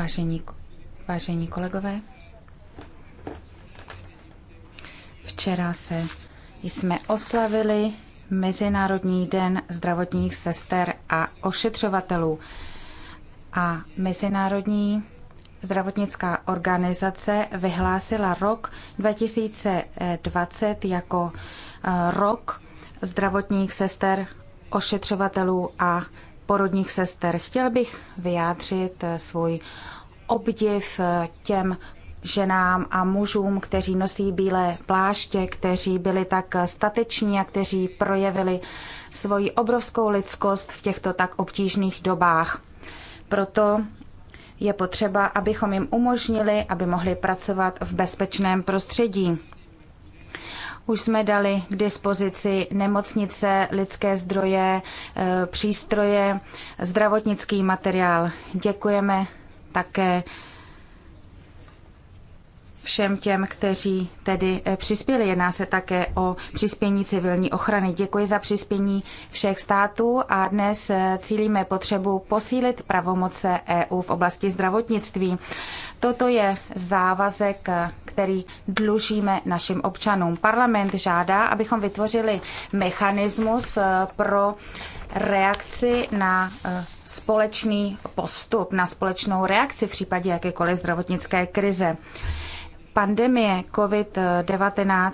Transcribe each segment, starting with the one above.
Vážení, vážení kolegové, včera se jsme oslavili Mezinárodní den zdravotních sester a ošetřovatelů. A Mezinárodní zdravotnická organizace vyhlásila rok 2020 jako eh, rok zdravotních sester, ošetřovatelů a porodních sester. Chtěl bych vyjádřit eh, svůj obdiv eh, těm ženám a mužům, kteří nosí bílé pláště, kteří byli tak stateční a kteří projevili svoji obrovskou lidskost v těchto tak obtížných dobách. Proto je potřeba, abychom jim umožnili, aby mohli pracovat v bezpečném prostředí. Už jsme dali k dispozici nemocnice, lidské zdroje, eh, přístroje, zdravotnický materiál. Děkujeme také všem těm, kteří tedy eh, přispěli. Jedná se také o přispění civilní ochrany. Děkuji za přispění všech států a dnes eh, cílíme potřebu posílit pravomoce EU v oblasti zdravotnictví. Toto je závazek, eh, který dlužíme našim občanům. Parlament žádá, abychom vytvořili mechanismus pro reakci na eh, společný postup, na společnou reakci v případě jakékoliv zdravotnické krize. Pandemie COVID-19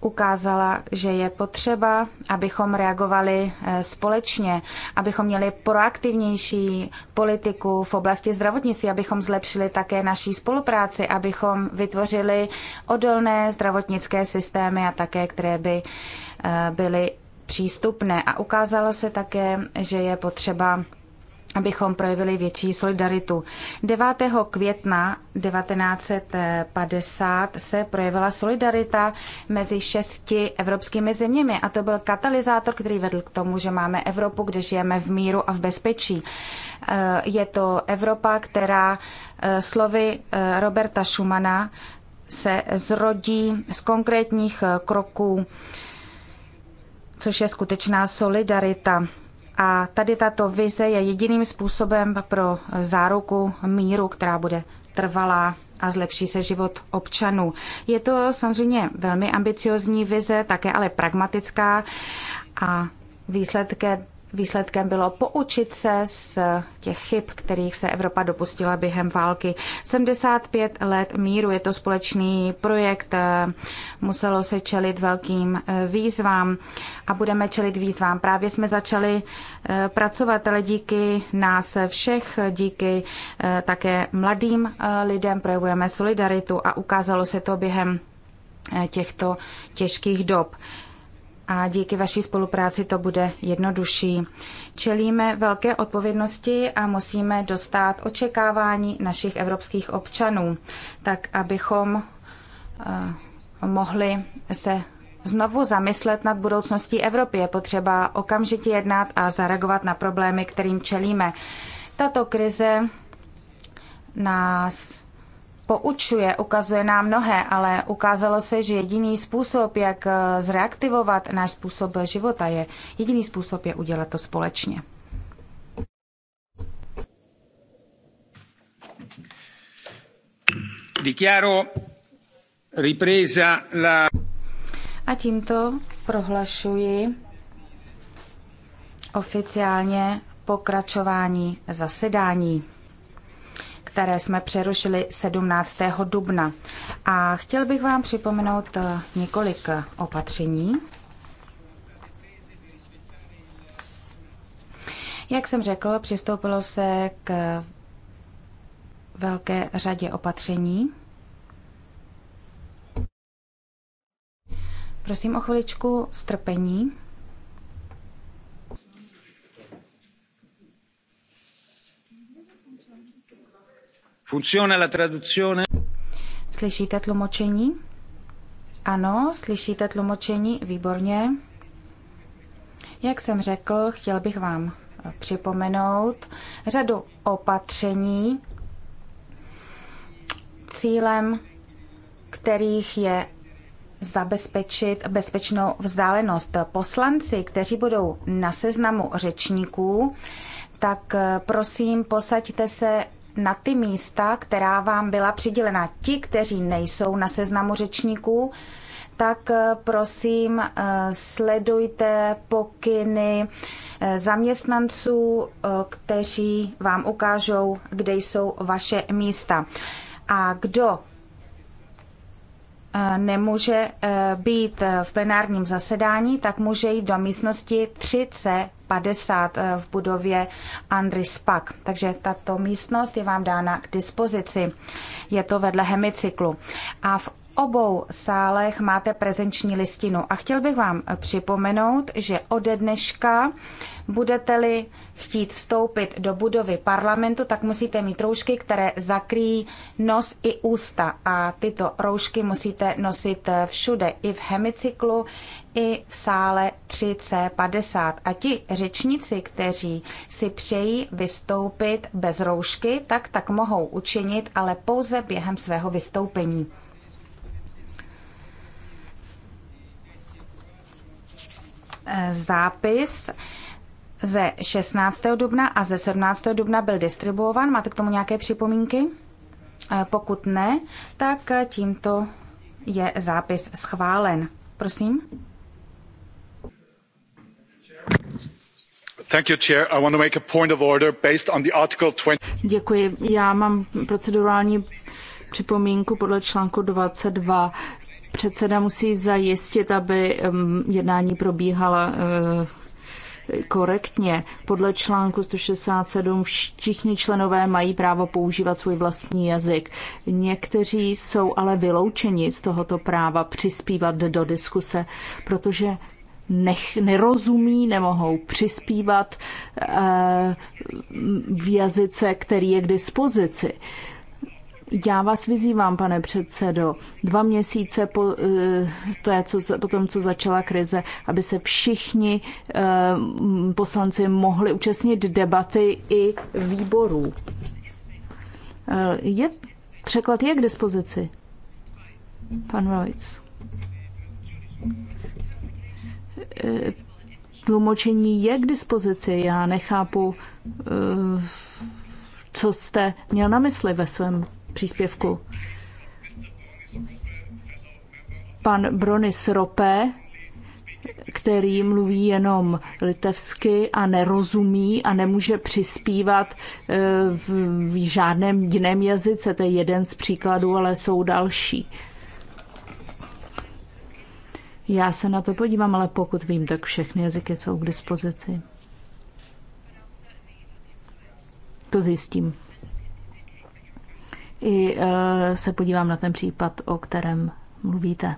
ukázala, že je potřeba, abychom reagovali eh, společně, abychom měli proaktivnější politiku v oblasti zdravotnictví, abychom zlepšili také naší spolupráci, abychom vytvořili odolné zdravotnické systémy a také, které by eh, byly přístupné. A ukázalo se také, že je potřeba abychom projevili větší solidaritu. 9. května 1950 se projevila solidarita mezi šesti evropskými zeměmi a to byl katalyzátor, který vedl k tomu, že máme Evropu, kde žijeme v míru a v bezpečí. Eh, je to Evropa, která eh, slovy eh, Roberta Schumana se zrodí z konkrétních kroků což je skutečná solidarita. A tady tato vize je jediným způsobem pro záruku míru, která bude trvalá a zlepší se život občanů. Je to samozřejmě velmi ambiciozní vize, také ale pragmatická a výsledkem Výsledkem bylo poučit se z těch chyb, kterých se Evropa dopustila během války. 75 let míru je to společný projekt, muselo se čelit velkým eh, výzvám a budeme čelit výzvám. Právě jsme začali eh, pracovat, ale díky nás všech, díky eh, také mladým lidem projevujeme solidaritu a ukázalo se to během těchto těžkých dob a díky vaší spolupráci to bude jednodušší. Čelíme velké odpovědnosti a musíme dostat očekávání našich evropských občanů, tak abychom eh, mohli se znovu zamyslet nad budoucností Evropy. Je potřeba okamžitě jednat a zareagovat na problémy, kterým čelíme. Tato krize nás poučuje, ukazuje nám mnohé, ale ukázalo se, že jediný způsob, jak eh, zreaktivovat náš způsob života, je jediný způsob je udělat to společně. Dichiaro ripresa la... A tímto prohlašuji oficiálně pokračování zasedání které jsme přerušili 17. dubna. A chtěl bych vám připomenout eh, několik eh, opatření. Jak jsem řekl, přistoupilo se k velké řadě opatření. Prosím o chviličku strpení. la traduzione? Slyšíte tlumočení? Ano, slyšíte tlumočení? Výborně. Jak jsem řekl, chtěl bych vám připomenout řadu opatření, cílem kterých je zabezpečit bezpečnou vzdálenost. Poslanci, kteří budou na seznamu řečníků, tak prosím posaďte se na ty místa, která vám byla přidělena. Ti, kteří nejsou na seznamu řečníků, tak eh, prosím eh, sledujte pokyny eh, zaměstnanců, kteří vám ukážou, kde jsou vaše místa. A kdo nemůže být v plenárním zasedání, tak může jít do místnosti 3C 50 eh, v budově Andry Spak. Takže tato místnost je vám dána k dispozici. Je to vedle hemicyklu. A v obou sálech máte prezenční listinu. A chtěl bych vám eh, připomenout, že ode dneška budete-li chtít vstoupit do budovy parlamentu, tak musíte mít roušky, které zakrýjí nos i ústa. A tyto roušky musíte nosit eh, všude, i v hemicyklu, i v sále 3C50. A ti řečníci, kteří si přejí vystoupit bez roušky, tak tak mohou učinit, ale pouze během svého vystoupení. Zápis ze 16. dubna a ze 17. dubna byl distribuován. Máte k tomu nějaké připomínky? E, pokud ne, tak tímto je zápis schválen. Prosím. Děkuji. Já mám procedurální připomínku podle článku 22. Předseda musí zajistit, aby um, jednání probíhala uh, korektně. Podle článku 167 všichni členové mají právo používat svůj vlastní jazyk. Někteří jsou ale vyloučeni z tohoto práva přispívat do diskuse, protože nech, nerozumí, nemohou přispívat eh, v jazyce, který je k dispozici. Já vás vyzývám, pane předsedo, dva měsíce po, uh, té, co, po tom, co začala krize, aby se všichni eh, poslanci mohli účastnit debaty i výborů. je překlad je k dispozici. Pan Velic. Eh, tlumočení je k dispozici. Já nechápu, eh, co jste měl na mysli ve svém příspěvku. Pan Bronis Rope, který mluví jenom litevsky a nerozumí a nemůže přispívat eh, v žádném jiném jazyce. To je jeden z příkladů, ale jsou další. Já se na to podívám, ale pokud vím, tak všechny jazyky jsou k dispozici. To zjistím. I uh, se podívám na ten případ, o kterém mluvíte.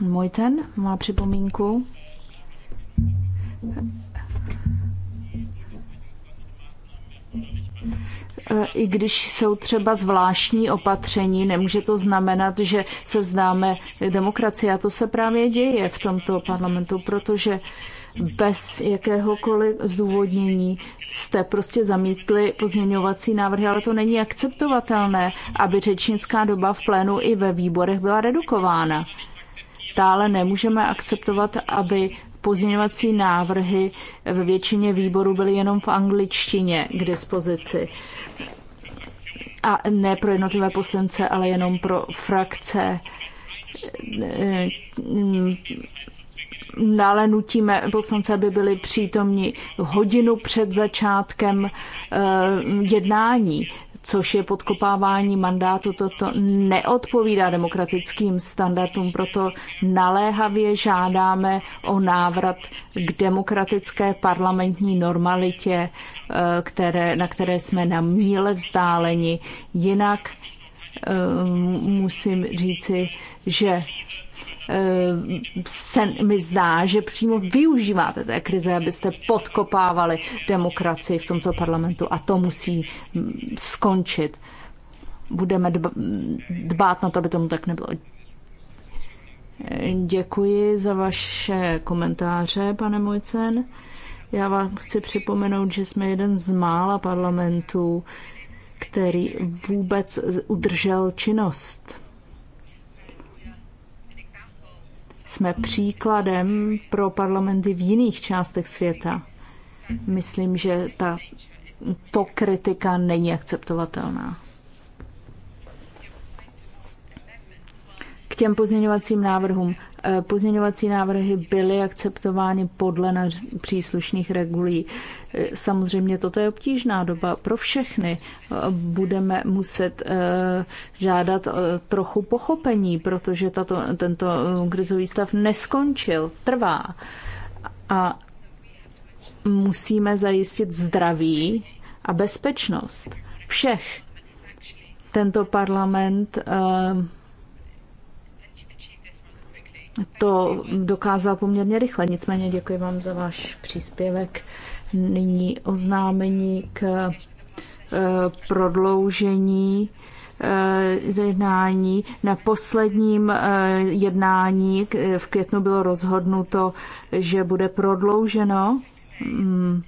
Můj ten má připomínku. E, i když jsou třeba zvláštní opatření, nemůže to znamenat, že se vzdáme demokracie. A to se právě děje v tomto parlamentu, protože bez jakéhokoliv zdůvodnění jste prostě zamítli pozměňovací návrhy, ale to není akceptovatelné, aby řečnická doba v plénu i ve výborech byla redukována. Dále nemůžeme akceptovat, aby pozměňovací návrhy ve většině výboru byly jenom v angličtině k dispozici a ne pro jednotlivé poslance, ale jenom pro frakce. Dále nutíme poslance, aby byli přítomni hodinu před začátkem eh, jednání což je podkopávání mandátu. Toto neodpovídá demokratickým standardům, proto naléhavě žádáme o návrat k demokratické parlamentní normalitě, eh, které, na které jsme na míle vzdáleni. Jinak eh, musím říci, že Eh, se mi zdá, že přímo využíváte té krize, abyste podkopávali demokracii v tomto parlamentu a to musí mm, skončit. Budeme dbát na to, aby tomu tak nebylo. Eh, děkuji za vaše komentáře, pane Mojcen. Já vám chci připomenout, že jsme jeden z mála parlamentů, který vůbec eh, udržel činnost jsme příkladem pro parlamenty v jiných částech světa. Myslím, že ta to kritika není akceptovatelná. těm pozměňovacím návrhům. Eh, pozměňovací návrhy byly akceptovány podle na příslušných regulí. Eh, samozřejmě toto je obtížná doba pro všechny. Eh, budeme muset žádat trochu pochopení, protože tato, tento krizový stav neskončil, trvá. A musíme zajistit zdraví a bezpečnost všech. Tento parlament uh, to dokázal poměrně rychle. Nicméně děkuji vám za váš příspěvek. Nyní oznámení k eh, prodloužení eh, jednání. Na posledním eh, jednání v květnu bylo rozhodnuto, že bude prodlouženo mm,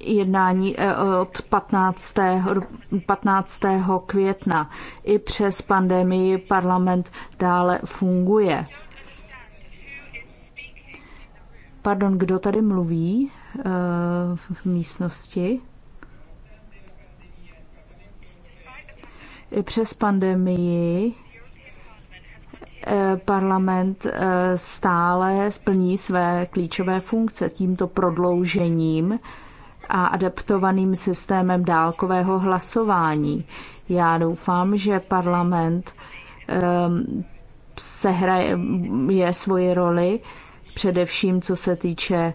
jednání eh, od 15. 15. května. I přes pandemii parlament dále funguje. Pardon, kdo tady mluví eh, v místnosti? I přes pandemii eh, parlament stále splní své klíčové funkce tímto prodloužením a adaptovaným systémem dálkového hlasování. Já doufám, že parlament um, sehraje je svoji roli, především co se týče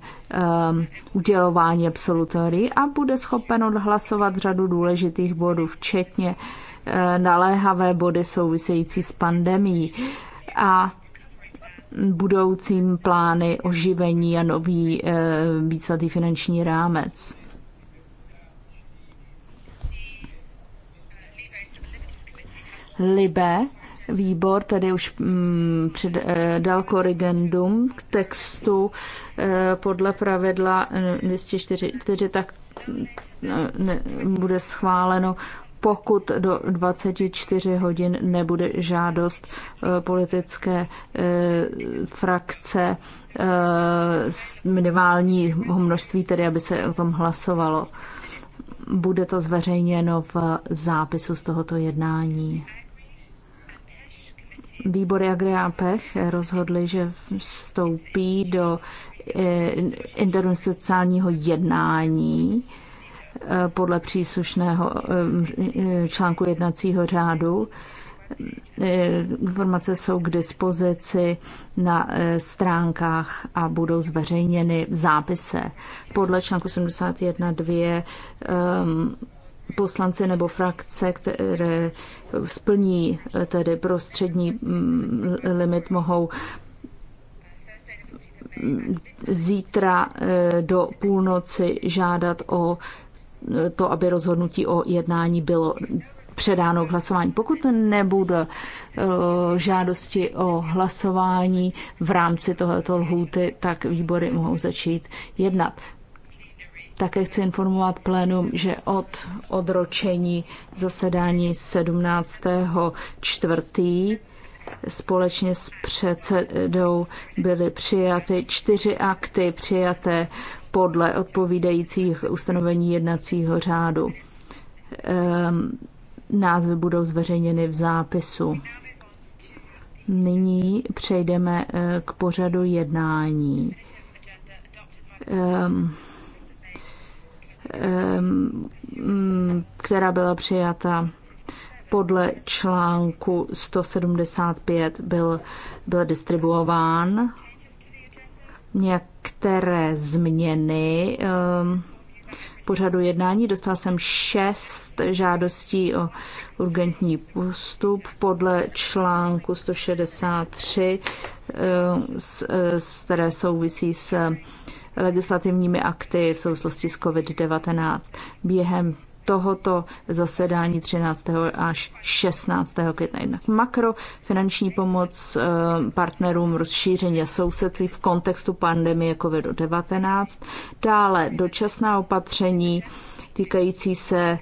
um, udělování absolutorií a bude schopen odhlasovat řadu důležitých bodů, včetně uh, naléhavé body související s pandemí a budoucím plány oživení a nový uh, víceletý finanční rámec. Libe výbor tady už mm, před, eh, dal korrigendum k textu eh, podle pravidla 204, eh, tak eh, ne, bude schváleno, pokud do 24 hodin nebude žádost eh, politické eh, frakce eh, minimální množství, tedy aby se o tom hlasovalo. Bude to zveřejněno v zápisu z tohoto jednání. Výbory Agria Pech rozhodly, že vstoupí do eh, interinstitucionálního jednání eh, podle příslušného eh, článku jednacího řádu. Informace jsou k dispozici na stránkách a budou zveřejněny v zápise. Podle článku 71.2 poslanci nebo frakce, které splní eh, tedy prostřední mm, limit, mohou mm, zítra eh, do půlnoci žádat o eh, to, aby rozhodnutí o jednání bylo předáno k hlasování. Pokud nebude žádosti o hlasování v rámci tohoto lhůty, tak výbory mohou začít jednat. Také chci informovat plénum, že od odročení zasedání 17. čtvrtý společně s předsedou byly přijaty čtyři akty přijaté podle odpovídajících ustanovení jednacího řádu. Ehm, názvy budou zveřejněny v zápisu. Nyní přejdeme eh, k pořadu jednání. Ehm, Mm, která byla přijata podle článku 175, byl, byl distribuován. Některé změny pořadu jednání. Dostal jsem šest žádostí o urgentní postup podle článku 163, které souvisí s legislativními akty v souvislosti s COVID-19. Během tohoto zasedání 13. až 16. května. Jednak makrofinanční pomoc eh, partnerům rozšíření sousedství v kontextu pandemie COVID-19, dále dočasná opatření týkající se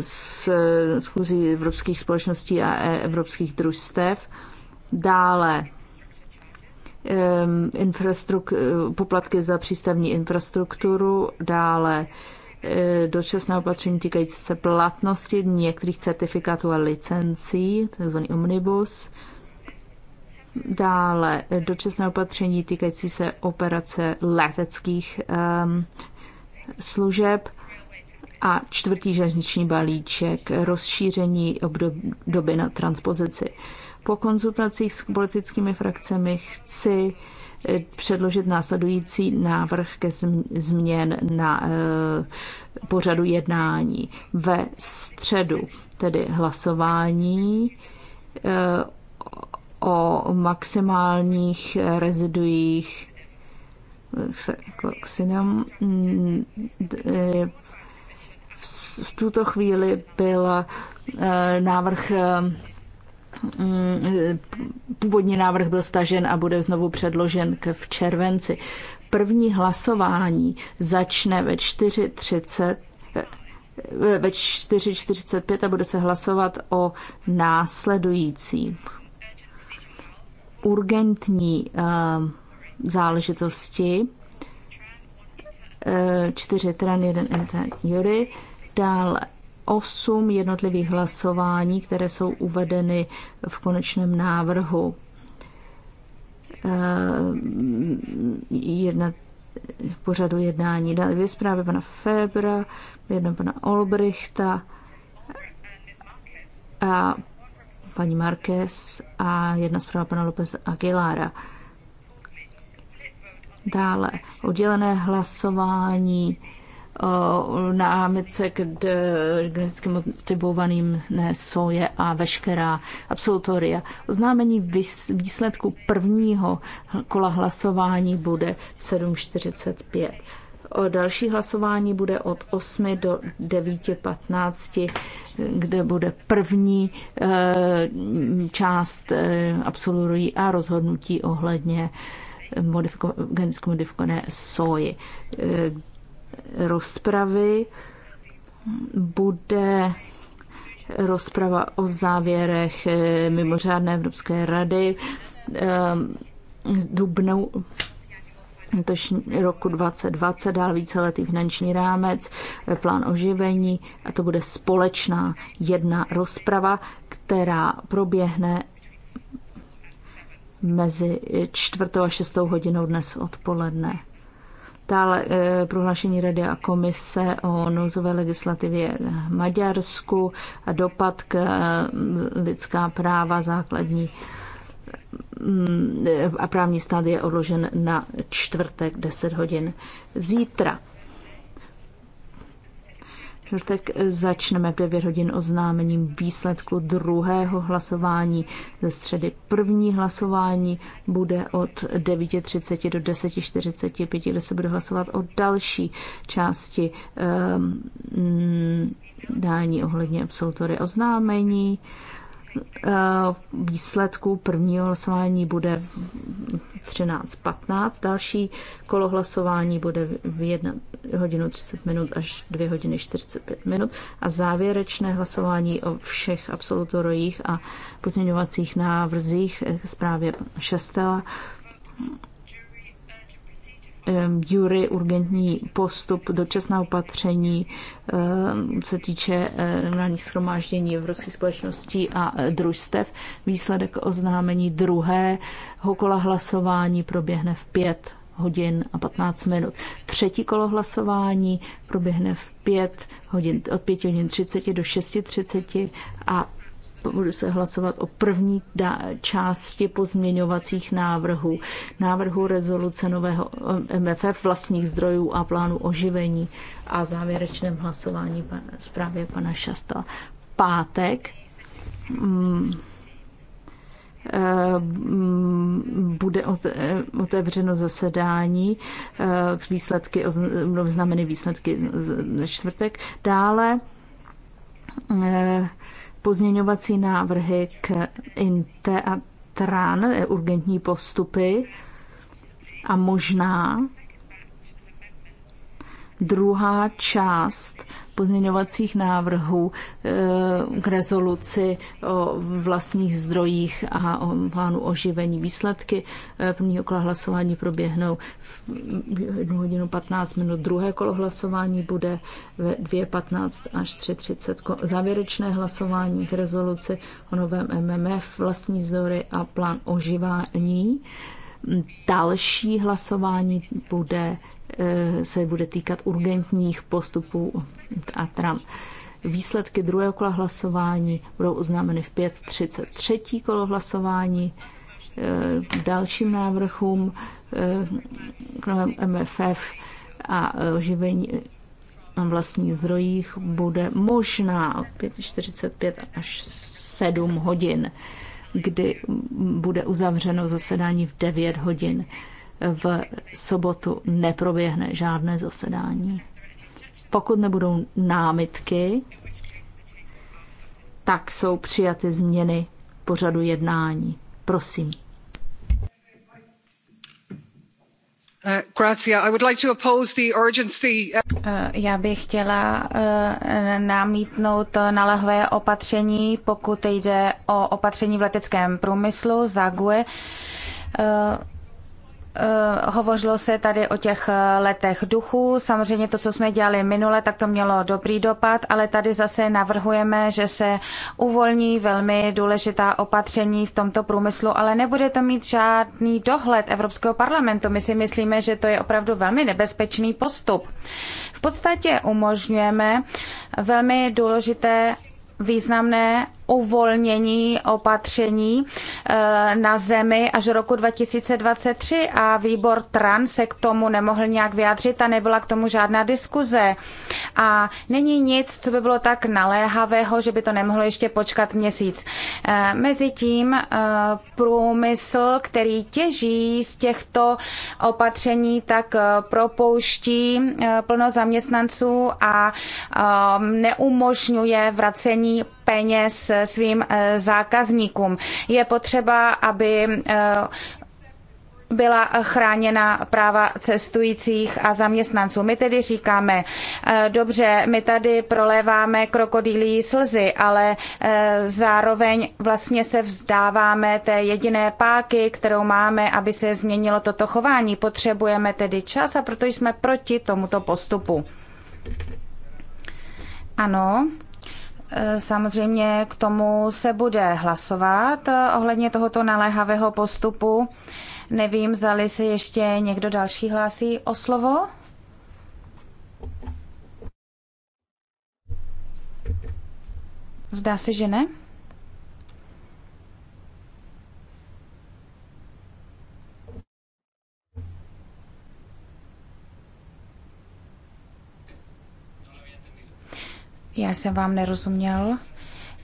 z eh, schůzí evropských společností a e-, evropských družstev, dále poplatky za přístavní infrastrukturu, dále e, dočasná opatření týkající se platnosti některých certifikátů a licencí, takzvaný omnibus, dále dočasné opatření týkající se operace leteckých um, služeb a čtvrtý železniční balíček rozšíření doby na transpozici. Uh, po konzultacích s politickými frakcemi chci eh, předložit následující návrh ke změn na eh, pořadu jednání. Ve středu tedy hlasování eh, o maximálních reziduích v tuto chvíli byl návrh Mm, původní návrh byl stažen a bude znovu předložen k v červenci. První hlasování začne ve 4.30 eh, ve 4.45 a bude se hlasovat o následujícím urgentní eh, záležitosti. Eh, čtyři tran, jeden jury, dál osm jednotlivých hlasování, které jsou uvedeny v konečném návrhu. Eh, jedna pořadu jednání. Dvě zprávy pana Febra, jedna pana Olbrichta a paní Marquez a jedna zpráva pana López Aguilara. Dále oddělené hlasování Eh, námitce k geneticky motivovaným ne, soje a veškerá absolutoria. Oznámení výsledku prvního kola hlasování bude v 7.45. O další hlasování bude od 8 do 9.15, kde bude první e, část e, a rozhodnutí ohledně modifiko- geneticky modifikované soji. E, rozpravy bude rozprava o závěrech eh, mimořádné Evropské rady eh, dubnou roku 2020 dál víceletý finanční rámec, eh, plán oživení a to bude společná jedna rozprava, která proběhne mezi čtvrtou a šestou hodinou dnes odpoledne. Dále eh, prohlášení Rady a komise o nouzové legislativě Maďarsku a dopad k eh, lidská práva základní mm, eh, a právní stát je odložen na čtvrtek 10 hodin. Zítra čtvrtek začneme v 9 hodin oznámením výsledku druhého hlasování. Ze středy první hlasování bude od 9.30 do 10.45, kde se bude hlasovat o další části um, dání ohledně absolutory oznámení. Eh, výsledků prvního hlasování bude 13.15, další kolo hlasování bude v 1 hodinu 30 minut až 2 hodiny 45 minut a závěrečné hlasování o všech absolutorojích a pozměňovacích návrzích eh, zprávě Šestela jury urgentní postup, dočasná opatření se týče na schromáždění evropských společností a e, družstev. Výsledek oznámení druhého kola hlasování proběhne v pět hodin a 15 minut. Třetí kolo hlasování proběhne v 5 hodin, od 5 hodin 30 do 6.30 a bude se hlasovat o první části pozměňovacích návrhů, návrhu rezoluce nového eh, MFF vlastních zdrojů a plánu oživení a závěrečném hlasování pan, zprávě pana Šasta. V pátek mm, eh, mm bude eh, otevřeno zasedání k výsledky, no, znameny výsledky ze čtvrtek. Dále pozměňovací návrhy k INTE a urgentní postupy a možná druhá část pozměňovacích návrhů eh, k rezoluci o vlastních zdrojích a o plánu oživení. Výsledky eh, prvního kola hlasování proběhnou v 1 hodinu 15 minut. Druhé kolo hlasování bude ve 2.15 až 3.30. Závěrečné hlasování k rezoluci o novém MMF, vlastní zdroje a plán oživání. Další hlasování bude Eh, se bude týkat urgentních postupů a tram. Výsledky druhého kola hlasování budou oznámeny v 5.33. Třetí kolo hlasování k eh, dalším návrhům eh, k novém MFF a oživení na vlastních zdrojích bude možná od 5.45 až 7 hodin, kdy bude uzavřeno zasedání v 9 hodin v sobotu neproběhne žádné zasedání. Pokud nebudou námitky, tak jsou přijaty změny pořadu jednání. Prosím. Já bych chtěla eh, namítnout lehvé opatření, pokud jde o opatření v leteckém průmyslu, ZAGUE eh, Eh, hovořilo se tady o těch eh, letech duchů. Samozřejmě to, co jsme dělali minule, tak to mělo dobrý dopad, ale tady zase navrhujeme, že se uvolní velmi důležitá opatření v tomto průmyslu, ale nebude to mít žádný dohled Evropského parlamentu. My si myslíme, že to je opravdu velmi nebezpečný postup. V podstatě umožňujeme velmi důležité významné uvolnění opatření eh, na zemi až roku 2023 a výbor TRAN se k tomu nemohl nějak vyjádřit a nebyla k tomu žádná diskuze. A není nic, co by bylo tak naléhavého, že by to nemohlo ještě počkat měsíc. Eh, mezitím eh, průmysl, který těží z těchto opatření, tak propouští plno zaměstnanců a neumožňuje vracení peněz svým eh, zákazníkům. Je potřeba, aby eh, byla chráněna práva cestujících a zaměstnanců. My tedy říkáme, eh, dobře, my tady proléváme krokodýlí slzy, ale zároveň vlastně se vzdáváme té jediné páky, kterou máme, aby se změnilo toto chování. Potřebujeme tedy čas a proto jsme proti tomuto postupu. Ano, Samozřejmě k tomu se bude hlasovat ohledně tohoto naléhavého postupu. Nevím, zali se ještě někdo další hlásí o slovo. Zdá se, že ne. Já jsem vám nerozuměl.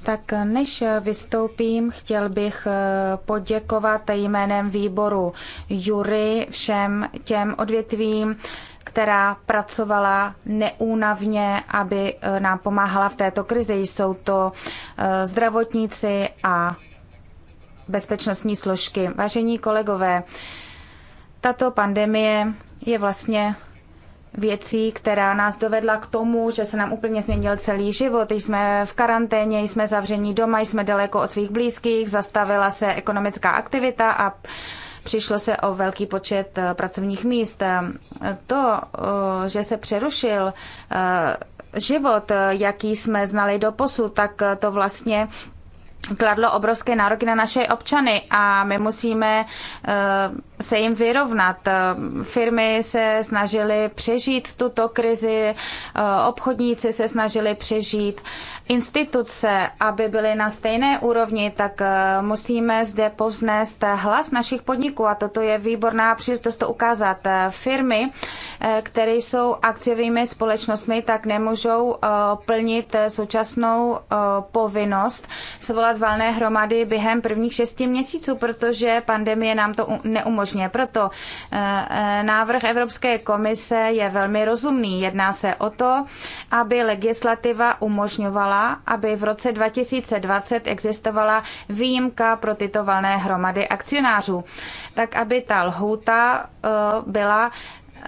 Tak než vystoupím, chtěl bych eh, poděkovat jménem výboru Jury všem těm odvětvím, která pracovala neúnavně, aby eh, nám pomáhala v této krizi. Jsou to eh, zdravotníci a bezpečnostní složky. Vážení kolegové, tato pandemie je vlastně věcí, která nás dovedla k tomu, že se nám úplně změnil celý život. Jsme v karanténě, jsme zavření doma, jsme daleko od svých blízkých, zastavila se ekonomická aktivita a přišlo se o velký počet eh, pracovních míst. To, eh, že se přerušil eh, život, jaký jsme znali do posud, tak to vlastně kladlo obrovské nároky na naše občany a my musíme se jim vyrovnat. Eh, firmy se snažily přežít tuto krizi, eh, obchodníci se snažili přežít, instituce, aby byly na stejné úrovni, tak eh, musíme zde povznést hlas našich podniků a toto je výborná příležitost to ukázat. Firmy, které jsou akciovými společnostmi, tak nemůžou plnit současnou povinnost svolat valné hromady během prvních šesti měsíců, protože pandemie nám to neumožňuje společně. Proto eh, eh, návrh Evropské komise je velmi rozumný. Jedná se o to, aby legislativa umožňovala, aby v roce 2020 existovala výjimka pro tyto valné hromady akcionářů, tak aby ta lhůta eh, byla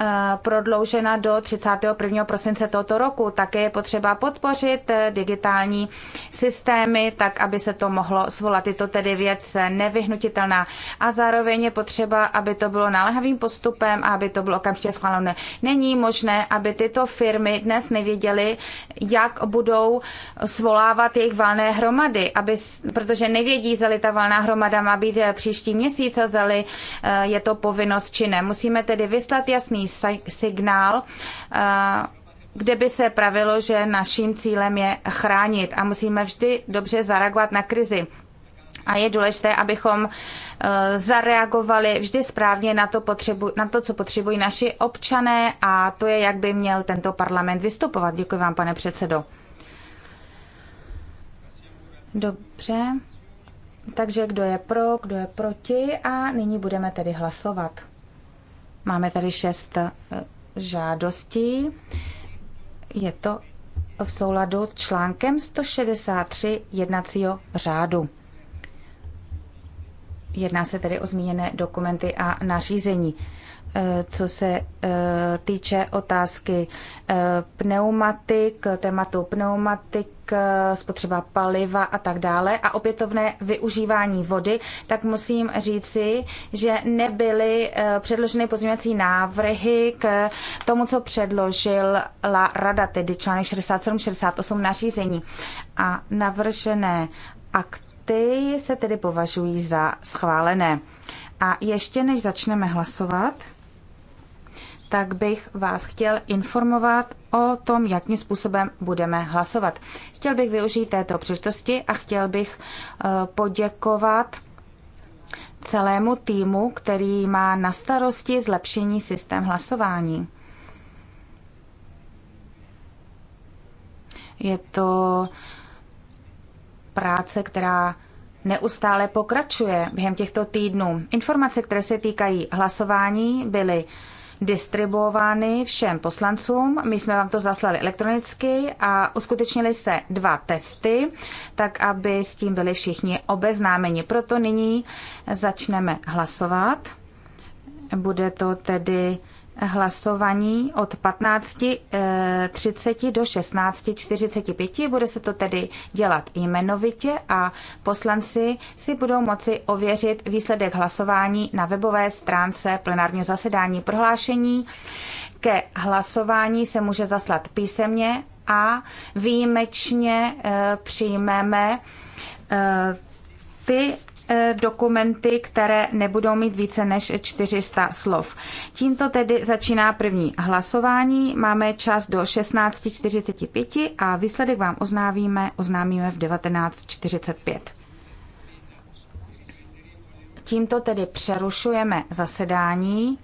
Eh, prodloužena do 31. prosince tohoto roku. Také je potřeba podpořit eh, digitální systémy, tak aby se to mohlo svolat. Je to tedy věc eh, nevyhnutitelná. A zároveň je potřeba, aby to bylo naléhavým postupem a aby to bylo okamžitě schválené. Není možné, aby tyto firmy dnes nevěděly, jak budou svolávat jejich valné hromady, aby, protože nevědí, zda ta valná hromada má být příští měsíc a zda je to povinnost či ne. Musíme tedy vyslat jasný jasný signál, eh, kde by se pravilo, že naším cílem je chránit a musíme vždy dobře zareagovat na krizi. A je důležité, abychom eh, zareagovali vždy správně na to, potřebu, na to, co potřebují naši občané a to je, jak by měl tento parlament vystupovat. Děkuji vám, pane předsedo. Dobře. Takže kdo je pro, kdo je proti a nyní budeme tedy hlasovat. Máme tady šest eh, žádostí. Je to v souladu s článkem 163 jednacího řádu. Jedná se tedy o zmíněné dokumenty a nařízení co se eh, týče otázky eh, pneumatik, tématu pneumatik, eh, spotřeba paliva a tak dále a opětovné využívání vody, tak musím říci, že nebyly předloženy pozměňovací návrhy k tomu, co předložila rada, tedy článek 67-68 nařízení. A navržené akty se tedy považují za schválené. A ještě než začneme hlasovat, tak bych vás chtěl informovat o tom, jakým způsobem budeme hlasovat. Chtěl bych využít této příležitosti a chtěl bych eh, poděkovat celému týmu, který má na starosti zlepšení systém hlasování. Je to práce, která neustále pokračuje během těchto týdnů. Informace, které se týkají hlasování, byly distribuovány všem poslancům. My jsme vám to zaslali elektronicky a uskutečnili se dva testy, tak aby s tím byli všichni obeznámeni. Proto nyní začneme hlasovat. Bude to tedy hlasování od 15.30 eh, do 16.45. Bude se to tedy dělat jmenovitě a poslanci si budou moci ověřit výsledek hlasování na webové stránce plenárního zasedání. Prohlášení ke hlasování se může zaslat písemně a výjimečně eh, přijmeme eh, ty Eh, dokumenty, které nebudou mít více než 400 slov. Tímto tedy začíná první hlasování. Máme čas do 16.45 a výsledek vám oznámíme, oznámíme v 19.45. Tímto tedy přerušujeme zasedání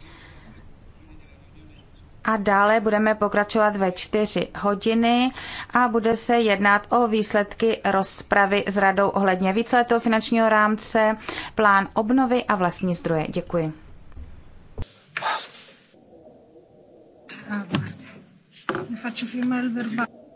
a dále budeme pokračovat ve čtyři hodiny a bude se jednat o výsledky rozpravy s radou ohledně víceletého finančního rámce, plán obnovy a vlastní zdroje. Děkuji. Ah, faccio firmare il verbale.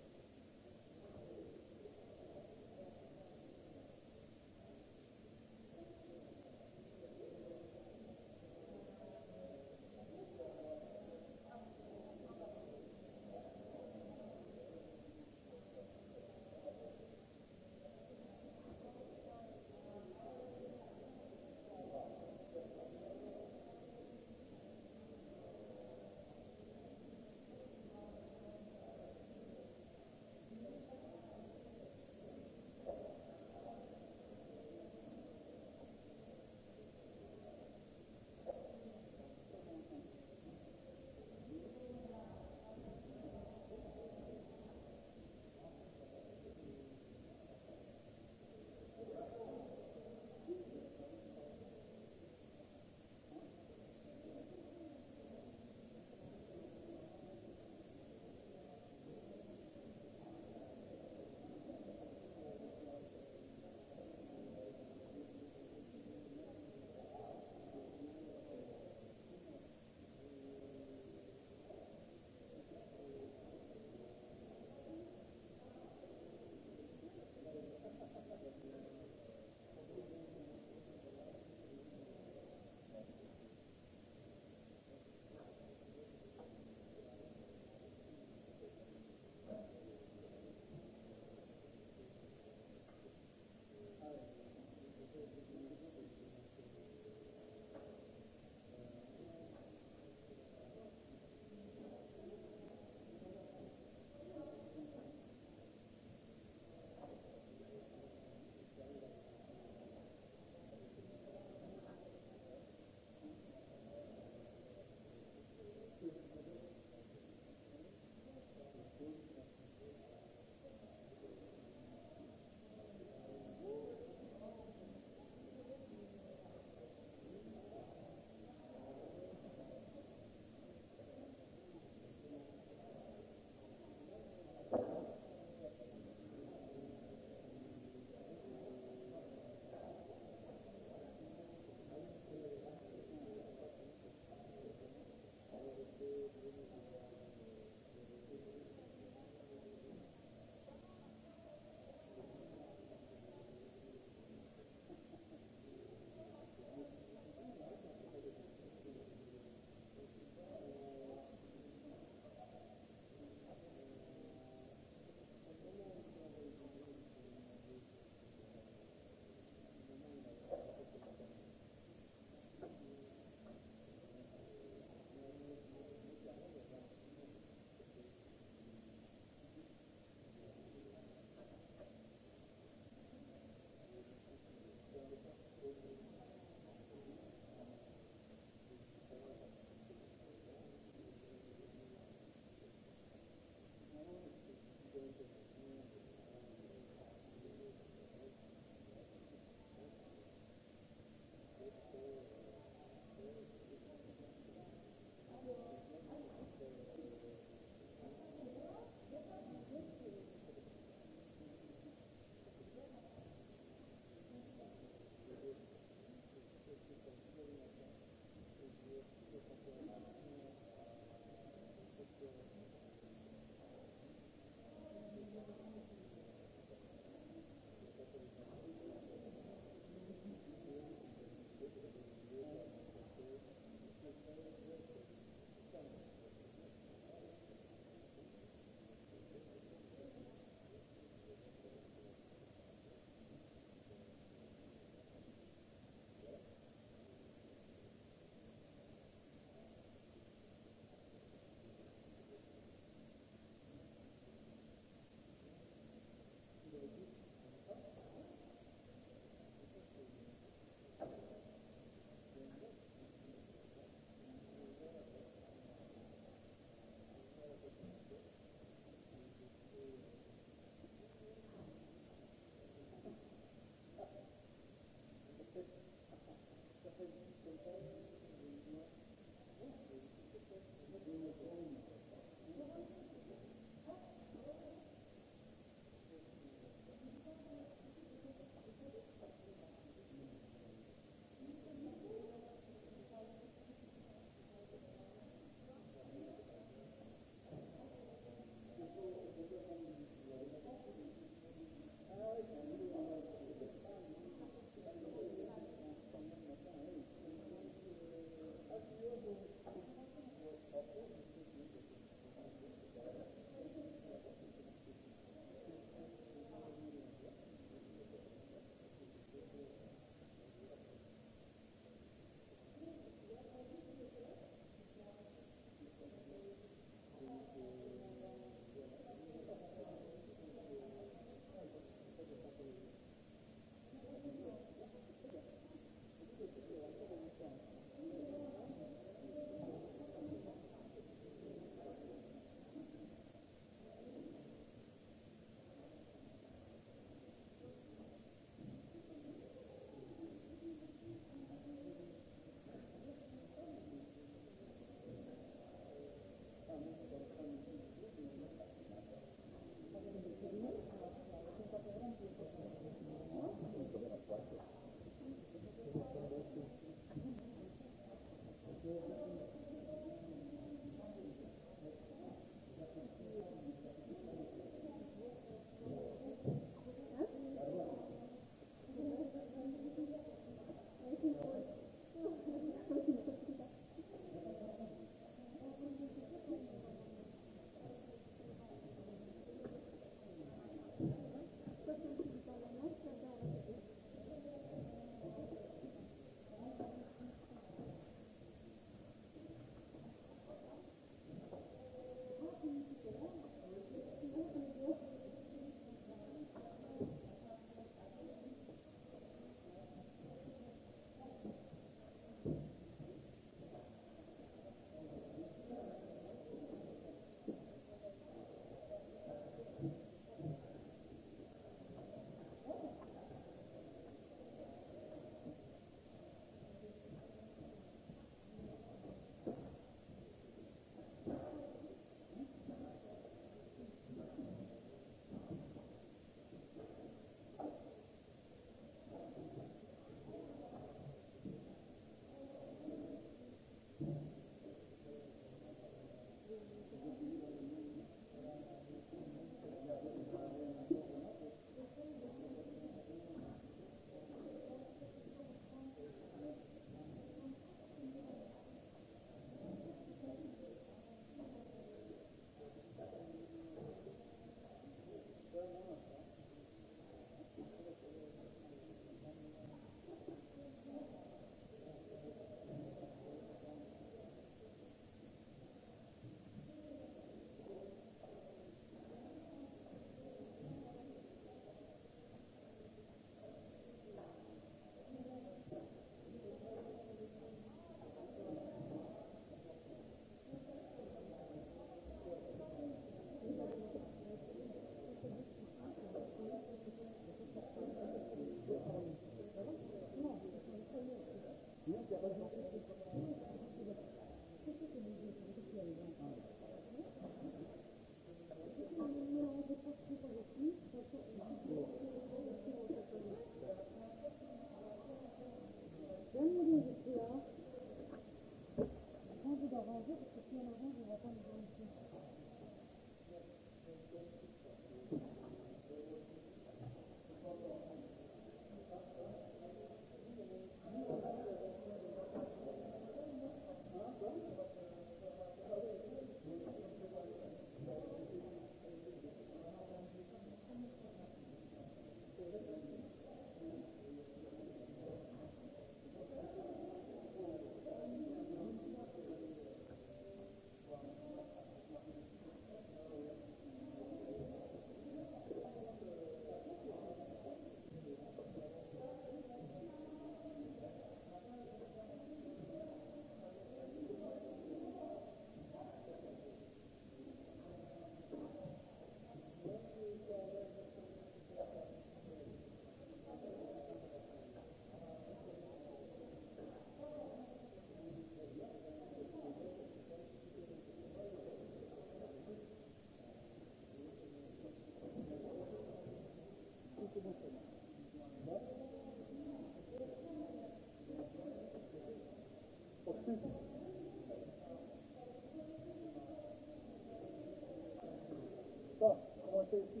Tak, máte ještě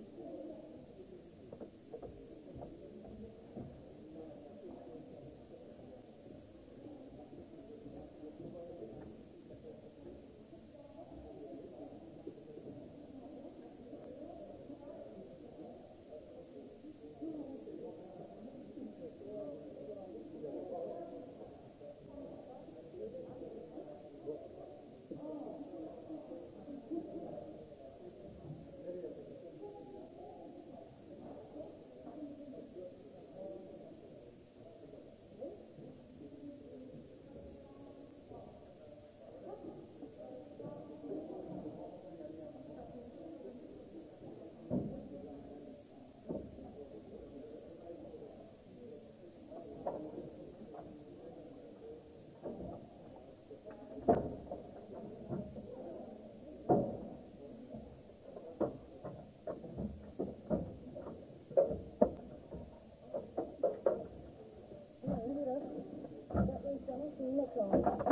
nekonec.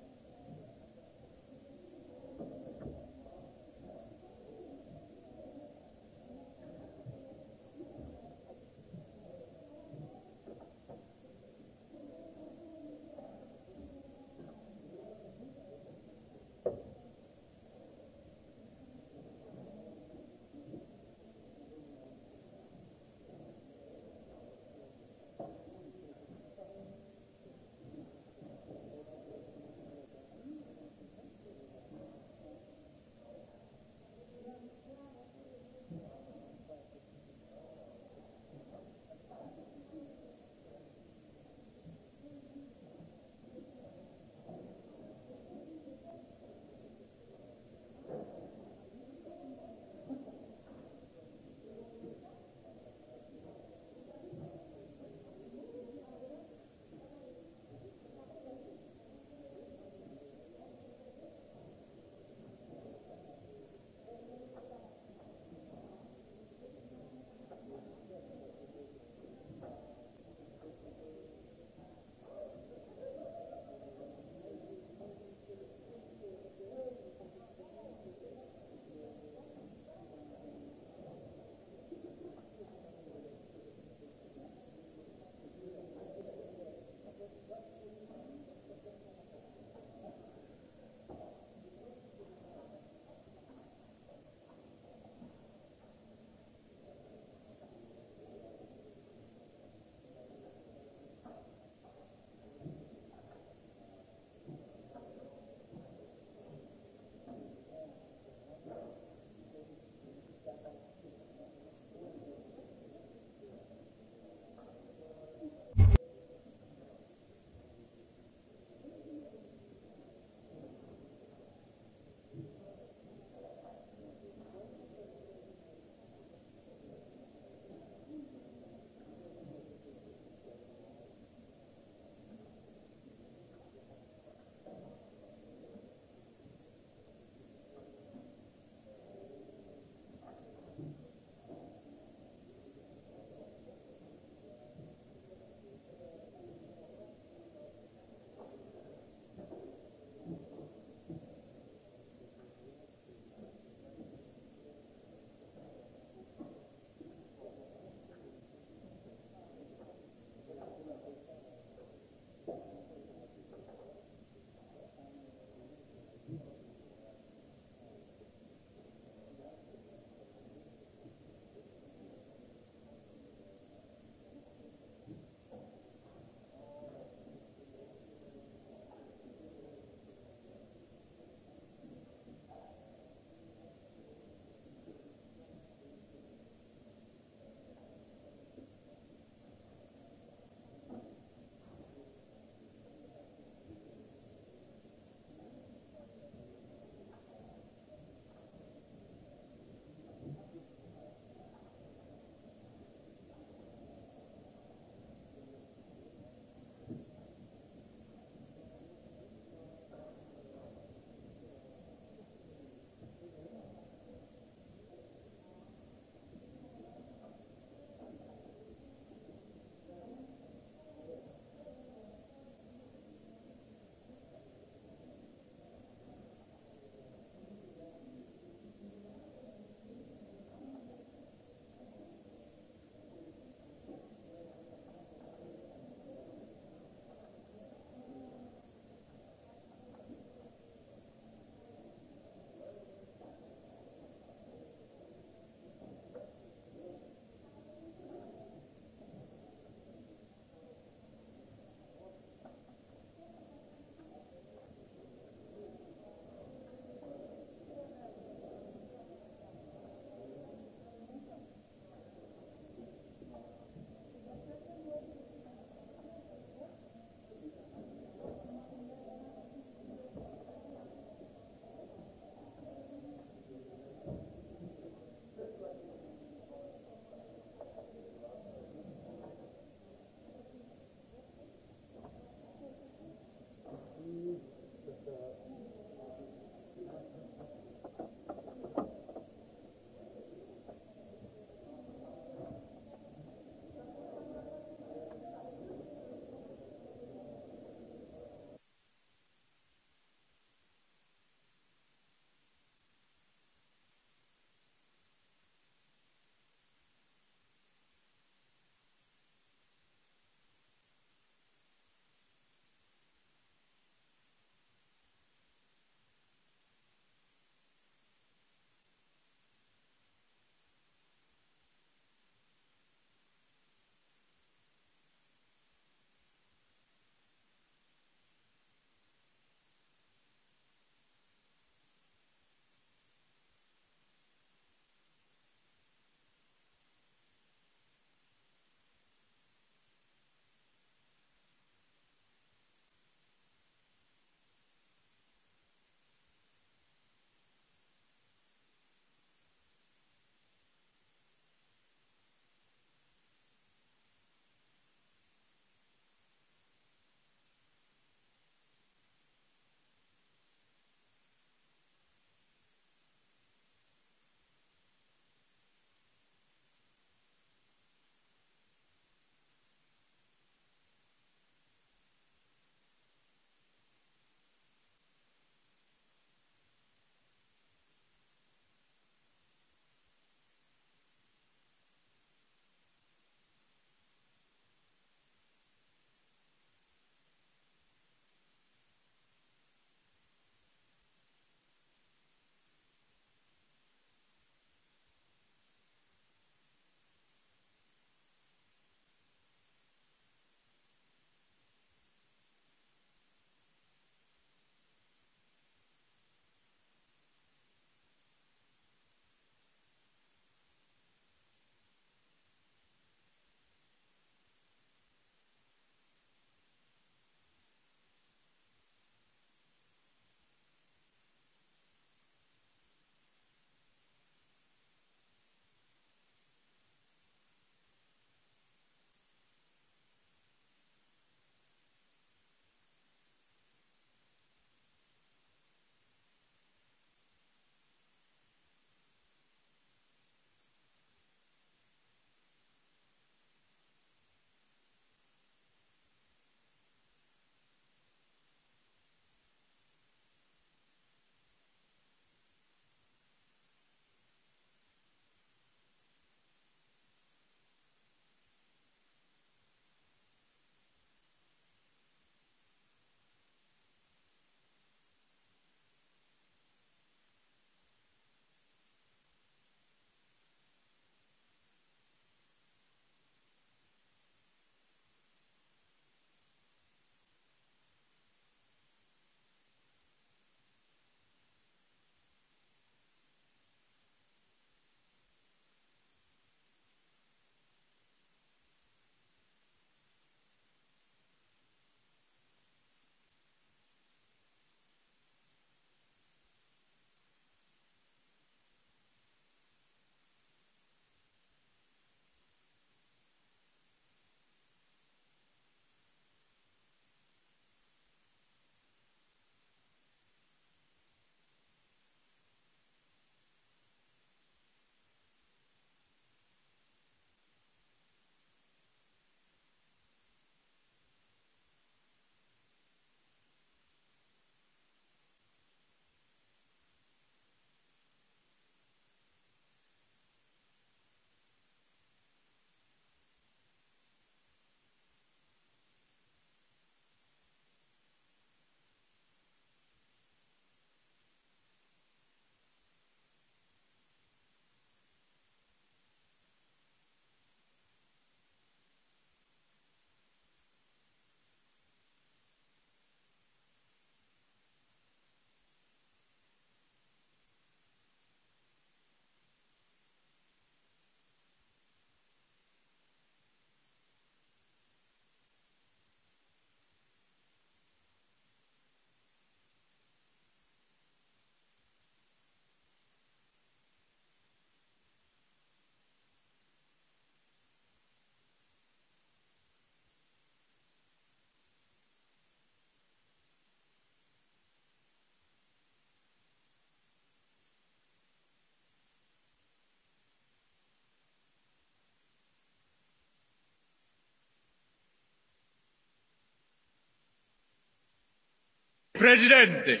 Presidente.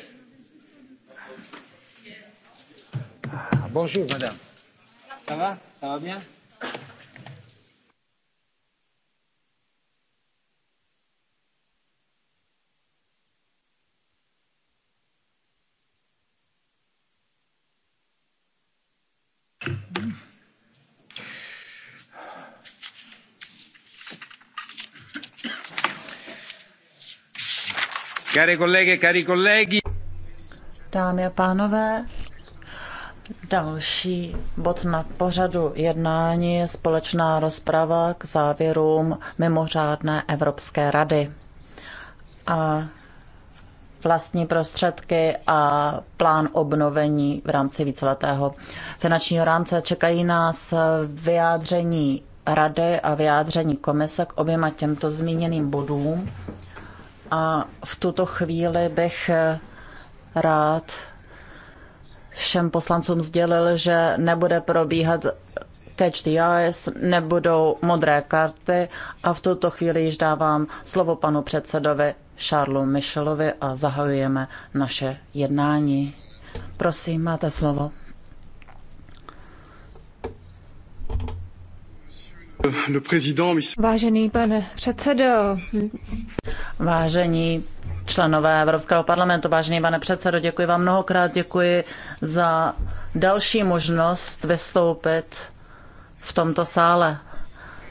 Ah, bonjour, madame. Ça va Ça va bien Care kolege, cari kolegi. Dámy a pánové, další bod na pořadu jednání je společná rozprava k závěrům mimořádné Evropské rady. A vlastní prostředky a plán obnovení v rámci víceletého finančního rámce. Čekají nás vyjádření rady a vyjádření komise k oběma těmto zmíněným bodům. A v tuto chvíli bych rád všem poslancům sdělil, že nebude probíhat catch the eyes, nebudou modré karty a v tuto chvíli již dávám slovo panu předsedovi Charlesu Michelovi a zahajujeme naše jednání. Prosím, máte slovo. Vážený pane předsedo. Vážení členové Evropského parlamentu, vážený pane předsedo, děkuji vám mnohokrát, děkuji za další možnost vystoupit v tomto sále.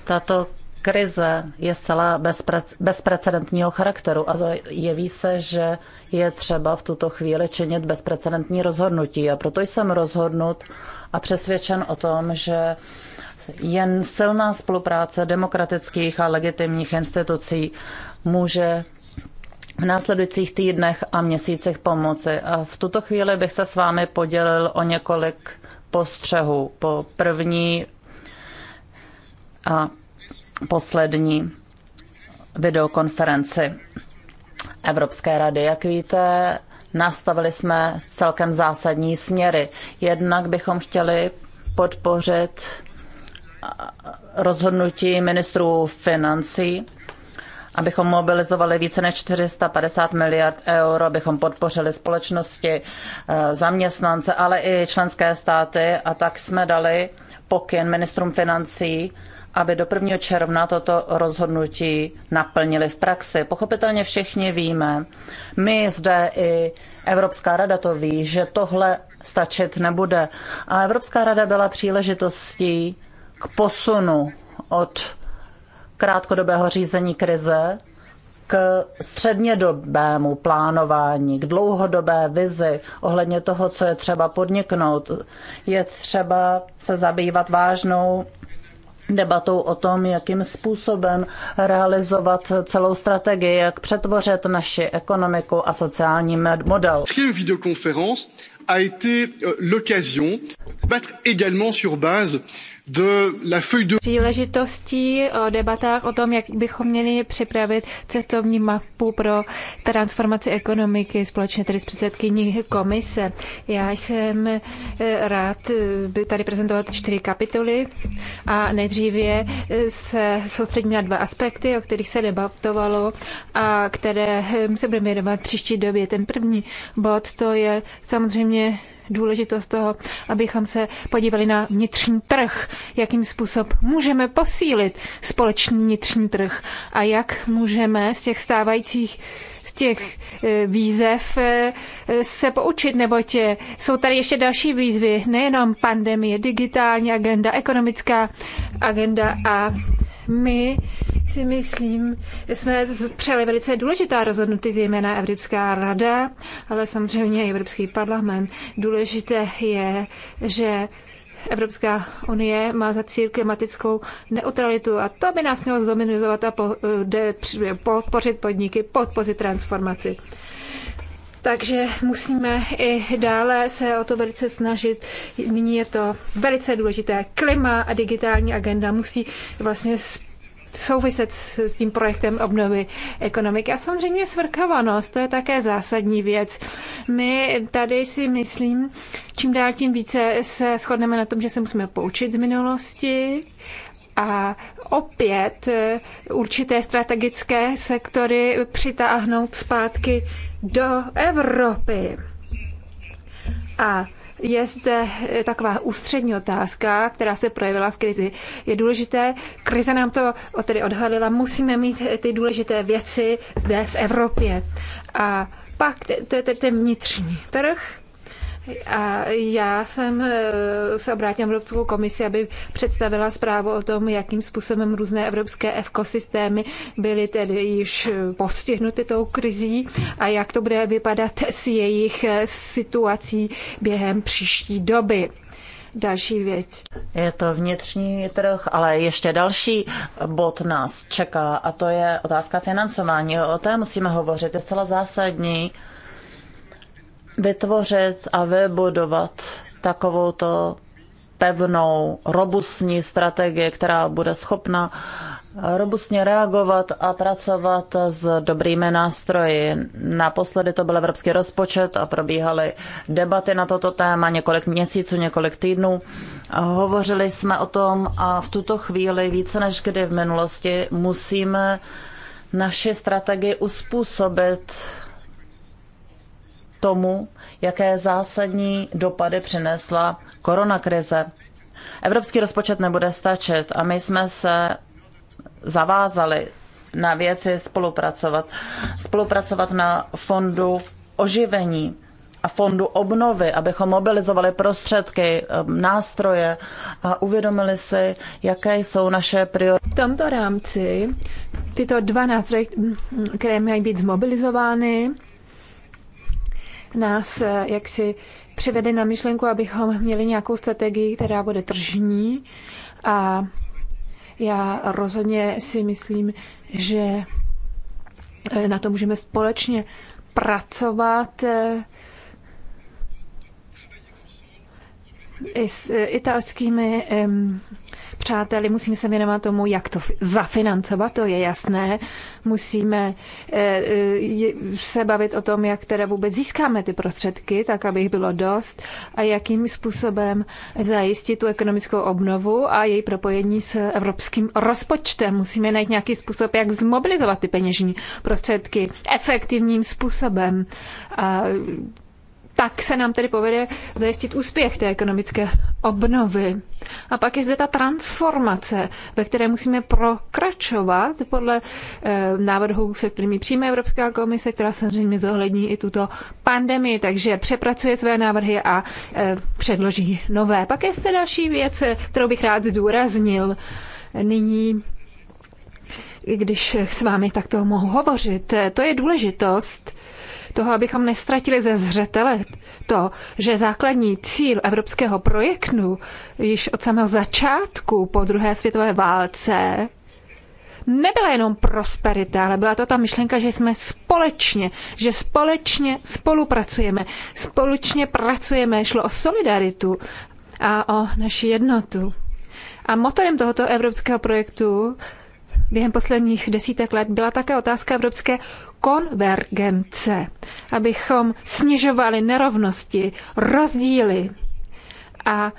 Tato krize je zcela bezpre, bezprecedentního charakteru a jeví se, že je třeba v tuto chvíli činit bezprecedentní rozhodnutí. A proto jsem rozhodnut a přesvědčen o tom, že jen silná spolupráce demokratických a legitimních institucí může v následujících týdnech a měsících pomoci. A v tuto chvíli bych se s vámi podělil o několik postřehů po první a poslední videokonferenci Evropské rady. Jak víte, nastavili jsme celkem zásadní směry. Jednak bychom chtěli podpořit rozhodnutí ministrů financí, abychom mobilizovali více než 450 miliard eur, abychom podpořili společnosti, eh, zaměstnance, ale i členské státy a tak jsme dali pokyn ministrům financí, aby do 1. června toto rozhodnutí naplnili v praxi. Pochopitelně všichni víme, my zde i Evropská rada to ví, že tohle stačit nebude. A Evropská rada byla příležitostí k posunu od krátkodobého řízení krize k střednědobému plánování, k dlouhodobé vizi ohledně toho, co je třeba podniknout. Je třeba se zabývat vážnou debatou o tom, jakým způsobem realizovat celou strategii, jak přetvořit naši ekonomiku a sociální model. a été euh, l'occasion de également sur base příležitostí o eh, debatách o tom, jak bychom měli připravit cestovní mapu pro transformaci ekonomiky společně tedy s předsedkyní komise. Já jsem eh, rád eh, by tady prezentovat čtyři kapitoly a nejdříve se soustředím na dva aspekty, o kterých se debatovalo a které hm, se budeme věnovat příští době. Ten první bod to je samozřejmě důležitost toho, abychom se podívali na vnitřní trh, jakým způsob můžeme posílit společný vnitřní trh a jak můžeme z těch stávajících z těch e, výzev e, e, se poučit, tě. jsou tady ještě další výzvy, nejenom pandemie, digitální agenda, ekonomická agenda a my si myslím, že jsme přijali velice důležitá rozhodnutí, zejména Evropská rada, ale samozřejmě i Evropský parlament. Důležité je, že Evropská unie má za cíl klimatickou neutralitu a to by nás mělo zdominizovat a podpořit podniky, podpořit transformaci. Takže musíme i dále se o to velice snažit. Nyní je to velice důležité. Klima a digitální agenda musí vlastně souviset s tím projektem obnovy ekonomiky. A samozřejmě svrchovanost, to je také zásadní věc. My tady si myslím, čím dál tím více se shodneme na tom, že se musíme poučit z minulosti a opět eh, určité strategické sektory přitáhnout zpátky do Evropy. A je zde taková ústřední otázka, která se projevila v krizi. Je důležité, krize nám to tedy odhalila, musíme mít ty důležité věci zde v Evropě. A pak to je tedy ten vnitřní trh, a já jsem eh, se obrátila na Evropskou komisi, aby představila zprávu o tom, jakým způsobem různé evropské ekosystémy byly tedy již eh, postihnuty tou krizí a jak to bude vypadat s jejich eh, situací během příští doby další věc. Je to vnitřní trh, ale ještě další bod nás čeká a to je otázka financování. O té musíme hovořit. Je zcela zásadní, vytvořit a vybudovat takovouto pevnou, robustní strategii, která bude schopna robustně reagovat a pracovat s dobrými nástroji. Naposledy to byl evropský rozpočet a probíhaly debaty na toto téma několik měsíců, několik týdnů. Hovořili jsme o tom a v tuto chvíli více než kdy v minulosti musíme naši strategii uspůsobit tomu, jaké zásadní dopady přinesla koronakrize. Evropský rozpočet nebude stačit a my jsme se zavázali na věci spolupracovat. Spolupracovat na fondu oživení a fondu obnovy, abychom mobilizovali prostředky, um, nástroje a uvědomili si, jaké jsou naše priority. V tomto rámci tyto dva nástroje, mm, které mají být zmobilizovány, nás eh, jaksi přivede na myšlenku, abychom měli nějakou strategii, která bude tržní. A já rozhodně si myslím, že eh, na to můžeme společně pracovat. Eh, I s italskými přáteli, musíme se věnovat tomu, jak to zafinancovat, to je jasné. Musíme eh, eh, se bavit o tom, jak teda vůbec získáme ty prostředky, tak aby jich bylo dost a jakým způsobem zajistit tu ekonomickou obnovu a její propojení s evropským rozpočtem. Musíme najít nějaký způsob, jak zmobilizovat ty peněžní prostředky efektivním způsobem. A tak se nám tedy povede zajistit úspěch té ekonomické obnovy. A pak je zde ta transformace, ve které musíme prokračovat podle e, návrhů, se kterými přijme Evropská komise, která samozřejmě zohlední i tuto pandemii, takže přepracuje své návrhy a e, předloží nové. Pak je zde další věc, kterou bych rád zdůraznil. Nyní když s vámi takto mohu hovořit, eh, to je důležitost toho, abychom nestratili ze zřetele to, že základní cíl evropského projektu již od samého začátku po druhé světové válce nebyla jenom prosperita, ale byla to ta myšlenka, že jsme společně, že společně spolupracujeme, společně pracujeme, šlo o solidaritu a o naši jednotu. A motorem tohoto evropského projektu během posledních desítek let byla také otázka evropské konvergence, abychom snižovali nerovnosti, rozdíly. A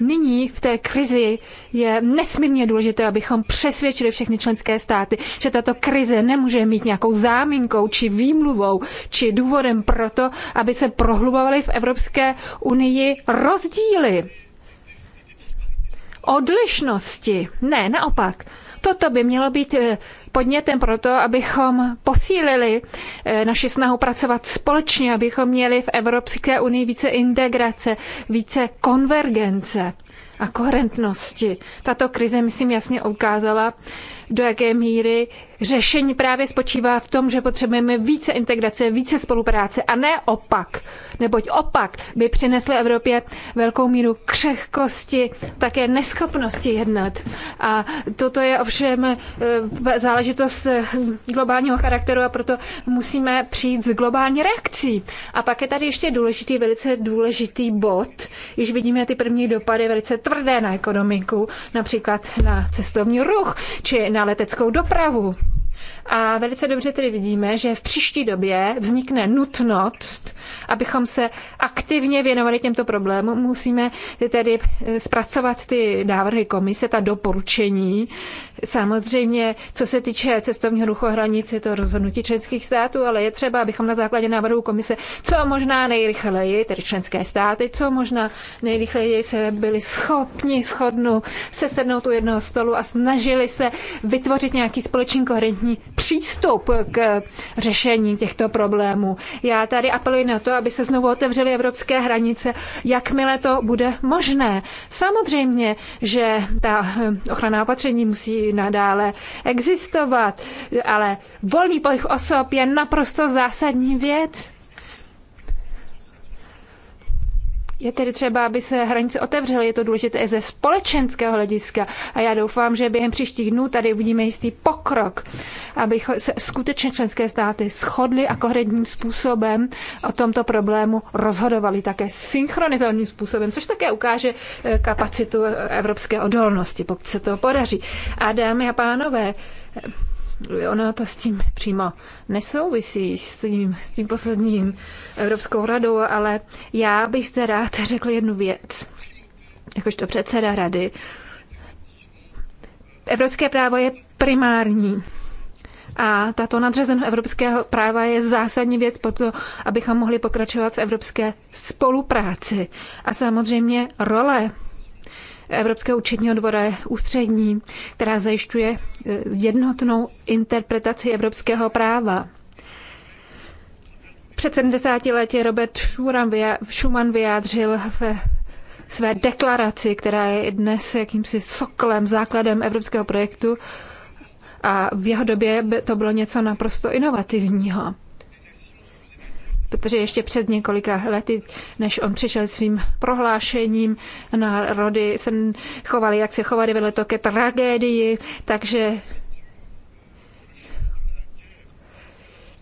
nyní v té krizi je nesmírně důležité, abychom přesvědčili všechny členské státy, že tato krize nemůže mít nějakou záminkou či výmluvou či důvodem pro to, aby se prohlubovaly v Evropské unii rozdíly. Odlišnosti. Ne, naopak Toto by mělo být eh, podnětem pro to, abychom posílili eh, naši snahu pracovat společně, abychom měli v Evropské unii více integrace, více konvergence a koherentnosti. Tato krize, myslím, jasně ukázala, do jaké míry řešení právě spočívá v tom, že potřebujeme více integrace, více spolupráce a ne opak. Neboť opak by přinesl Evropě velkou míru křehkosti, také neschopnosti jednat. A toto je ovšem eh, záležitost eh, globálního charakteru a proto musíme přijít s globální reakcí. A pak je tady ještě důležitý, velice důležitý bod. Již vidíme ty první dopady velice tvrdé na ekonomiku, například na cestovní ruch či na leteckou dopravu. A velice dobře tedy vidíme, že v příští době vznikne nutnost, abychom se aktivně věnovali těmto problémům. Musíme tedy eh, zpracovat ty návrhy komise, ta doporučení. Samozřejmě, co se týče cestovního ruchu hranic, je to rozhodnutí členských států, ale je třeba, abychom na základě návrhu komise co možná nejrychleji, tedy členské státy, co možná nejrychleji se byli schopni shodnout, se sednout u jednoho stolu a snažili se vytvořit nějaký společný koherentní koherentní přístup k řešení těchto problémů. Já tady apeluji na to, aby se znovu otevřely evropské hranice, jakmile to bude možné. Samozřejmě, že ta ochranná opatření musí nadále existovat, ale volný pohyb osob je naprosto zásadní věc Je tedy třeba, aby se hranice otevřely, je to důležité ze společenského hlediska a já doufám, že během příštích dnů tady uvidíme jistý pokrok, aby se skutečně členské státy shodly a kohredním způsobem o tomto problému rozhodovali také synchronizovaným způsobem, což také ukáže eh, kapacitu eh, evropské odolnosti, pokud se to podaří. A dámy a pánové, ono to s tím přímo nesouvisí, s tím, s tím posledním Evropskou radou, ale já bych zde rád řekl jednu věc. Jakožto předseda rady. Evropské právo je primární. A tato nadřazenost evropského práva je zásadní věc po to, abychom mohli pokračovat v evropské spolupráci. A samozřejmě role Evropského účetního dvora je ústřední, která zajišťuje eh, jednotnou interpretaci evropského práva. Před 70 lety Robert Schuman vyjádřil v své deklaraci, která je dnes jakýmsi soklem, základem evropského projektu, a v jeho době by to bylo něco naprosto inovativního protože ještě před několika lety, než on přišel svým prohlášením, národy se chovali, jak se chovali bylo to ke tragédii, takže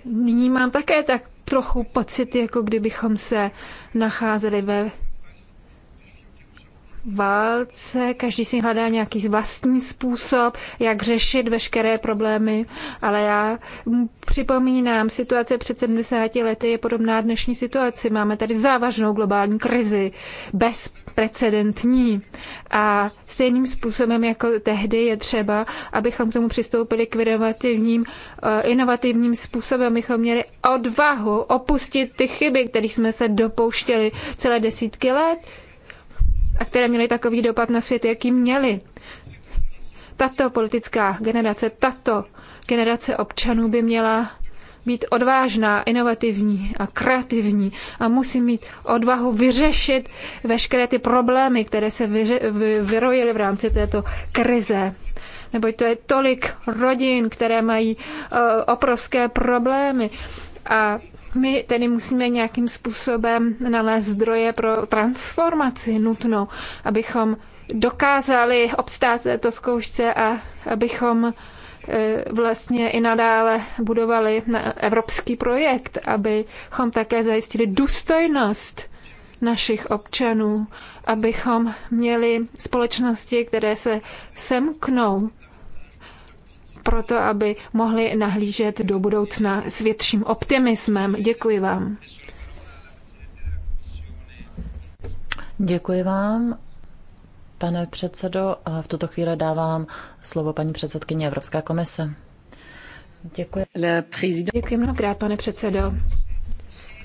nyní mám také tak trochu pocit, jako kdybychom se nacházeli ve válce, každý si hledá nějaký vlastní způsob, jak řešit veškeré problémy, ale já připomínám, situace před 70 lety je podobná dnešní situaci. Máme tady závažnou globální krizi, bezprecedentní a stejným způsobem jako tehdy je třeba, abychom k tomu přistoupili k inovativním, eh, inovativním způsobem, abychom měli odvahu opustit ty chyby, které jsme se dopouštěli celé desítky let, a které měly takový dopad na svět, jaký měly. Tato politická generace, tato generace občanů by měla být odvážná, inovativní a kreativní a musí mít odvahu vyřešit veškeré ty problémy, které se vyrojily v rámci této krize. Neboť to je tolik rodin, které mají uh, obrovské problémy. A my tedy musíme nějakým způsobem nalézt zdroje pro transformaci nutnou, abychom dokázali obstát této zkoušce a abychom e, vlastně i nadále budovali na evropský projekt, abychom také zajistili důstojnost našich občanů, abychom měli společnosti, které se semknou proto aby mohli nahlížet do budoucna s větším optimismem. Děkuji vám. Děkuji vám, pane předsedo. A v tuto chvíli dávám slovo paní předsedkyně Evropské komise. Děkuji. Děkuji mnohokrát, pane předsedo.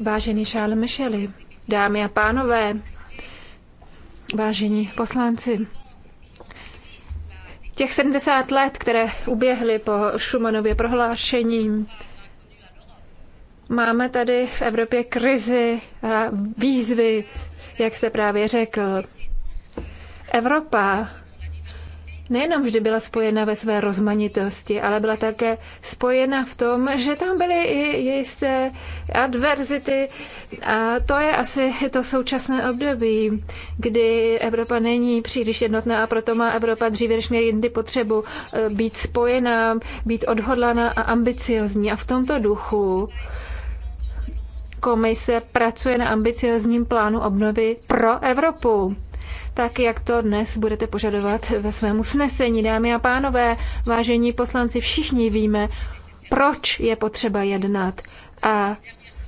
Vážený Charles Micheli, dámy a pánové, vážení poslanci, Těch 70 let, které uběhly po Schumannově prohlášení, máme tady v Evropě krizi a výzvy, jak jste právě řekl. Evropa nejenom vždy byla spojena ve své rozmanitosti, ale byla také spojena v tom, že tam byly i jisté adverzity a to je asi to současné období, kdy Evropa není příliš jednotná a proto má Evropa dříve než jindy potřebu eh, být spojená, být odhodlaná a ambiciozní. A v tomto duchu komise pracuje na ambiciozním plánu obnovy pro Evropu tak jak to dnes budete požadovat ve svém usnesení. Dámy a pánové, vážení poslanci, všichni víme, proč je potřeba jednat. A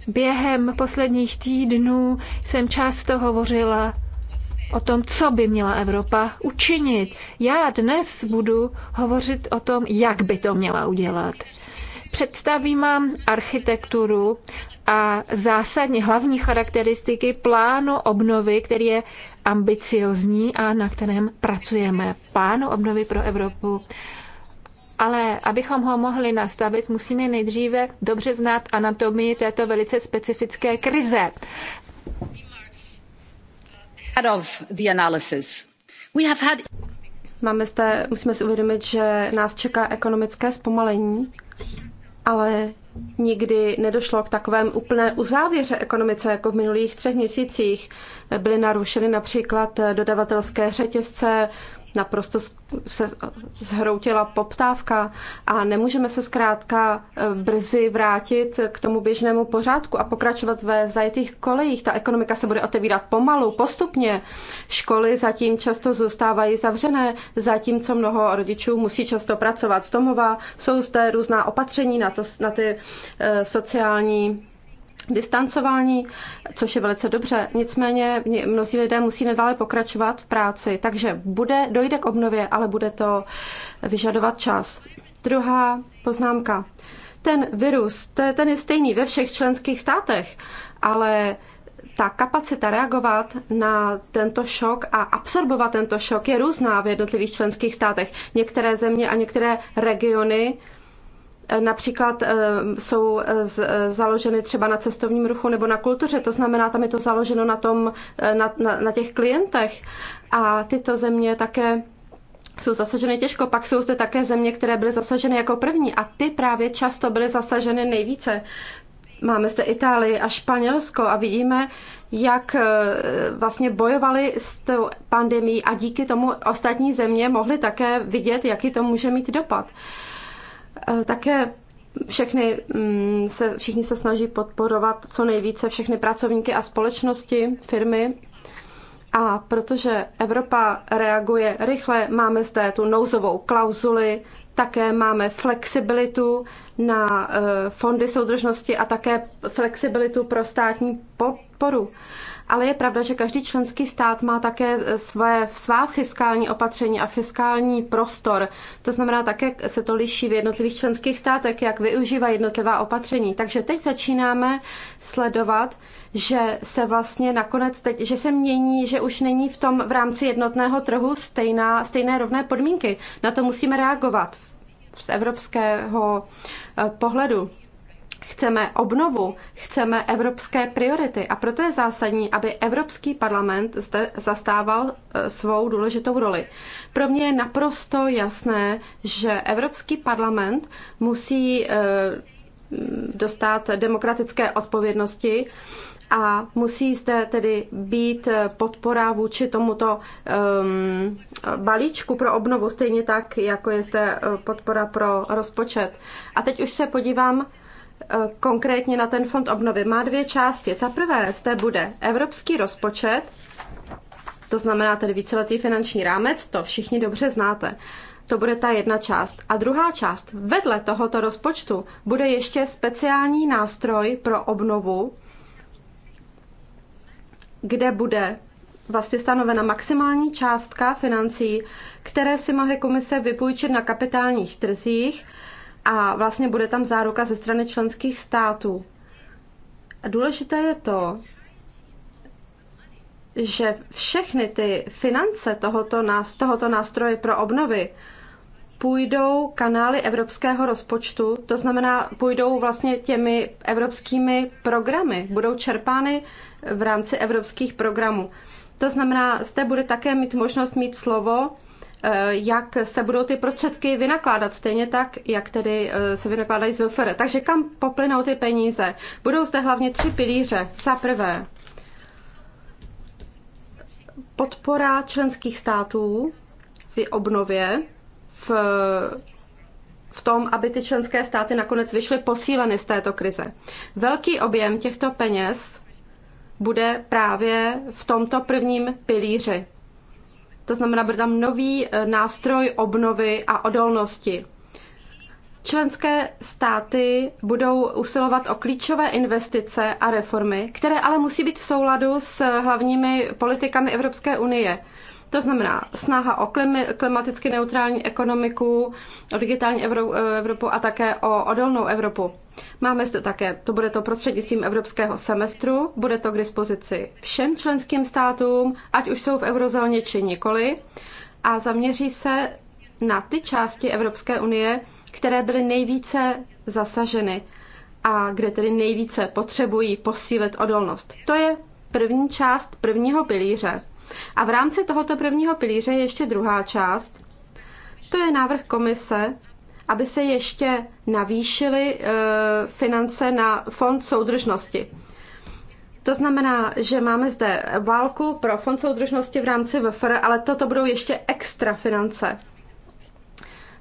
během posledních týdnů jsem často hovořila o tom, co by měla Evropa učinit. Já dnes budu hovořit o tom, jak by to měla udělat. Představím vám architekturu a zásadně hlavní charakteristiky plánu obnovy, který je ambiciozní a na kterém pracujeme. Plánu obnovy pro Evropu. Ale abychom ho mohli nastavit, musíme nejdříve dobře znát anatomii této velice specifické krize. Máme zde, musíme si uvědomit, že nás čeká ekonomické zpomalení, ale nikdy nedošlo k takovém úplné uzávěře ekonomice jako v minulých třech měsících. Byly narušeny například dodavatelské řetězce, naprosto se zhroutila poptávka a nemůžeme se zkrátka e, brzy vrátit k tomu běžnému pořádku a pokračovat ve zajetých kolejích. Ta ekonomika se bude otevírat pomalu, postupně. Školy zatím často zůstávají zavřené, zatímco mnoho rodičů musí často pracovat z domova. Jsou zde různá opatření na, to, na ty e, sociální distancování, což je velice dobře. Nicméně mnozí lidé musí nadále pokračovat v práci, takže bude, dojde k obnově, ale bude to vyžadovat čas. Druhá poznámka. Ten virus, to je, ten je stejný ve všech členských státech, ale ta kapacita reagovat na tento šok a absorbovat tento šok je různá v jednotlivých členských státech. Některé země a některé regiony například eh, jsou eh, eh, založeny třeba na cestovním ruchu nebo na kultuře, to znamená, tam je to založeno na, tom, na, na, na těch klientech. A tyto země také jsou zasaženy těžko. Pak jsou zde také země, které byly zasaženy jako první a ty právě často byly zasaženy nejvíce. Máme zde Itálii a Španělsko a vidíme, jak vlastně bojovali s tou pandemí a díky tomu ostatní země mohly také vidět, jaký to může mít dopad. Uh, Eh, také všechny mm, se, všichni se snaží podporovat co nejvíce všechny pracovníky a společnosti, firmy. A protože Evropa reaguje rychle, máme zde tu nouzovou klauzuli, také máme flexibilitu na eh, fondy soudržnosti a také flexibilitu pro státní podporu ale je pravda, že každý členský stát má také eh, své, svá fiskální opatření a fiskální prostor. To znamená, také se to liší v jednotlivých členských státech, jak využívají jednotlivá opatření. Takže teď začínáme sledovat, že se vlastně nakonec teď, že se mění, že už není v tom v rámci jednotného trhu stejná, stejné rovné podmínky. Na to musíme reagovat z evropského eh, pohledu. Chceme obnovu, chceme evropské priority a proto je zásadní, aby Evropský parlament zde zastával e, svou důležitou roli. Pro mě je naprosto jasné, že Evropský parlament musí e, dostat demokratické odpovědnosti a musí zde tedy být podpora vůči tomuto um, balíčku pro obnovu, stejně tak, jako je zde e, podpora pro rozpočet. A teď už se podívám Eh, konkrétně na ten fond obnovy. Má dvě části. Za prvé zde bude evropský rozpočet, to znamená tedy víceletý finanční rámec, to všichni dobře znáte. To bude ta jedna část. A druhá část, vedle tohoto rozpočtu, bude ještě speciální nástroj pro obnovu, kde bude vlastně stanovena maximální částka financí, které si mohly komise vypůjčit na kapitálních trzích a vlastně bude tam záruka ze strany členských států. A důležité je to, že všechny ty finance tohoto, nás, tohoto nástroje pro obnovy půjdou kanály evropského rozpočtu, to znamená, půjdou vlastně těmi evropskými programy, budou čerpány v rámci evropských programů. To znamená, zde bude také mít možnost mít slovo Eh, jak se budou ty prostředky vynakládat, stejně tak, jak tedy eh, se vynakládají z VFR. Takže kam poplynou ty peníze? Budou zde hlavně tři pilíře. Za prvé, podpora členských států v obnově, v, v tom, aby ty členské státy nakonec vyšly posíleny z této krize. Velký objem těchto peněz bude právě v tomto prvním pilíři to znamená, bude tam nový eh, nástroj obnovy a odolnosti. Členské státy budou usilovat o klíčové investice a reformy, které ale musí být v souladu s hlavními politikami Evropské unie. To znamená snaha o klimaticky neutrální ekonomiku, o digitální eh, Evropu a také o odolnou Evropu. Máme zde také, to bude to prostřednictvím evropského semestru, bude to k dispozici všem členským státům, ať už jsou v eurozóně či nikoli, a zaměří se na ty části Evropské unie, které byly nejvíce zasaženy a kde tedy nejvíce potřebují posílit odolnost. To je první část prvního pilíře. A v rámci tohoto prvního pilíře je ještě druhá část. To je návrh komise, aby se ještě navýšily eh, finance na fond soudržnosti. To znamená, že máme zde válku pro fond soudržnosti v rámci VFR, ale toto budou ještě extra finance.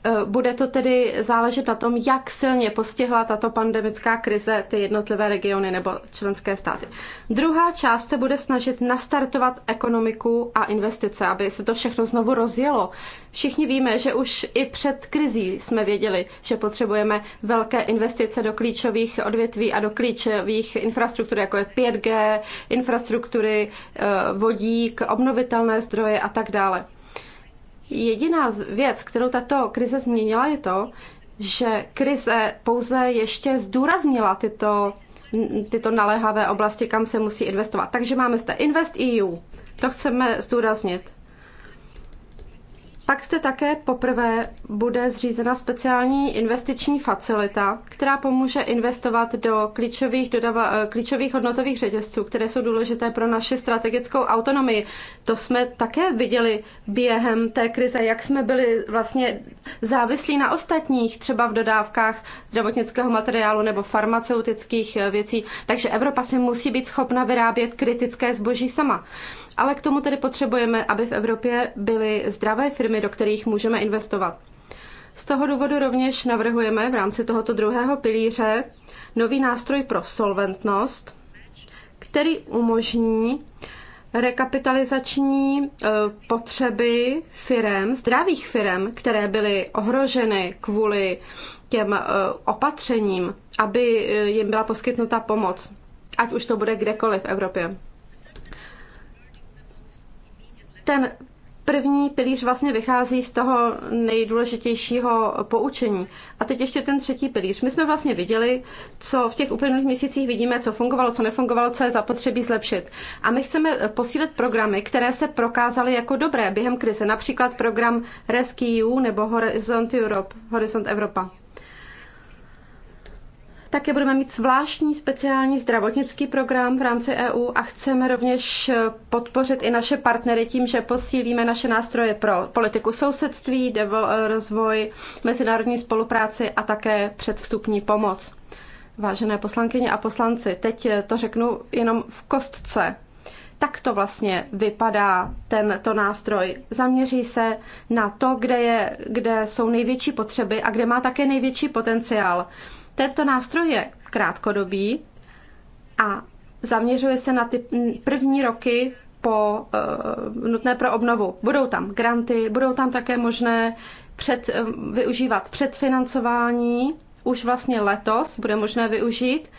Eh, bude to tedy záležet na tom, jak silně postihla tato pandemická krize ty jednotlivé regiony nebo členské státy. Druhá část se bude snažit nastartovat ekonomiku a investice, aby se to všechno znovu rozjelo. Všichni víme, že už i před krizí jsme věděli, že potřebujeme velké investice do klíčových odvětví a do klíčových infrastruktur, jako je 5G, infrastruktury, eh, vodík, obnovitelné zdroje a tak dále. Jediná věc, kterou tato krize změnila, je to, že krize pouze ještě zdůraznila tyto, tyto naléhavé oblasti, kam se musí investovat. Takže máme zde Invest EU. To chceme zdůraznit. Pak zde také poprvé bude zřízena speciální investiční facilita, která pomůže investovat do klíčových, dodava, eh, klíčových hodnotových řetězců, které jsou důležité pro naši strategickou autonomii. To jsme také viděli během té krize, jak jsme byli vlastně závislí na ostatních, třeba v dodávkách zdravotnického materiálu nebo farmaceutických eh, věcí. Takže Evropa si musí být schopna vyrábět kritické zboží sama. Ale k tomu tedy potřebujeme, aby v Evropě byly zdravé firmy, do kterých můžeme investovat. Z toho důvodu rovněž navrhujeme v rámci tohoto druhého pilíře nový nástroj pro solventnost, který umožní rekapitalizační e, potřeby firem, zdravých firem, které byly ohroženy kvůli těm e, opatřením, aby e, jim byla poskytnuta pomoc, ať už to bude kdekoliv v Evropě ten první pilíř vlastně vychází z toho nejdůležitějšího poučení. A teď ještě ten třetí pilíř. My jsme vlastně viděli, co v těch uplynulých měsících vidíme, co fungovalo, co nefungovalo, co je zapotřebí zlepšit. A my chceme posílit programy, které se prokázaly jako dobré během krize, například program Rescue nebo Horizont Europe, Horizont Evropa. Také budeme mít zvláštní speciální zdravotnický program v rámci EU a chceme rovněž podpořit i naše partnery tím, že posílíme naše nástroje pro politiku sousedství, rozvoj, mezinárodní spolupráci a také předvstupní pomoc. Vážené poslankyně a poslanci, teď to řeknu jenom v kostce. Tak to vlastně vypadá tento nástroj. Zaměří se na to, kde, je, kde jsou největší potřeby a kde má také největší potenciál. Tento nástroj je krátkodobý a zaměřuje se na ty první roky po uh, nutné pro obnovu. Budou tam granty, budou tam také možné před, uh, využívat předfinancování. Už vlastně letos bude možné využít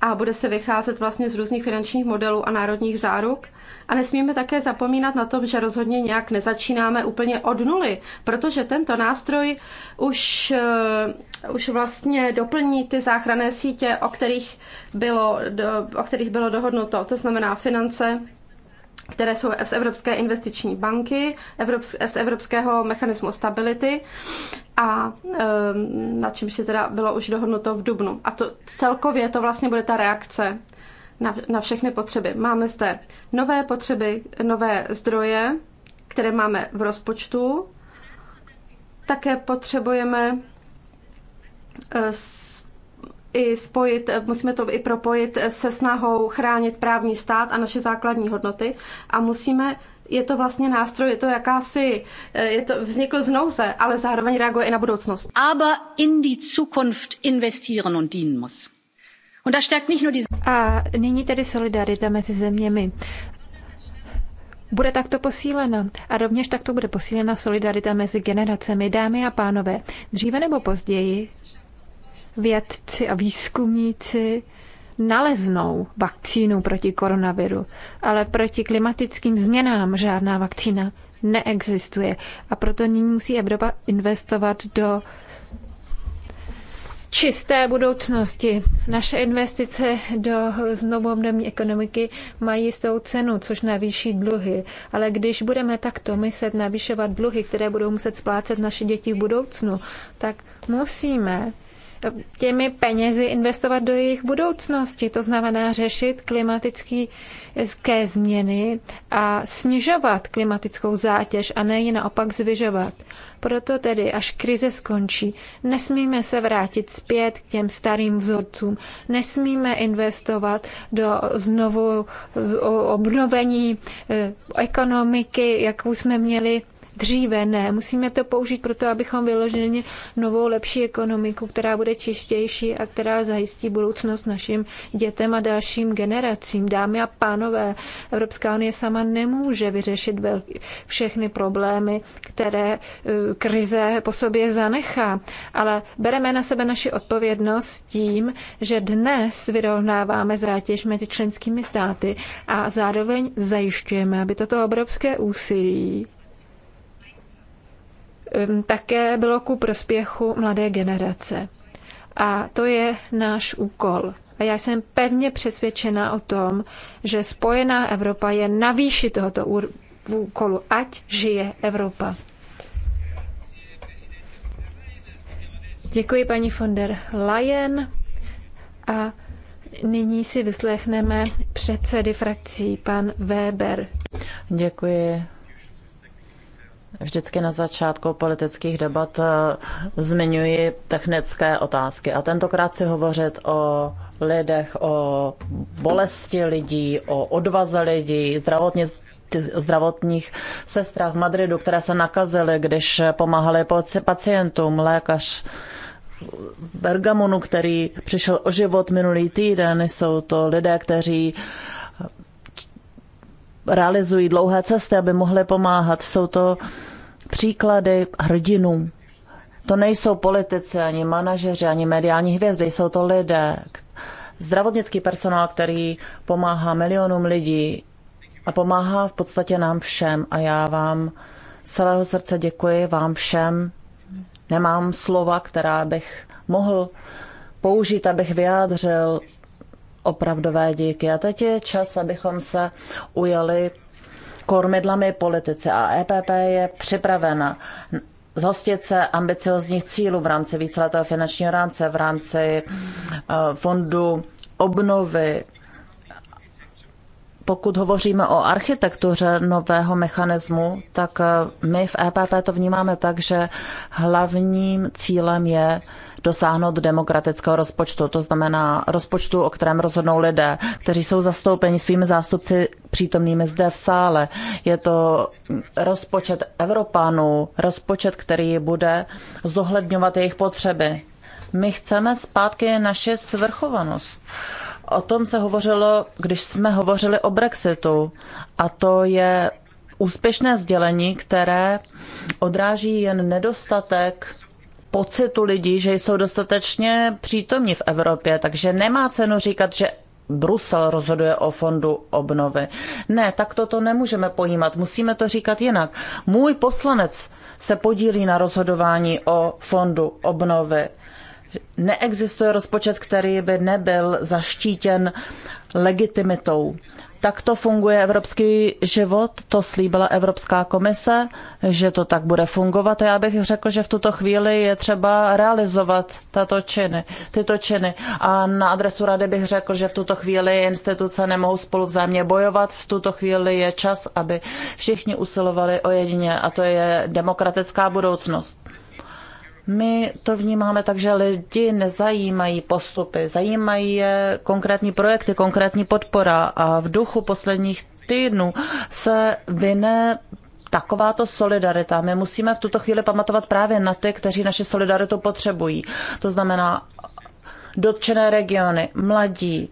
a bude se vycházet vlastně z různých finančních modelů a národních záruk. A nesmíme také zapomínat na to, že rozhodně nějak nezačínáme úplně od nuly, protože tento nástroj už, eh, už vlastně doplní ty záchranné sítě, o kterých bylo, o kterých bylo dohodnuto, to znamená finance které jsou z Evropské investiční banky, z Evropského mechanismu stability a eh, na čem se teda bylo už dohodnuto v Dubnu. A to celkově to vlastně bude ta reakce na, na všechny potřeby. Máme zde nové potřeby, nové zdroje, které máme v rozpočtu. Také potřebujeme eh, i spojit, eh, musíme to i propojit eh, se snahou chránit právní stát a naše základní hodnoty a musíme je to vlastně nástroj, je to jakási, je to, vzniklo z nouze, ale zároveň reaguje i na budoucnost. Aber in die Zukunft investieren und dienen muss. A nyní tedy solidarita mezi zeměmi bude takto posílena. A rovněž takto bude posílena solidarita mezi generacemi. Dámy a pánové, dříve nebo později vědci a výzkumníci naleznou vakcínu proti koronaviru, ale proti klimatickým změnám žádná vakcína neexistuje. A proto nyní musí Evropa investovat do čisté budoucnosti. Naše investice do znovu obnovní ekonomiky mají jistou cenu, což navýší dluhy. Ale když budeme takto myslet navýšovat dluhy, které budou muset splácet naše děti v budoucnu, tak musíme těmi penězi investovat do jejich budoucnosti, to znamená řešit klimatické změny a snižovat klimatickou zátěž a ne ji naopak zvyžovat. Proto tedy, až krize skončí, nesmíme se vrátit zpět k těm starým vzorcům, nesmíme investovat do znovu obnovení eh, ekonomiky, jakou jsme měli dříve ne. Musíme to použít proto, abychom vyložili novou, lepší ekonomiku, která bude čistější a která zajistí budoucnost našim dětem a dalším generacím. Dámy a pánové, Evropská unie sama nemůže vyřešit všechny problémy, které e, krize po sobě zanechá, ale bereme na sebe naši odpovědnost tím, že dnes vyrovnáváme zátěž mezi členskými státy a zároveň zajišťujeme, aby toto obrovské úsilí také bylo ku prospěchu mladé generace. A to je náš úkol. A já jsem pevně přesvědčena o tom, že spojená Evropa je na výši tohoto úkolu, ať žije Evropa. Děkuji paní von der Leyen a nyní si vyslechneme předsedy frakcí, pan Weber. Děkuji, Vždycky na začátku politických debat eh, zmiňuji technické otázky a tentokrát si hovořit o lidech, o bolesti lidí, o odvaze lidí, zdravotně zdravotních sestrách v Madridu, které se nakazily, když pomáhali pacientům, lékař Bergamonu, který přišel o život minulý týden. Jsou to lidé, kteří realizují dlouhé cesty, aby mohli pomáhat. Jsou to příklady hrdinů. To nejsou politici, ani manažeři, ani mediální hvězdy, jsou to lidé. Zdravotnický personál, který pomáhá milionům lidí a pomáhá v podstatě nám všem. A já vám z celého srdce děkuji, vám všem. Nemám slova, která bych mohl použít, abych vyjádřil opravdové díky. A teď je čas, abychom se ujeli kormidlami politice a EPP je připravena zhostit se ambiciozních cílů v rámci víceletého finančního rámce, v rámci eh, fondu obnovy. Pokud hovoříme o architektuře nového mechanismu, tak eh, my v EPP to vnímáme tak, že hlavním cílem je dosáhnout demokratického rozpočtu, to znamená rozpočtu, o kterém rozhodnou lidé, kteří jsou zastoupeni svými zástupci přítomnými zde v sále. Je to rozpočet Evropanů, rozpočet, který bude zohledňovat jejich potřeby. My chceme zpátky naše svrchovanost. O tom se hovořilo, když jsme hovořili o Brexitu. A to je úspěšné sdělení, které odráží jen nedostatek pocitu lidí, že jsou dostatečně přítomní v Evropě, takže nemá cenu říkat, že Brusel rozhoduje o fondu obnovy. Ne, tak toto nemůžeme pojímat, musíme to říkat jinak. Můj poslanec se podílí na rozhodování o fondu obnovy. Neexistuje rozpočet, který by nebyl zaštítěn legitimitou takto funguje evropský život, to slíbila Evropská komise, že to tak bude fungovat. A já bych řekl, že v tuto chvíli je třeba realizovat tato činy, tyto činy. A na adresu rady bych řekl, že v tuto chvíli instituce nemohou spolu vzájemně bojovat. V tuto chvíli je čas, aby všichni usilovali o jedině, a to je demokratická budoucnost. My to vnímáme tak, že lidi nezajímají postupy, zajímají je konkrétní projekty, konkrétní podpora a v duchu posledních týdnů se vyne takováto solidarita. My musíme v tuto chvíli pamatovat právě na ty, kteří naši solidaritu potřebují. To znamená dotčené regiony, mladí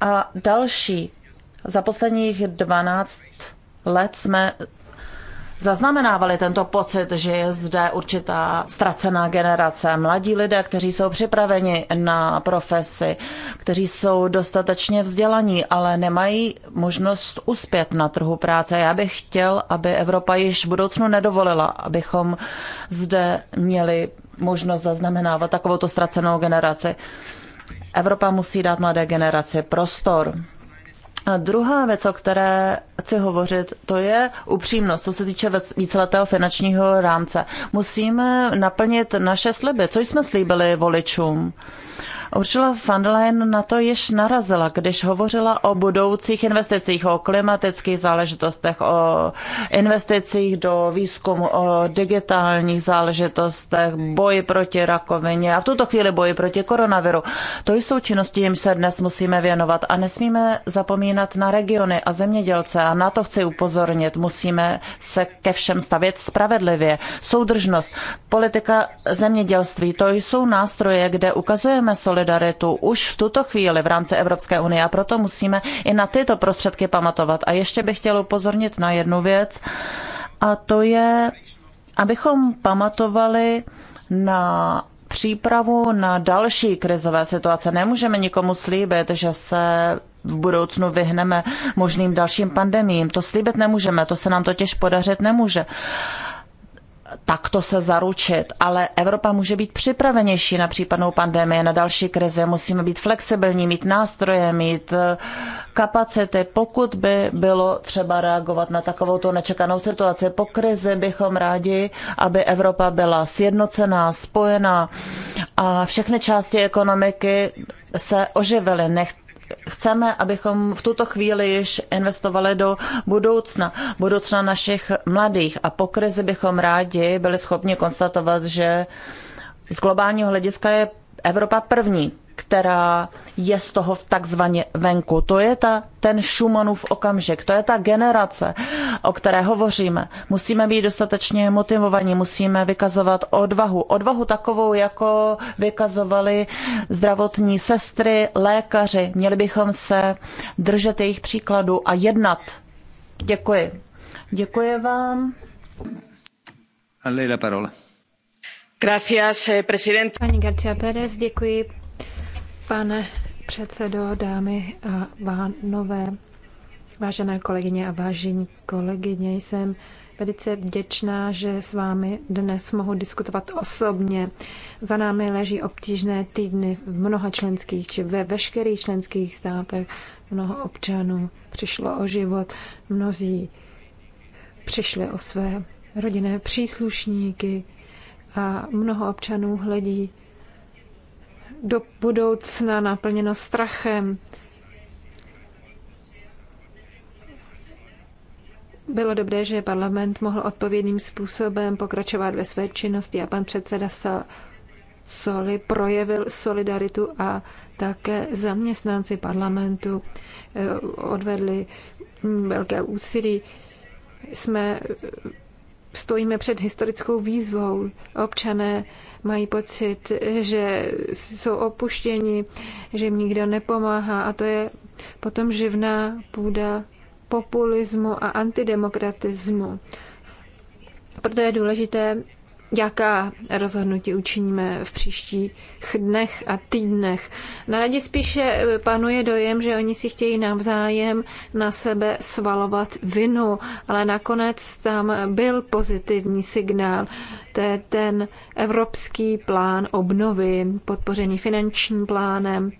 a další. Za posledních 12 let jsme zaznamenávali tento pocit, že je zde určitá ztracená generace. Mladí lidé, kteří jsou připraveni na profesi, kteří jsou dostatečně vzdělaní, ale nemají možnost uspět na trhu práce. Já bych chtěl, aby Evropa již v budoucnu nedovolila, abychom zde měli možnost zaznamenávat takovouto ztracenou generaci. Evropa musí dát mladé generaci prostor. A druhá věc, o které chci hovořit, to je upřímnost, co se týče víceletého finančního rámce. Musíme naplnit naše sliby, co jsme slíbili voličům. Ursula von der Leyen na to již narazila, když hovořila o budoucích investicích, o klimatických záležitostech, o investicích do výzkumu, o digitálních záležitostech, boji proti rakovině a v tuto chvíli boji proti koronaviru. To jsou činnosti, jim se dnes musíme věnovat a nesmíme zapomínat na regiony a zemědělce a na to chci upozornit. Musíme se ke všem stavět spravedlivě. Soudržnost, politika zemědělství, to jsou nástroje, kde ukazujeme potřebujeme solidaritu už v tuto chvíli v rámci Evropské unie a proto musíme i na tyto prostředky pamatovat. A ještě bych chtěla upozornit na jednu věc a to je, abychom pamatovali na přípravu na další krizové situace. Nemůžeme nikomu slíbit, že se v budoucnu vyhneme možným dalším pandemím. To slíbit nemůžeme, to se nám totiž podařit nemůže takto se zaručit, ale Evropa může být připravenější na případnou pandemii, na další krize. Musíme být flexibilní, mít nástroje, mít eh, kapacity, pokud by bylo třeba reagovat na takovou tu nečekanou situaci. Po krizi bychom rádi, aby Evropa byla sjednocená, spojená a všechny části ekonomiky se oživily. Nech, chceme, abychom v tuto chvíli již investovali do budoucna, budoucna našich mladých a po krizi bychom rádi byli schopni konstatovat, že z globálního hlediska je Evropa první která je z toho v takzvaně venku. To je ta, ten Šumanův okamžik, to je ta generace, o které hovoříme. Musíme být dostatečně motivovaní, musíme vykazovat odvahu. Odvahu takovou, jako vykazovali zdravotní sestry, lékaři. Měli bychom se držet jejich příkladu a jednat. Děkuji. Děkuji vám. A lei la parola. Gracias, eh, presidente. Pani García Pérez, děkuji, Pane předsedo, dámy a pánové, vážené kolegyně a vážení kolegyně, jsem velice vděčná, že s vámi dnes mohu diskutovat osobně. Za námi leží obtížné týdny v mnoha členských, či ve veškerých členských státech. Mnoho občanů přišlo o život, mnozí přišli o své rodinné příslušníky a mnoho občanů hledí do budoucna naplněno strachem. Bylo dobré, že parlament mohl odpovědným způsobem pokračovat ve své činnosti a pan předseda Soli projevil solidaritu a také zaměstnanci parlamentu eh, odvedli mm, velké úsilí. Jsme, eh, stojíme před historickou výzvou. Občané mají pocit, že jsou opuštěni, že jim nikdo nepomáhá a to je potom živná půda populismu a antidemokratismu. Proto je důležité, jaká rozhodnutí učiníme v příštích dnech a týdnech. Na radě spíše eh, panuje dojem, že oni si chtějí navzájem na sebe svalovat vinu, ale nakonec tam byl pozitivní signál. To je ten evropský plán obnovy, podpořený finančním plánem,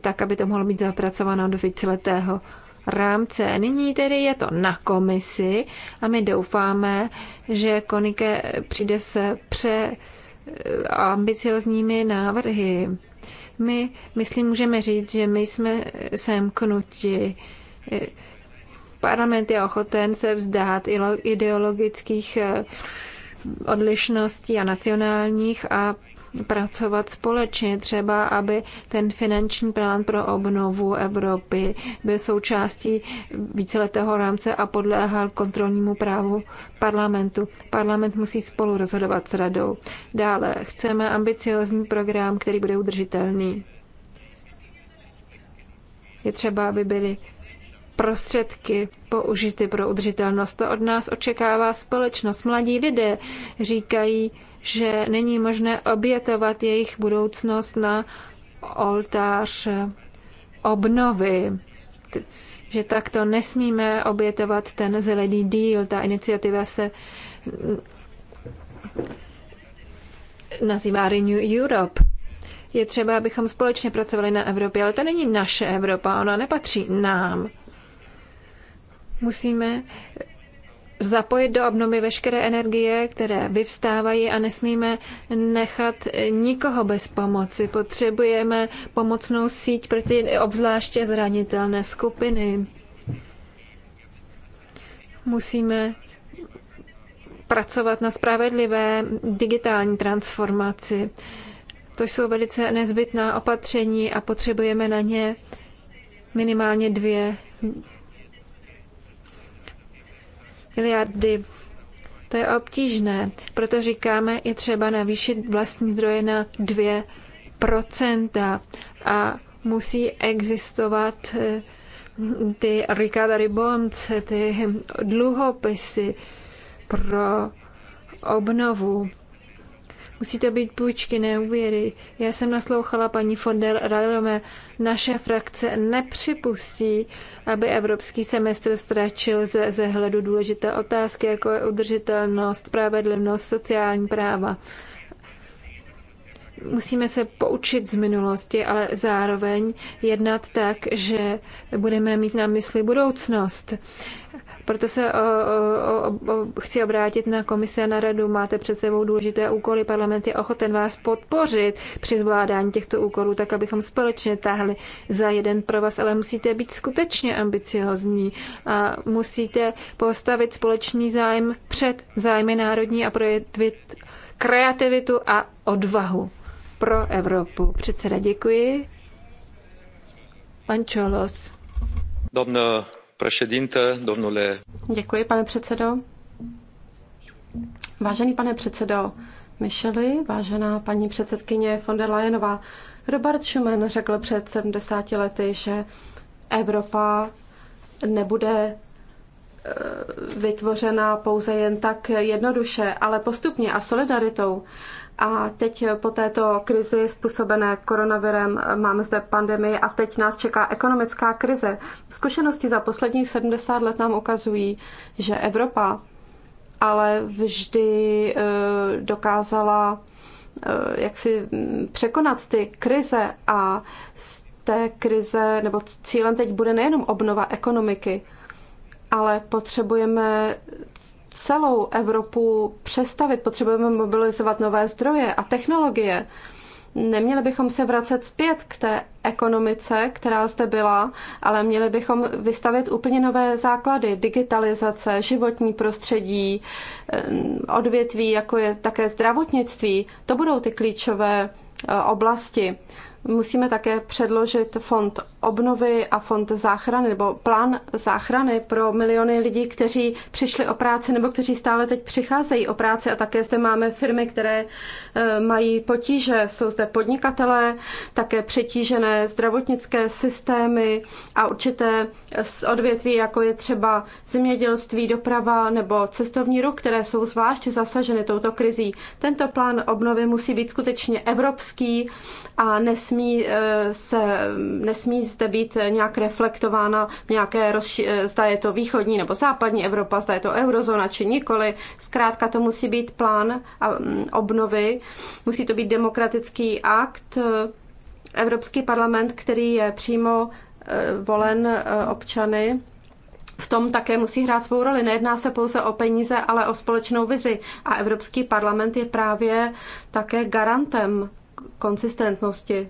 tak, aby to mohlo být zapracováno do víceletého rámce. Nyní tedy je to na komisi a my doufáme, že Konike přijde se pře eh, ambiciozními návrhy. My, myslím, můžeme říct, že my jsme semknuti. Eh, parlament je ochoten se vzdát ideologických eh, odlišností a nacionálních a pracovat společně. Třeba, aby ten finanční plán pro obnovu Evropy byl součástí víceletého rámce a podléhal kontrolnímu právu parlamentu. Parlament musí spolu rozhodovat s radou. Dále chceme ambiciozní program, který bude udržitelný. Je třeba, aby byly prostředky použity pro udržitelnost. To od nás očekává společnost. Mladí lidé říkají, že není možné obětovat jejich budoucnost na oltář obnovy. Že takto nesmíme obětovat ten zelený díl. Ta iniciativa se mm, nazývá Renew Europe. Je třeba, abychom společně pracovali na Evropě, ale to není naše Evropa, ona nepatří nám. Musíme zapojit do obnovy veškeré energie, které vyvstávají a nesmíme nechat nikoho bez pomoci. Potřebujeme pomocnou síť pro ty obzvláště zranitelné skupiny. Musíme pracovat na spravedlivé digitální transformaci. To jsou velice nezbytná opatření a potřebujeme na ně minimálně dvě miliardy. To je obtížné, proto říkáme, je třeba navýšit vlastní zdroje na 2% a musí existovat eh, ty recovery bonds, ty dluhopisy pro obnovu. Musí to být půjčky, ne úvěry. Já jsem naslouchala paní von der Rallome. Naše frakce nepřipustí, aby evropský semestr ztračil ze, ze hledu důležité otázky, jako je udržitelnost, spravedlivnost, sociální práva musíme se poučit z minulosti, ale zároveň jednat tak, že budeme mít na mysli budoucnost. Proto se o, o, o, chci obrátit na komise a na radu. Máte před sebou důležité úkoly. Parlament je ochoten vás podpořit při zvládání těchto úkolů, tak abychom společně táhli za jeden pro vás, ale musíte být skutečně ambiciozní a musíte postavit společný zájem před zájmy národní a projevit kreativitu a odvahu pro Evropu. Předseda, děkuji. Pan Čolos președinte, domnule. Děkuji, pane předsedo. Vážený pane předsedo Micheli, vážená paní předsedkyně von der Leyenová, Robert Schuman řekl před 70 lety, že Evropa nebude eh, vytvořena pouze jen tak jednoduše, ale postupně a solidaritou. A teď po této krizi způsobené koronavirem máme zde pandemii a teď nás čeká ekonomická krize. Zkušenosti za posledních 70 let nám ukazují, že Evropa ale vždy eh, dokázala eh, jak si mm, překonat ty krize a z té krize, nebo cílem teď bude nejenom obnova ekonomiky, ale potřebujeme celou Evropu přestavit, potřebujeme mobilizovat nové zdroje a technologie. Neměli bychom se vracet zpět k té ekonomice, která zde byla, ale měli bychom vystavit úplně nové základy. Digitalizace, životní prostředí, eh, odvětví, jako je také zdravotnictví, to budou ty klíčové eh, oblasti. Musíme také předložit fond obnovy a fond záchrany, nebo plán záchrany pro miliony lidí, kteří přišli o práci nebo kteří stále teď přicházejí o práci a také zde máme firmy, které e, mají potíže, jsou zde podnikatelé, také přetížené zdravotnické systémy a určité odvětví, jako je třeba zemědělství, doprava nebo cestovní ruch, které jsou zvlášť zasaženy touto krizí. Tento plán obnovy musí být skutečně evropský a nesmí e, se nesmí zde být nějak reflektována nějaké, rozši- eh, zda je to východní nebo západní Evropa, zda je to eurozóna či nikoli. Zkrátka to musí být plán a mm, obnovy, musí to být demokratický akt, Evropský parlament, který je přímo eh, volen eh, občany, v tom také musí hrát svou roli. Nejedná se pouze o peníze, ale o společnou vizi. A Evropský parlament je právě také garantem konsistentnosti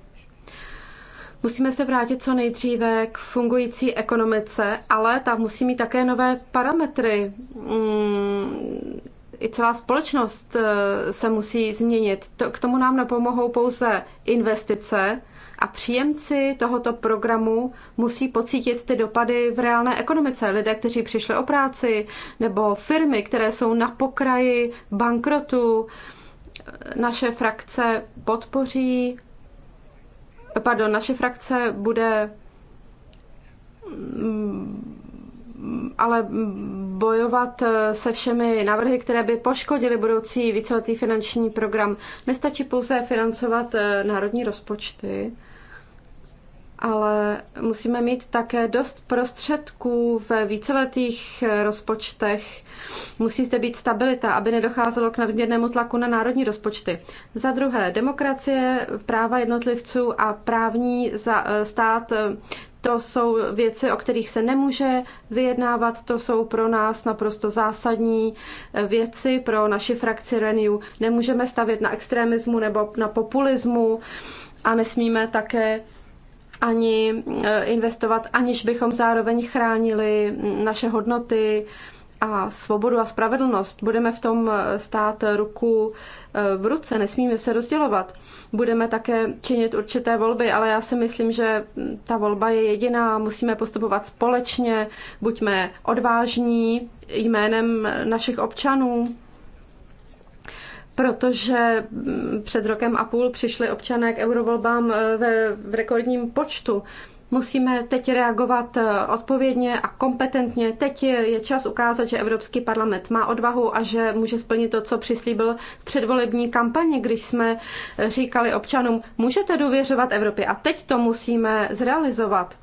Musíme se vrátit co nejdříve k fungující ekonomice, ale ta musí mít také nové parametry. Mm, I celá společnost eh, se musí změnit. K tomu nám nepomohou pouze investice a příjemci tohoto programu musí pocítit ty dopady v reálné ekonomice. Lidé, kteří přišli o práci, nebo firmy, které jsou na pokraji bankrotu. Naše frakce podpoří pardon, naše frakce bude mm, ale bojovat eh, se všemi návrhy, které by poškodily budoucí víceletý finanční program. Nestačí pouze financovat eh, národní rozpočty, ale musíme mít také dost prostředků ve víceletých rozpočtech. Musí zde být stabilita, aby nedocházelo k nadměrnému tlaku na národní rozpočty. Za druhé, demokracie, práva jednotlivců a právní eh, stát eh, to jsou věci, o kterých se nemůže vyjednávat, to jsou pro nás naprosto zásadní eh, věci, pro naši frakci Renew. Nemůžeme stavět na extremismu nebo na populismu a nesmíme také ani eh, investovat, aniž bychom zároveň chránili naše hodnoty a svobodu a spravedlnost. Budeme v tom eh, stát ruku eh, v ruce, nesmíme se rozdělovat. Budeme také činit určité volby, ale já si myslím, že hm, ta volba je jediná, musíme postupovat společně, buďme odvážní jménem našich občanů protože mm, před rokem a půl přišli občané k eurovolbám eh, ve, v rekordním počtu. Musíme teď reagovat eh, odpovědně a kompetentně. Teď je, čas ukázat, že Evropský parlament má odvahu a že může splnit to, co přislíbil v předvolební kampani, když jsme eh, říkali občanům, můžete důvěřovat Evropě. A teď to musíme zrealizovat.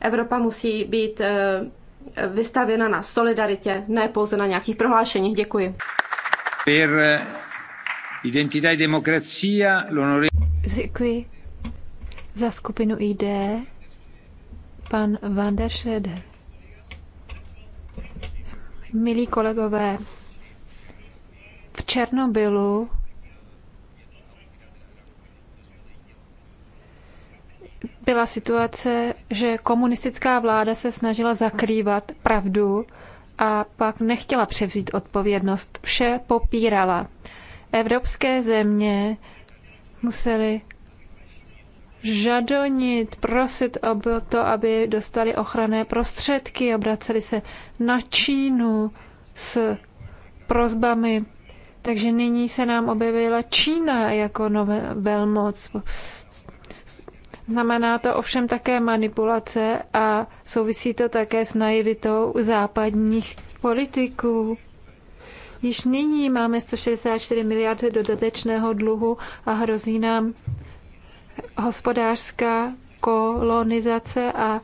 Evropa musí být vystavěna na solidaritě, ne pouze na nějakých prohlášeních. Děkuji. Per Identità e democrazia, l'onorevole... Za skupinu ID pan Van der Schroeder. Milí kolegové, v Černobylu byla situace, že komunistická vláda se snažila zakrývat pravdu a pak nechtěla převzít odpovědnost. Vše popírala evropské země museli žadonit, prosit o to, aby dostali ochranné prostředky, obraceli se na Čínu s prozbami. Takže nyní se nám objevila Čína jako nové velmoc. Znamená to ovšem také manipulace a souvisí to také s naivitou západních politiků. Již nyní máme 164 miliard dodatečného dluhu a hrozí nám hospodářská kolonizace a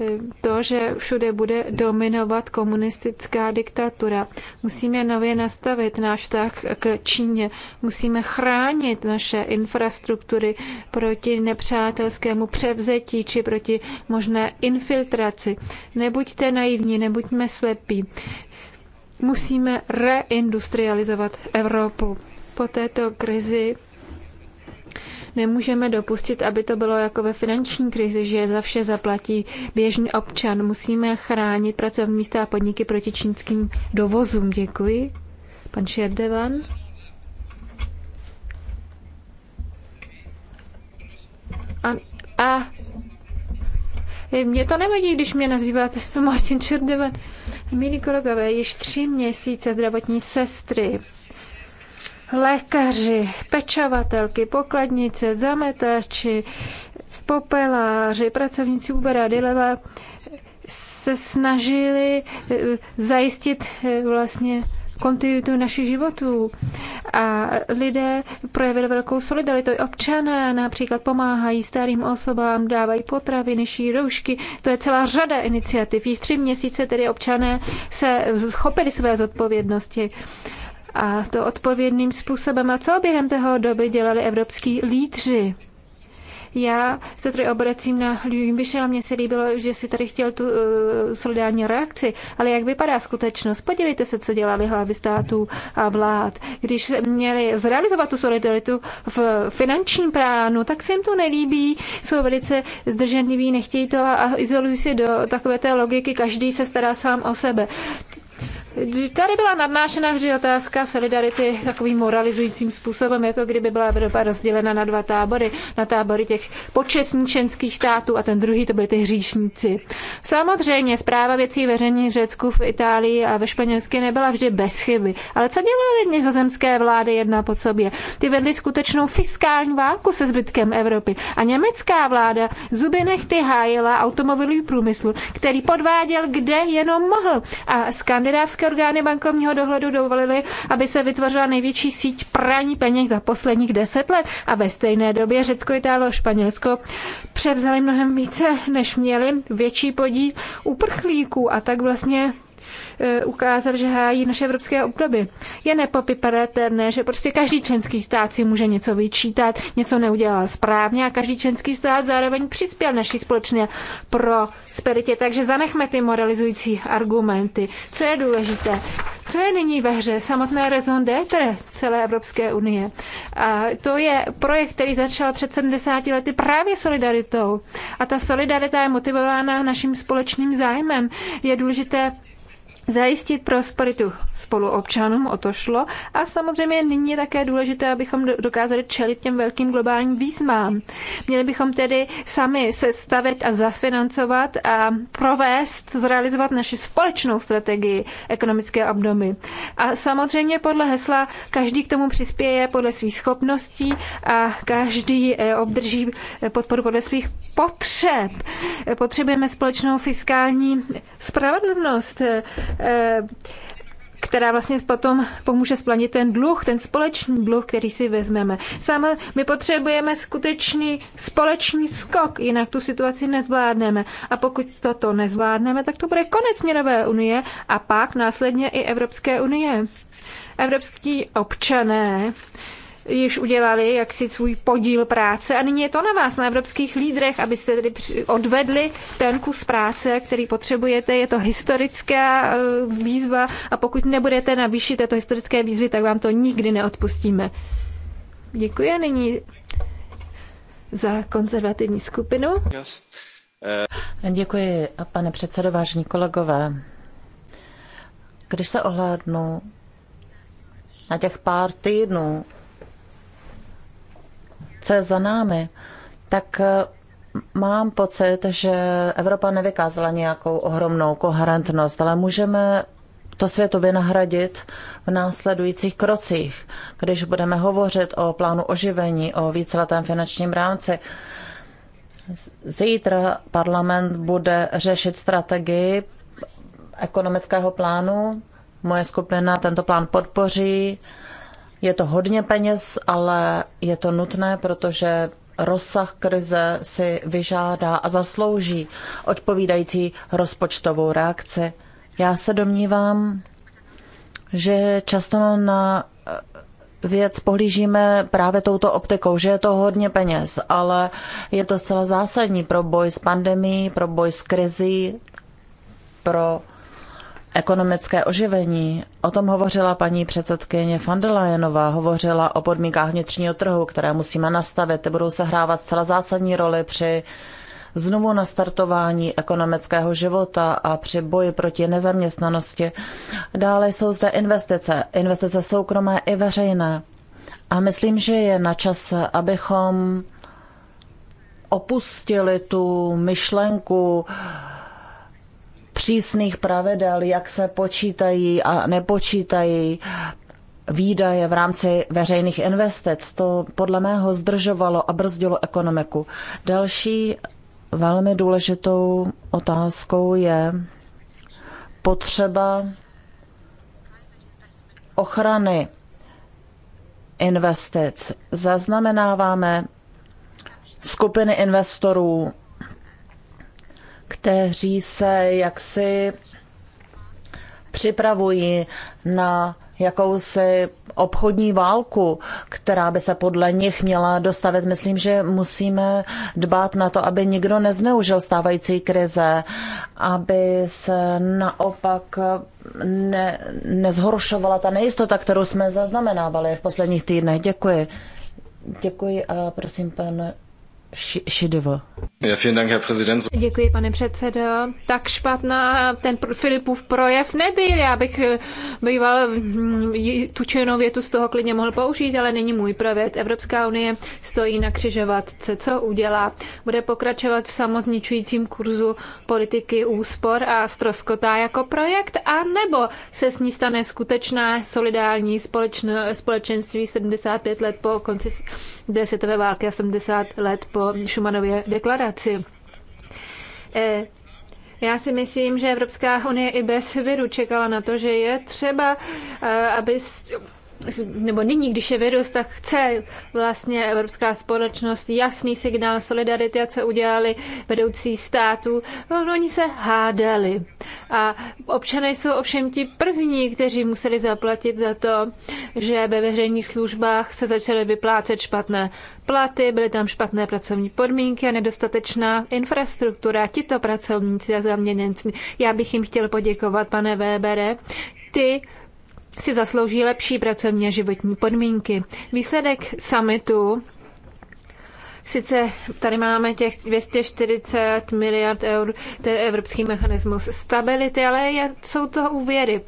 e, to, že všude bude dominovat komunistická diktatura. Musíme nově nastavit náš vztah k Číně. Musíme chránit naše infrastruktury proti nepřátelskému převzetí či proti možné infiltraci. Nebuďte naivní, nebuďme slepí. Musíme reindustrializovat Evropu. Po této krizi nemůžeme dopustit, aby to bylo jako ve finanční krizi, že za vše zaplatí běžný občan. Musíme chránit pracovní místa a podniky proti čínským dovozům. Děkuji. Pan Šerdevan. A, a mě to nevadí, když mě nazýváte Martin Šerdevan. Milí kolegové, již tři měsíce zdravotní sestry, lékaři, pečovatelky, pokladnice, zametáči, popeláři, pracovníci Ubera, Dileva se snažili eh, zajistit eh, vlastně kontinuitu našich životů. A lidé projevili velkou solidaritu. Občané například pomáhají starým osobám, dávají potraviny, šijí roušky. To je celá řada iniciativ. Již tři měsíce tedy občané se chopili své zodpovědnosti a to odpovědným způsobem. A co během toho doby dělali evropský lídři? Já se tady obracím na Ljubiše a mně se líbilo, že si tady chtěl tu uh, solidární reakci, ale jak vypadá skutečnost? Podívejte se, co dělali hlavy států a vlád. Když měli zrealizovat tu solidaritu v finančním pránu, tak se jim to nelíbí, jsou velice zdrženliví, nechtějí to a izolují se do takové té logiky, každý se stará sám o sebe. Tady byla nadnášena vždy otázka solidarity takovým moralizujícím způsobem, jako kdyby byla Evropa rozdělena na dva tábory, na tábory těch počesníčenských států a ten druhý to byly ty hříšníci. Samozřejmě zpráva věcí veřejných v Řecku, v Itálii a ve Španělsku nebyla vždy bez chyby. Ale co dělaly nizozemské vlády jedna po sobě? Ty vedly skutečnou fiskální válku se zbytkem Evropy. A německá vláda zuby nechty hájila automobilový průmysl, který podváděl kde jenom mohl. A skandinávské orgány bankovního dohledu dovolily, aby se vytvořila největší síť praní peněz za posledních deset let a ve stejné době Řecko, Itálo a Španělsko převzali mnohem více, než měli větší podíl uprchlíků a tak vlastně Eh, ukázat, že hájí naše evropské obdoby. Je nepopiratelné, že prostě každý členský stát si může něco vyčítat, něco neudělal správně a každý členský stát zároveň přispěl naší společné prosperitě. Takže zanechme ty moralizující argumenty. Co je důležité? Co je nyní ve hře? Samotné raison d'être celé Evropské unie. A to je projekt, který začal před 70 lety právě solidaritou. A ta solidarita je motivována naším společným zájmem. Je důležité zajistit prosperitu spoluobčanům, o to šlo. A samozřejmě nyní je také důležité, abychom dokázali čelit těm velkým globálním výzvám. Měli bychom tedy sami sestavit a zafinancovat a provést, zrealizovat naši společnou strategii ekonomické obnovy. A samozřejmě podle hesla každý k tomu přispěje podle svých schopností a každý eh, obdrží eh, podporu podle svých potřeb. Potřebujeme společnou fiskální spravedlnost eh, která vlastně potom pomůže splanit ten dluh, ten společný dluh, který si vezmeme. Sama my potřebujeme skutečný společný skok, jinak tu situaci nezvládneme. A pokud toto nezvládneme, tak to bude konec měnové unie a pak následně i Evropské unie. Evropský občané již udělali jaksi svůj podíl práce a nyní je to na vás, na evropských lídrech, abyste tedy odvedli ten kus práce, který potřebujete. Je to historická eh, výzva a pokud nebudete na výši této historické výzvy, tak vám to nikdy neodpustíme. Děkuji a nyní za konzervativní skupinu. Yes. Eh. Děkuji, pane předsedo, vážení kolegové. Když se ohlédnu na těch pár týdnů, co je za námi, tak eh, mám pocit, že Evropa nevykázala nějakou ohromnou koherentnost, ale můžeme to světu vynahradit v následujících krocích, když budeme hovořit o plánu oživení, o víceletém finančním rámci. Zítra parlament bude řešit strategii ekonomického plánu. Moje skupina tento plán podpoří. Je to hodně peněz, ale je to nutné, protože rozsah krize si vyžádá a zaslouží odpovídající rozpočtovou reakci. Já se domnívám, že často na eh, věc pohlížíme právě touto optikou, že je to hodně peněz, ale je to zcela zásadní pro boj s pandemí, pro boj s krizí, pro ekonomické oživení. O tom hovořila paní předsedkyně van der Leyenová, hovořila o podmínkách vnitřního trhu, které musíme nastavit. Ty budou sehrávat zcela zásadní roli při znovu nastartování ekonomického života a při boji proti nezaměstnanosti. Dále jsou zde investice, investice soukromé i veřejné. A myslím, že je na čase, abychom opustili tu myšlenku přísných pravidel, jak se počítají a nepočítají výdaje v rámci veřejných investic. To podle mého zdržovalo a brzdilo ekonomiku. Další velmi důležitou otázkou je potřeba ochrany investic. Zaznamenáváme skupiny investorů, kteří se jaksi připravují na jakousi obchodní válku, která by se podle nich měla dostavit. Myslím, že musíme dbát na to, aby nikdo nezneužil stávající krize, aby se naopak ne, nezhoršovala ta nejistota, kterou jsme zaznamenávali v posledních týdnech. Děkuji. Děkuji a prosím, pan Šidivo. Děkuji, pane předsedo. Tak špatná ten Filipův projev nebyl. Já bych eh, býval hm, tu černou větu z toho klidně mohl použít, ale není můj projev. Evropská unie stojí na křižovatce. Co udělá? Bude pokračovat v samozničujícím kurzu politiky úspor a stroskotá jako projekt? A nebo se s ní stane skutečná solidární společno, společenství 75 let po konci druhé světové války a 70 let po Šumanově deklaraci. E, já si myslím, že Evropská unie i bez viru čekala na to, že je třeba, e, aby nebo nyní, když je virus, tak chce vlastně evropská společnost jasný signál solidarity a co udělali vedoucí států. No, no, oni se hádali. A občané jsou ovšem ti první, kteří museli zaplatit za to, že ve veřejných službách se začaly vyplácet špatné platy, byly tam špatné pracovní podmínky a nedostatečná infrastruktura. Tito pracovníci a zaměněnci. Já bych jim chtěl poděkovat, pane Webere. Ty si zaslouží lepší pracovní a životní podmínky. Výsledek summitu Sice tady máme těch 240 miliard eur, to je evropský mechanismus stability, ale je, jsou to úvěry.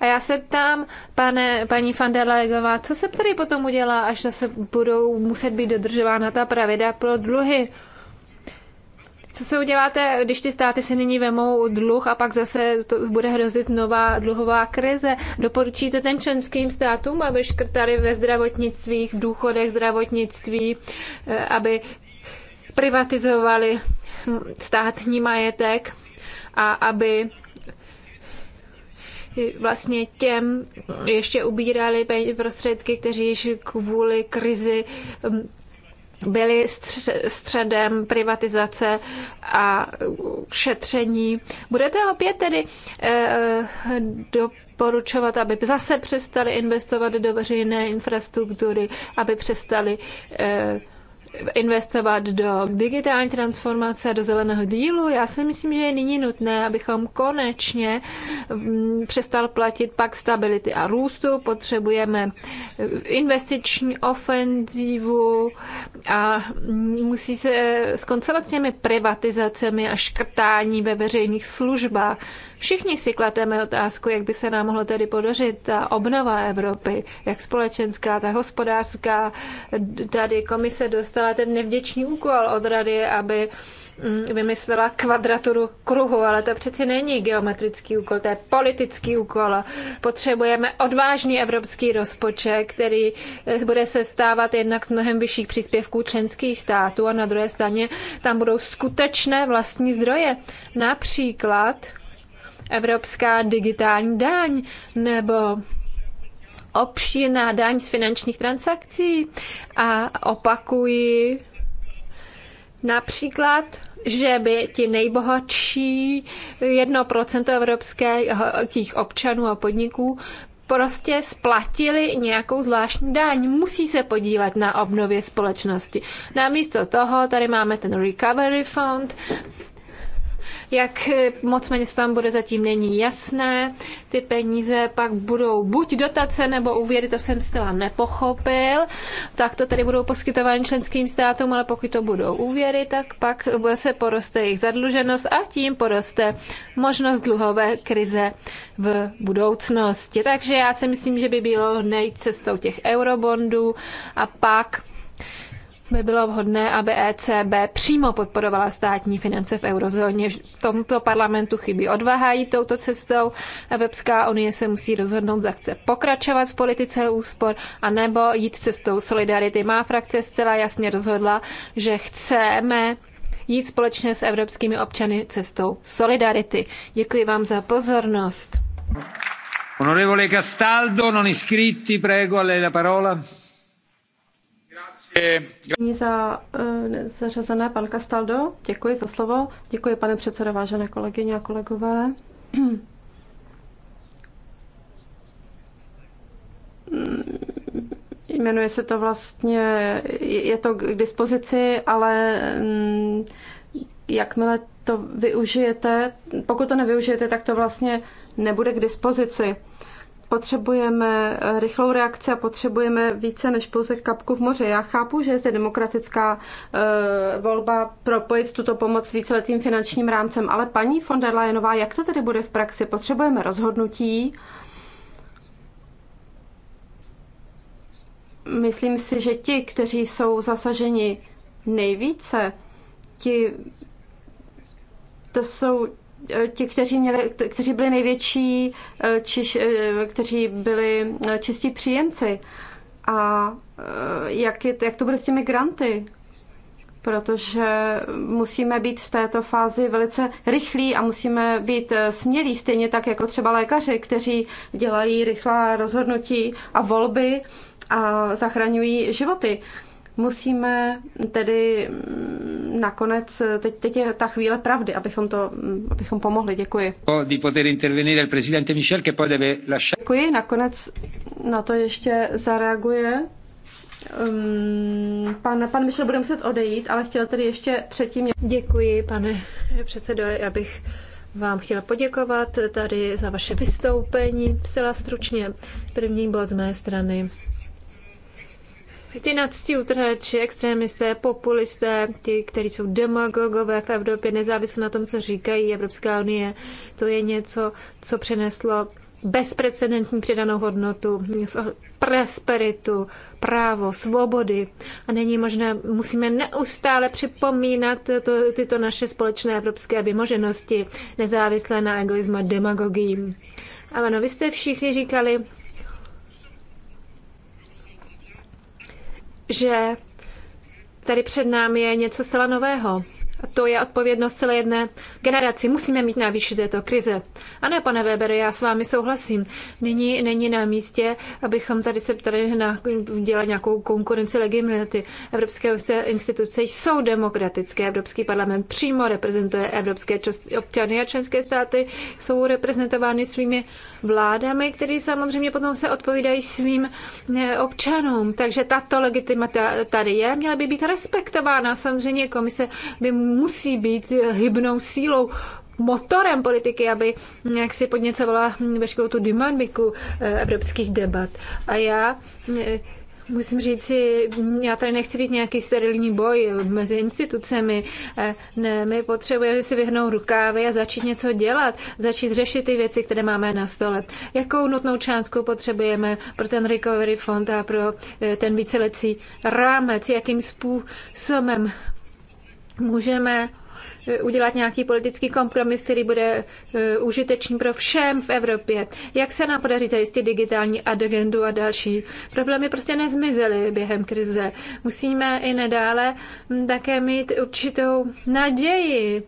A já se ptám, pane, paní van der co se tady potom udělá, až zase budou muset být dodržována ta pravidla pro dluhy? Co se uděláte, když ty státy si nyní vemou dluh a pak zase to bude hrozit nová dluhová krize? Doporučíte těm členským státům, aby škrtali ve zdravotnictví, v důchodech zdravotnictví, eh, aby privatizovali státní majetek a aby vlastně těm ještě ubírali prostředky, kteří již kvůli krizi hm, byly středem privatizace a šetření. Budete opět tedy eh, doporučovat, aby zase přestali investovat do veřejné infrastruktury, aby přestali eh, investovat do digitální transformace, do zeleného dílu. Já si myslím, že je nyní nutné, abychom konečně mm, přestal platit pak stability a růstu. Potřebujeme investiční ofenzívu a mm, musí se skoncovat s těmi privatizacemi a škrtání ve veřejných službách. Všichni si klademe otázku, jak by se nám mohlo tedy podařit ta obnova Evropy, jak společenská, tak hospodářská. Tady komise dostala ten nevděčný úkol od rady, aby mm, vymyslela kvadraturu kruhu, ale to přeci není geometrický úkol, to je politický úkol. Potřebujeme odvážný evropský rozpočet, který eh, bude se stávat jednak z mnohem vyšších příspěvků členských států a na druhé straně tam budou skutečné vlastní zdroje. Například evropská digitální daň nebo obšírná daň z finančních transakcí. A opakuji, například že by ti nejbohatší 1% evropských občanů a podniků prostě splatili nějakou zvláštní daň, musí se podílet na obnově společnosti. Namísto toho tady máme ten Recovery Fund, jak eh, moc peněz tam bude, zatím není jasné. Ty peníze pak budou buď dotace nebo úvěry, to jsem zcela nepochopil. Tak to tady budou poskytovány členským státům, ale pokud to budou úvěry, tak pak se poroste jejich zadluženost a tím poroste možnost dluhové krize v budoucnosti. Takže já si myslím, že by bylo nejít cestou těch eurobondů a pak by bylo vhodné, aby ECB přímo podporovala státní finance v eurozóně. V tomto parlamentu chybí odvaha jít touto cestou. Evropská unie se musí rozhodnout, zda chce pokračovat v politice úspor, anebo jít cestou solidarity. Má frakce zcela jasně rozhodla, že chceme jít společně s evropskými občany cestou solidarity. Děkuji vám za pozornost. Onorevole Castaldo, non iscritti, prego, a la parola. Děkuji za eh, zařazené pan Kastaldo. Děkuji za slovo. Děkuji, pane předsedo, vážené kolegyně a kolegové. Mm, jmenuje se to vlastně, je to k dispozici, ale mm, jakmile to využijete, pokud to nevyužijete, tak to vlastně nebude k dispozici potřebujeme eh, rychlou reakci a potřebujeme více než pouze kapku v moři. Já chápu, že je zde demokratická uh, volba propojit tuto pomoc s víceletým finančním rámcem, ale paní von der Leyenová, jak to tedy bude v praxi? Potřebujeme rozhodnutí. Myslím si, že ti, kteří jsou zasaženi nejvíce, ti to jsou ti, kteří, měli, kteří byli největší, eh, čiž, eh, kteří byli eh, čistí příjemci. A jak, je, jak to bude s těmi granty? protože musíme být v této fázi velice rychlí a musíme být smělí, stejně tak jako třeba lékaři, kteří dělají rychlá rozhodnutí a volby a zachraňují životy. Musíme tedy mm, nakonec, teď, teď je ta chvíle pravdy, abychom, to, mm, abychom pomohli. Děkuji. Děkuji, nakonec na to ještě zareaguje. Um, pan, pan Michel bude muset odejít, ale chtěl tedy ještě předtím... Děkuji, pane předsedo, já bych vám chtěla poděkovat tady za vaše vystoupení. Psala stručně první bod z mé strany ti nadstí utrhači, extrémisté, populisté, ti, kteří jsou demagogové v Evropě, nezávisle na tom, co říkají Evropská unie, to je něco, co přineslo bezprecedentní přidanou hodnotu, prosperitu, právo, svobody. A není možné, musíme neustále připomínat to, tyto naše společné evropské vymoženosti, nezávislé na egoismu a demagogii. Ale no, vy jste všichni říkali, že tady před námi je něco zcela nového to je odpovědnost celé jedné generaci. Musíme mít na výši této krize. Ano, pane Weber, já s vámi souhlasím. Nyní není na místě, abychom tady se ptali na dělat nějakou konkurenci legitimity. Evropské instituce jsou demokratické. Evropský parlament přímo reprezentuje evropské občany a členské státy jsou reprezentovány svými vládami, které samozřejmě potom se odpovídají svým eh, občanům. Takže tato legitimita tady je, měla by být respektována. Samozřejmě komise by musí být hybnou sílou motorem politiky, aby jak si podněcovala veškerou tu dynamiku eh, evropských debat. A já eh, Musím říct si, já tady nechci být nějaký sterilní boj mezi institucemi. Eh, ne, my potřebujeme si vyhnout rukávy a začít něco dělat, začít řešit ty věci, které máme na stole. Jakou nutnou částku potřebujeme pro ten recovery fond a pro ten vícelecí rámec, jakým způsobem můžeme eh, udělat nějaký politický kompromis, který bude eh, užitečný pro všem v Evropě. Jak se nám podaří zajistit digitální agendu a další? Problémy prostě nezmizely během krize. Musíme i nadále hm, také mít určitou naději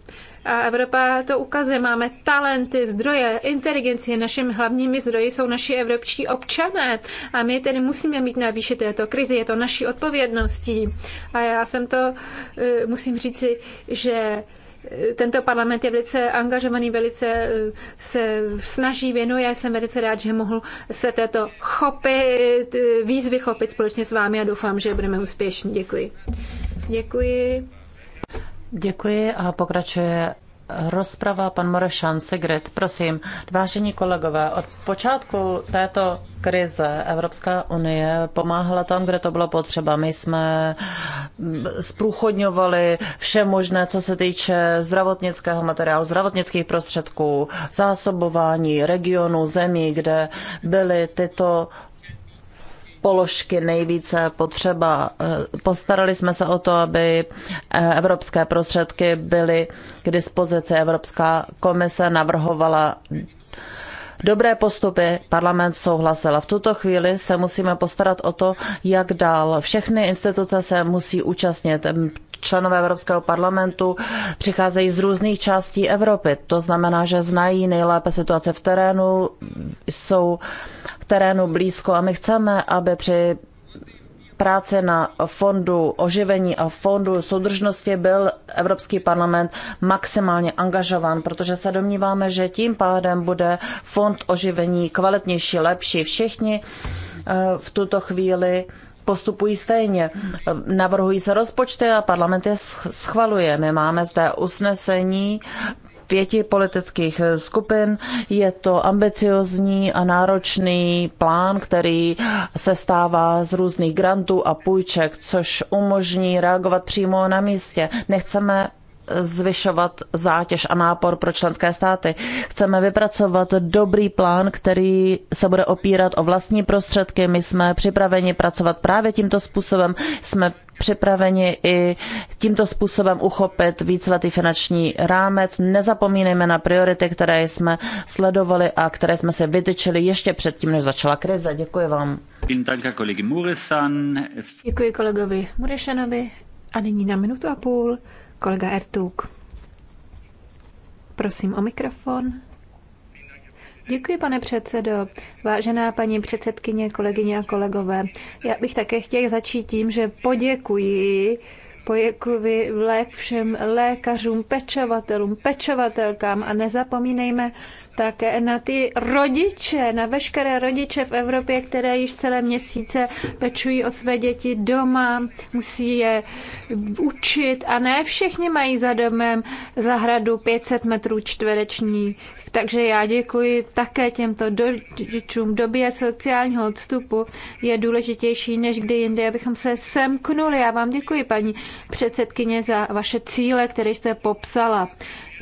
a Evropa to ukazuje. Máme talenty, zdroje, inteligenci. Našimi hlavními zdroji jsou naši evropští občané. A my tedy musíme mít na výši této krizi. Je to naší odpovědností. A já jsem to, eh, musím říci, že eh, tento parlament je velice angažovaný, velice eh, se snaží, věnuje. Jsem velice rád, že mohl se této chopit, výzvy chopit společně s vámi a doufám, že budeme úspěšní. Děkuji. Děkuji. Děkuji a pokračuje rozprava pan Morešan Sigrid. Prosím, vážení kolegové, od počátku této krize Evropská unie pomáhala tam, kde to bylo potřeba. My jsme zprůchodňovali vše možné, co se týče zdravotnického materiálu, zdravotnických prostředků, zásobování regionů, zemí, kde byly tyto položky nejvíce potřeba. Eh, postarali jsme se o to, aby eh, evropské prostředky byly k dispozici. Evropská komise navrhovala dobré postupy parlament souhlasil. A v tuto chvíli se musíme postarat o to, jak dál. Všechny instituce se musí účastnit členové Evropského parlamentu přicházejí z různých částí Evropy. To znamená, že znají nejlépe situace v terénu, jsou v terénu blízko a my chceme, aby při práce na fondu oživení a fondu soudržnosti byl Evropský parlament maximálně angažován, protože se domníváme, že tím pádem bude fond oživení kvalitnější, lepší. Všichni eh, v tuto chvíli postupují stejně. Navrhují se rozpočty a parlament je schvaluje. My máme zde usnesení pěti politických eh, skupin. Je to ambiciozní a náročný plán, který se stává z různých grantů a půjček, což umožní reagovat přímo na místě. Nechceme zvyšovat zátěž a nápor pro členské státy. Chceme vypracovat dobrý plán, který se bude opírat o vlastní prostředky. My jsme připraveni pracovat právě tímto způsobem. Jsme připraveni i tímto způsobem uchopit víceletý finanční rámec. Nezapomínejme na priority, které jsme sledovali a které jsme se vytyčili ještě předtím, než začala krize. Děkuji vám. Děkuji kolegovi Murešanovi a nyní na minutu a půl kolega Ertuk. Prosím o mikrofon. Děkuji, pane předsedo. Vážená paní předsedkyně, kolegyně a kolegové, já bych také chtěl začít tím, že poděkuji poděkuji lék všem lékařům, pečovatelům, pečovatelkám a nezapomínejme také na ty rodiče, na veškeré rodiče v Evropě, které již celé měsíce pečují o své děti doma, musí je učit a ne všichni mají za domem zahradu 500 metrů čtvereční takže já děkuji také těmto dočům. Době sociálního odstupu je důležitější než kdy jinde. abychom se semknuli. Já vám děkuji, paní předsedkyně, za vaše cíle, které jste popsala.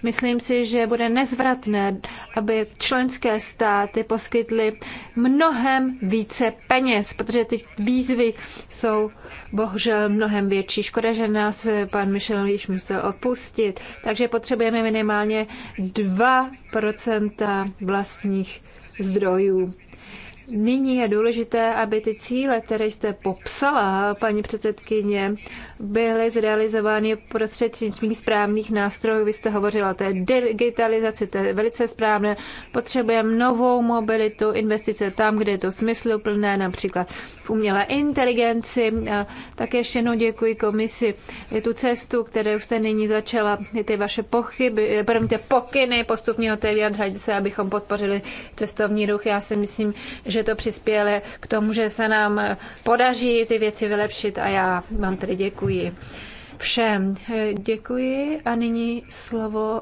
Myslím si, že bude nezvratné, aby členské státy poskytly mnohem více peněz, protože ty výzvy jsou bohužel mnohem větší. Škoda, že nás pan Michel již musel opustit. Takže potřebujeme minimálně 2% vlastních zdrojů. Nyní je důležité, aby ty cíle, které jste popsala, paní předsedkyně, byly zrealizovány prostřednictvím správných nástrojů. Vy jste hovořila o té digitalizaci, to je velice správné. Potřebujeme novou mobilitu, investice tam, kde je to smysluplné, například v umělé inteligenci. A také ještě jednou děkuji komisi je tu cestu, které už se nyní začala, je ty vaše pochyby, eh, ty pokyny postupně otevírat hranice, abychom podpořili cestovní ruch. Já si myslím, že to přispěle k tomu, že se nám podaří ty věci vylepšit a já vám tedy děkuji Děkuji všem. Děkuji a nyní slovo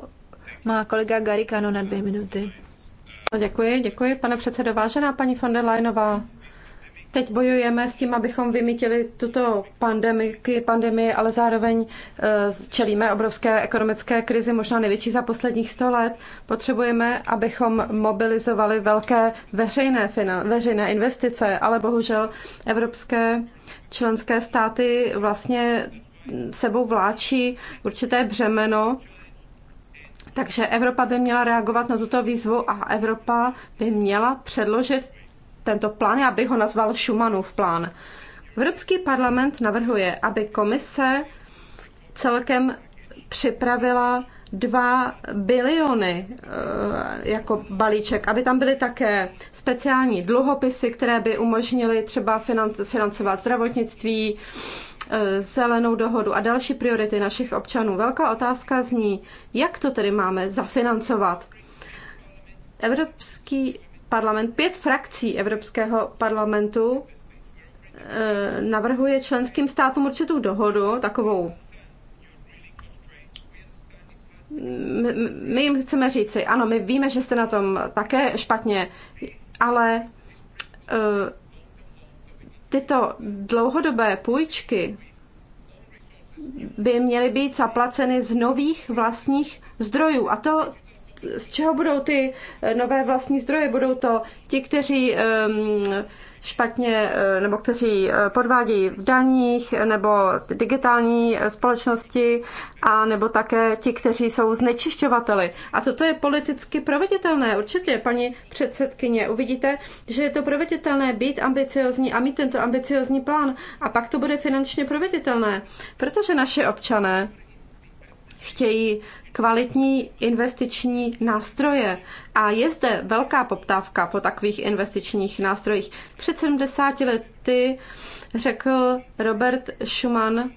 má kolega Garikano na dvě minuty. No, děkuji, děkuji, pane předsedo. Vážená paní von der Leinová, teď bojujeme s tím, abychom vymítili tuto pandemii, pandemii ale zároveň eh, čelíme obrovské ekonomické krizi, možná největší za posledních 100 let. Potřebujeme, abychom mobilizovali velké veřejné, finan, veřejné investice, ale bohužel evropské členské státy vlastně sebou vláčí určité břemeno, takže Evropa by měla reagovat na tuto výzvu a Evropa by měla předložit tento plán, já bych ho nazval Schumannův plán. Evropský parlament navrhuje, aby komise celkem připravila 2 biliony eh, jako balíček, aby tam byly také speciální dluhopisy, které by umožnily třeba financovat zdravotnictví, eh, zelenou dohodu a další priority našich občanů. Velká otázka zní, jak to tedy máme zafinancovat. Evropský parlament, pět frakcí Evropského parlamentu eh, navrhuje členským státům určitou dohodu, takovou my jim chceme říci, ano, my víme, že jste na tom také špatně, ale eh, tyto dlouhodobé půjčky by měly být zaplaceny z nových vlastních zdrojů. A to z čeho budou ty eh, nové vlastní zdroje? Budou to ti, kteří um, špatně eh, nebo kteří eh, podvádějí v daních nebo digitální eh, společnosti a nebo také ti, kteří jsou znečišťovateli. A toto je politicky proveditelné. Určitě, paní předsedkyně, uvidíte, že je to proveditelné být ambiciozní a mít tento ambiciozní plán. A pak to bude finančně proveditelné, protože naše občané chtějí kvalitní investiční nástroje. A je zde velká poptávka po takových investičních nástrojích. Před 70 lety řekl Robert Schuman,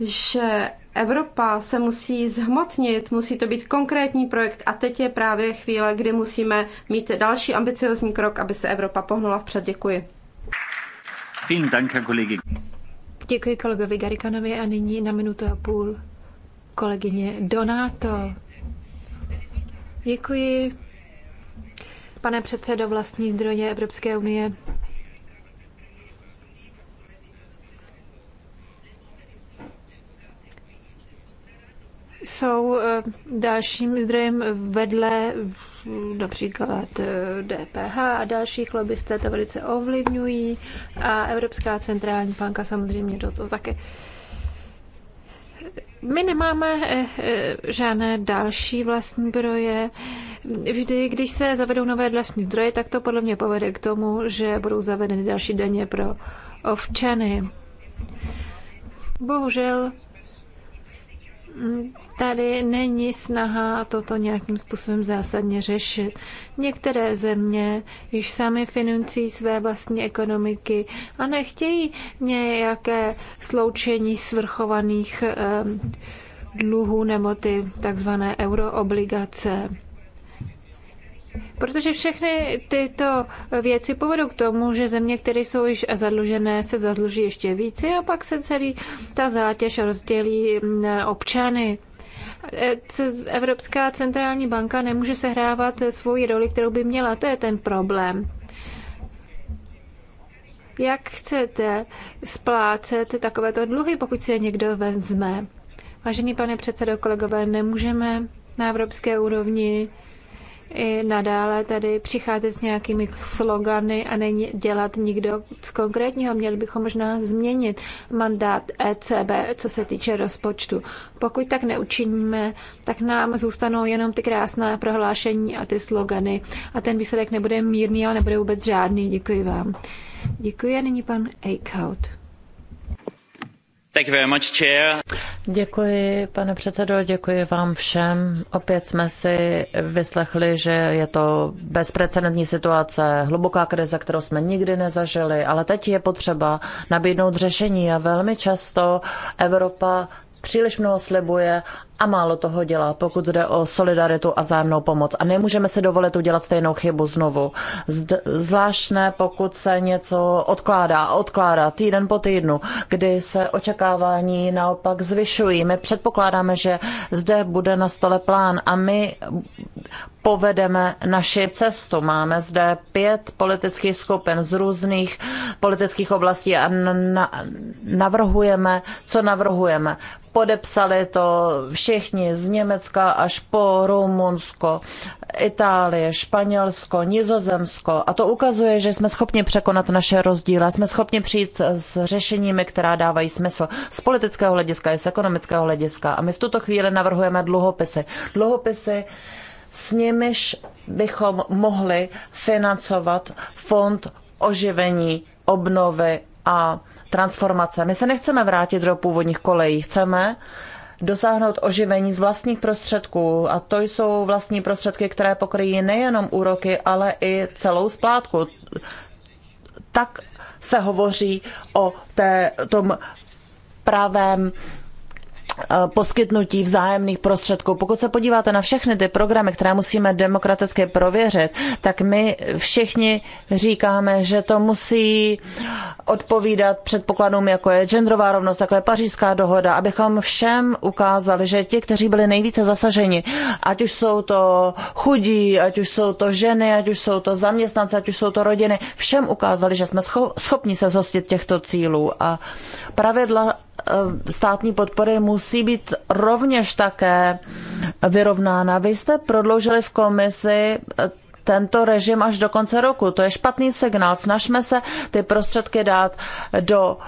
že Evropa se musí zhmotnit, musí to být konkrétní projekt a teď je právě chvíle, kdy musíme mít další ambiciozní krok, aby se Evropa pohnula vpřed. Děkuji. Děkuji kolegovi Garikanovi a nyní na minutu a půl kolegyně Donato. Děkuji, pane předsedo vlastní zdroje Evropské unie. Jsou eh, dalším zdrojem vedle například DPH eh, a dalších lobbysté to velice ovlivňují a Evropská centrální banka samozřejmě do toho také my nemáme eh, eh, žádné další vlastní broje. Vždy, když se zavedou nové vlastní zdroje, tak to podle mě povede k tomu, že budou zavedeny další daně pro ovčany. Bohužel tady není snaha toto nějakým způsobem zásadně řešit. Některé země již sami financí své vlastní ekonomiky a nechtějí nějaké sloučení svrchovaných eh, dluhů nebo ty takzvané euroobligace. Protože všechny tyto věci povedou k tomu, že země, které jsou již zadlužené, se zadluží ještě více a pak se celý ta zátěž rozdělí na občany. E, Evropská centrální banka nemůže sehrávat svoji roli, kterou by měla. To je ten problém jak chcete splácet takovéto dluhy, pokud si je někdo vezme. Vážený pane předsedo, kolegové, nemůžeme na evropské úrovni i nadále tady přicházet s nějakými slogany a není dělat nikdo z konkrétního. Měli bychom možná změnit mandát ECB, co se týče rozpočtu. Pokud tak neučiníme, tak nám zůstanou jenom ty krásná prohlášení a ty slogany a ten výsledek nebude mírný, ale nebude vůbec žádný. Děkuji vám. Děkuji a nyní pan Eichhout. Děkuji, pane předsedo, děkuji vám všem. Opět jsme si vyslechli, že je to bezprecedentní situace, hluboká krize, kterou jsme nikdy nezažili, ale teď je potřeba nabídnout řešení a velmi často Evropa příliš mnoho slibuje a málo toho dělá, pokud jde o solidaritu a zájemnou pomoc. A nemůžeme si dovolit udělat stejnou chybu znovu. Zd- zvláštné, pokud se něco odkládá a odkládá týden po týdnu, kdy se očekávání naopak zvyšují. My předpokládáme, že zde bude na stole plán a my povedeme naši cestu. Máme zde pět politických skupin z různých politických oblastí a na- navrhujeme, co navrhujeme. Podepsali to všichni všichni z Německa až po Rumunsko, Itálie, Španělsko, Nizozemsko. A to ukazuje, že jsme schopni překonat naše rozdíly, jsme schopni přijít s řešeními, která dávají smysl z politického hlediska i z ekonomického hlediska. A my v tuto chvíli navrhujeme dluhopisy. Dluhopisy s nimiž bychom mohli financovat fond oživení, obnovy a transformace. My se nechceme vrátit do původních kolejí, chceme dosáhnout oživení z vlastních prostředků. A to jsou vlastní prostředky, které pokryjí nejenom úroky, ale i celou splátku. Tak se hovoří o té, tom pravém Eh, poskytnutí vzájemných prostředků. Pokud se podíváte na všechny ty programy, které musíme demokraticky prověřit, tak my všichni říkáme, že to musí odpovídat předpokladům, jako je genderová rovnost, jako je pařížská dohoda, abychom všem ukázali, že ti, kteří byli nejvíce zasaženi, ať už jsou to chudí, ať už jsou to ženy, ať už jsou to zaměstnanci, ať už jsou to rodiny, všem ukázali, že jsme schopni se zhostit těchto cílů a pravidla Eh, státní podpory musí být rovněž také vyrovnána. Vy jste prodloužili v komisi eh, tento režim až do konce roku. To je špatný signál. Snažme se ty prostředky dát do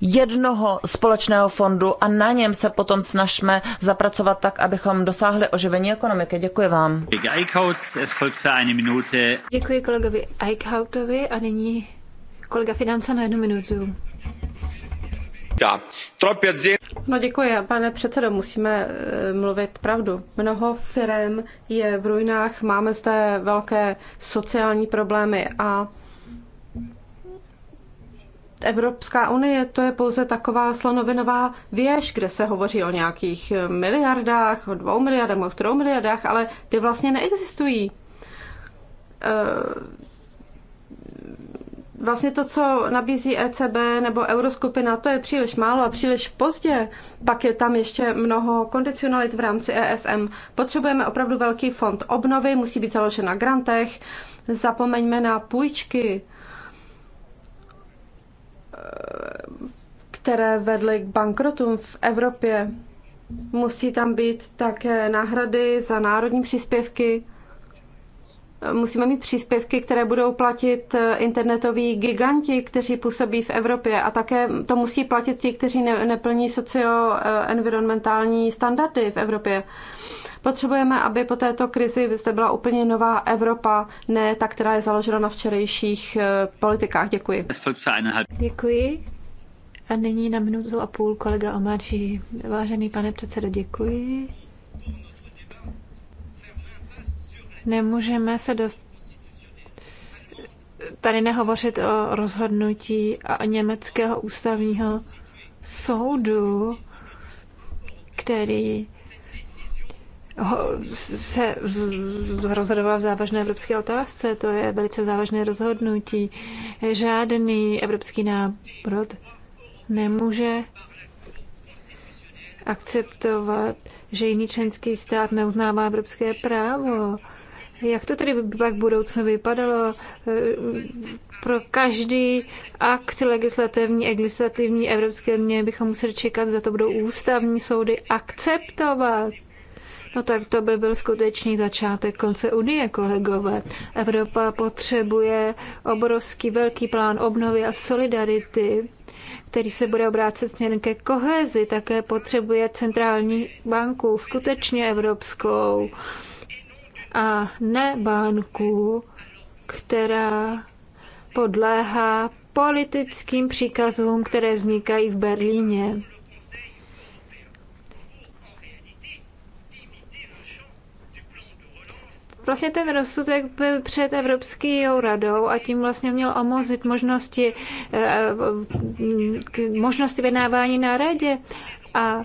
jednoho společného fondu a na něm se potom snažme zapracovat tak, abychom dosáhli oživení ekonomiky. Děkuji vám. Děkuji kolegovi Eichhautovi a nyní kolega Financa na jednu minutu. No děkuji, pane předsedo, musíme eh, mluvit pravdu. Mnoho firm je v ruinách, máme zde velké sociální problémy a Evropská unie to je pouze taková slonovinová věž, kde se hovoří o nějakých eh, miliardách, o dvou miliardách, o třech miliardách, ale ty vlastně neexistují eh, Vlastně to, co nabízí ECB nebo Euroskupina, to je příliš málo a příliš pozdě. Pak je tam ještě mnoho kondicionalit v rámci ESM. Potřebujeme opravdu velký fond obnovy, musí být založen na grantech, zapomeňme na půjčky, které vedly k bankrotům v Evropě. Musí tam být také náhrady za národní příspěvky musíme mít příspěvky, které budou platit eh, internetoví giganti, kteří působí v Evropě a také to musí platit ti, kteří ne, neplní socio-environmentální eh, standardy v Evropě. Potřebujeme, aby po této krizi zde byla úplně nová Evropa, ne ta, která je založena na včerejších eh, politikách. Děkuji. Děkuji. A nyní na minutu a půl kolega Omáčí. Vážený pane předsedo, děkuji. nemůžeme se dost tady nehovořit o rozhodnutí a německého ústavního soudu, který se rozhodoval v závažné evropské otázce. To je velice závažné rozhodnutí. Žádný evropský národ nemůže akceptovat, že jiný členský stát neuznává evropské právo. Jak to tedy pak budoucnu vypadalo? Eh, pro každý akt legislativní, legislativní Evropské unie bychom museli čekat, za to budou ústavní soudy akceptovat. No tak to by byl skutečný začátek konce Unie, kolegové. Evropa potřebuje obrovský velký plán obnovy a solidarity, který se bude obrácet směrem ke kohezi. Také potřebuje centrální banku, skutečně evropskou a ne banku, která podléhá politickým příkazům, které vznikají v Berlíně. vlastně ten rozsudek byl před Evropskou radou a tím vlastně měl omozit možnosti, eh, eh, možnosti vyjednávání na radě. A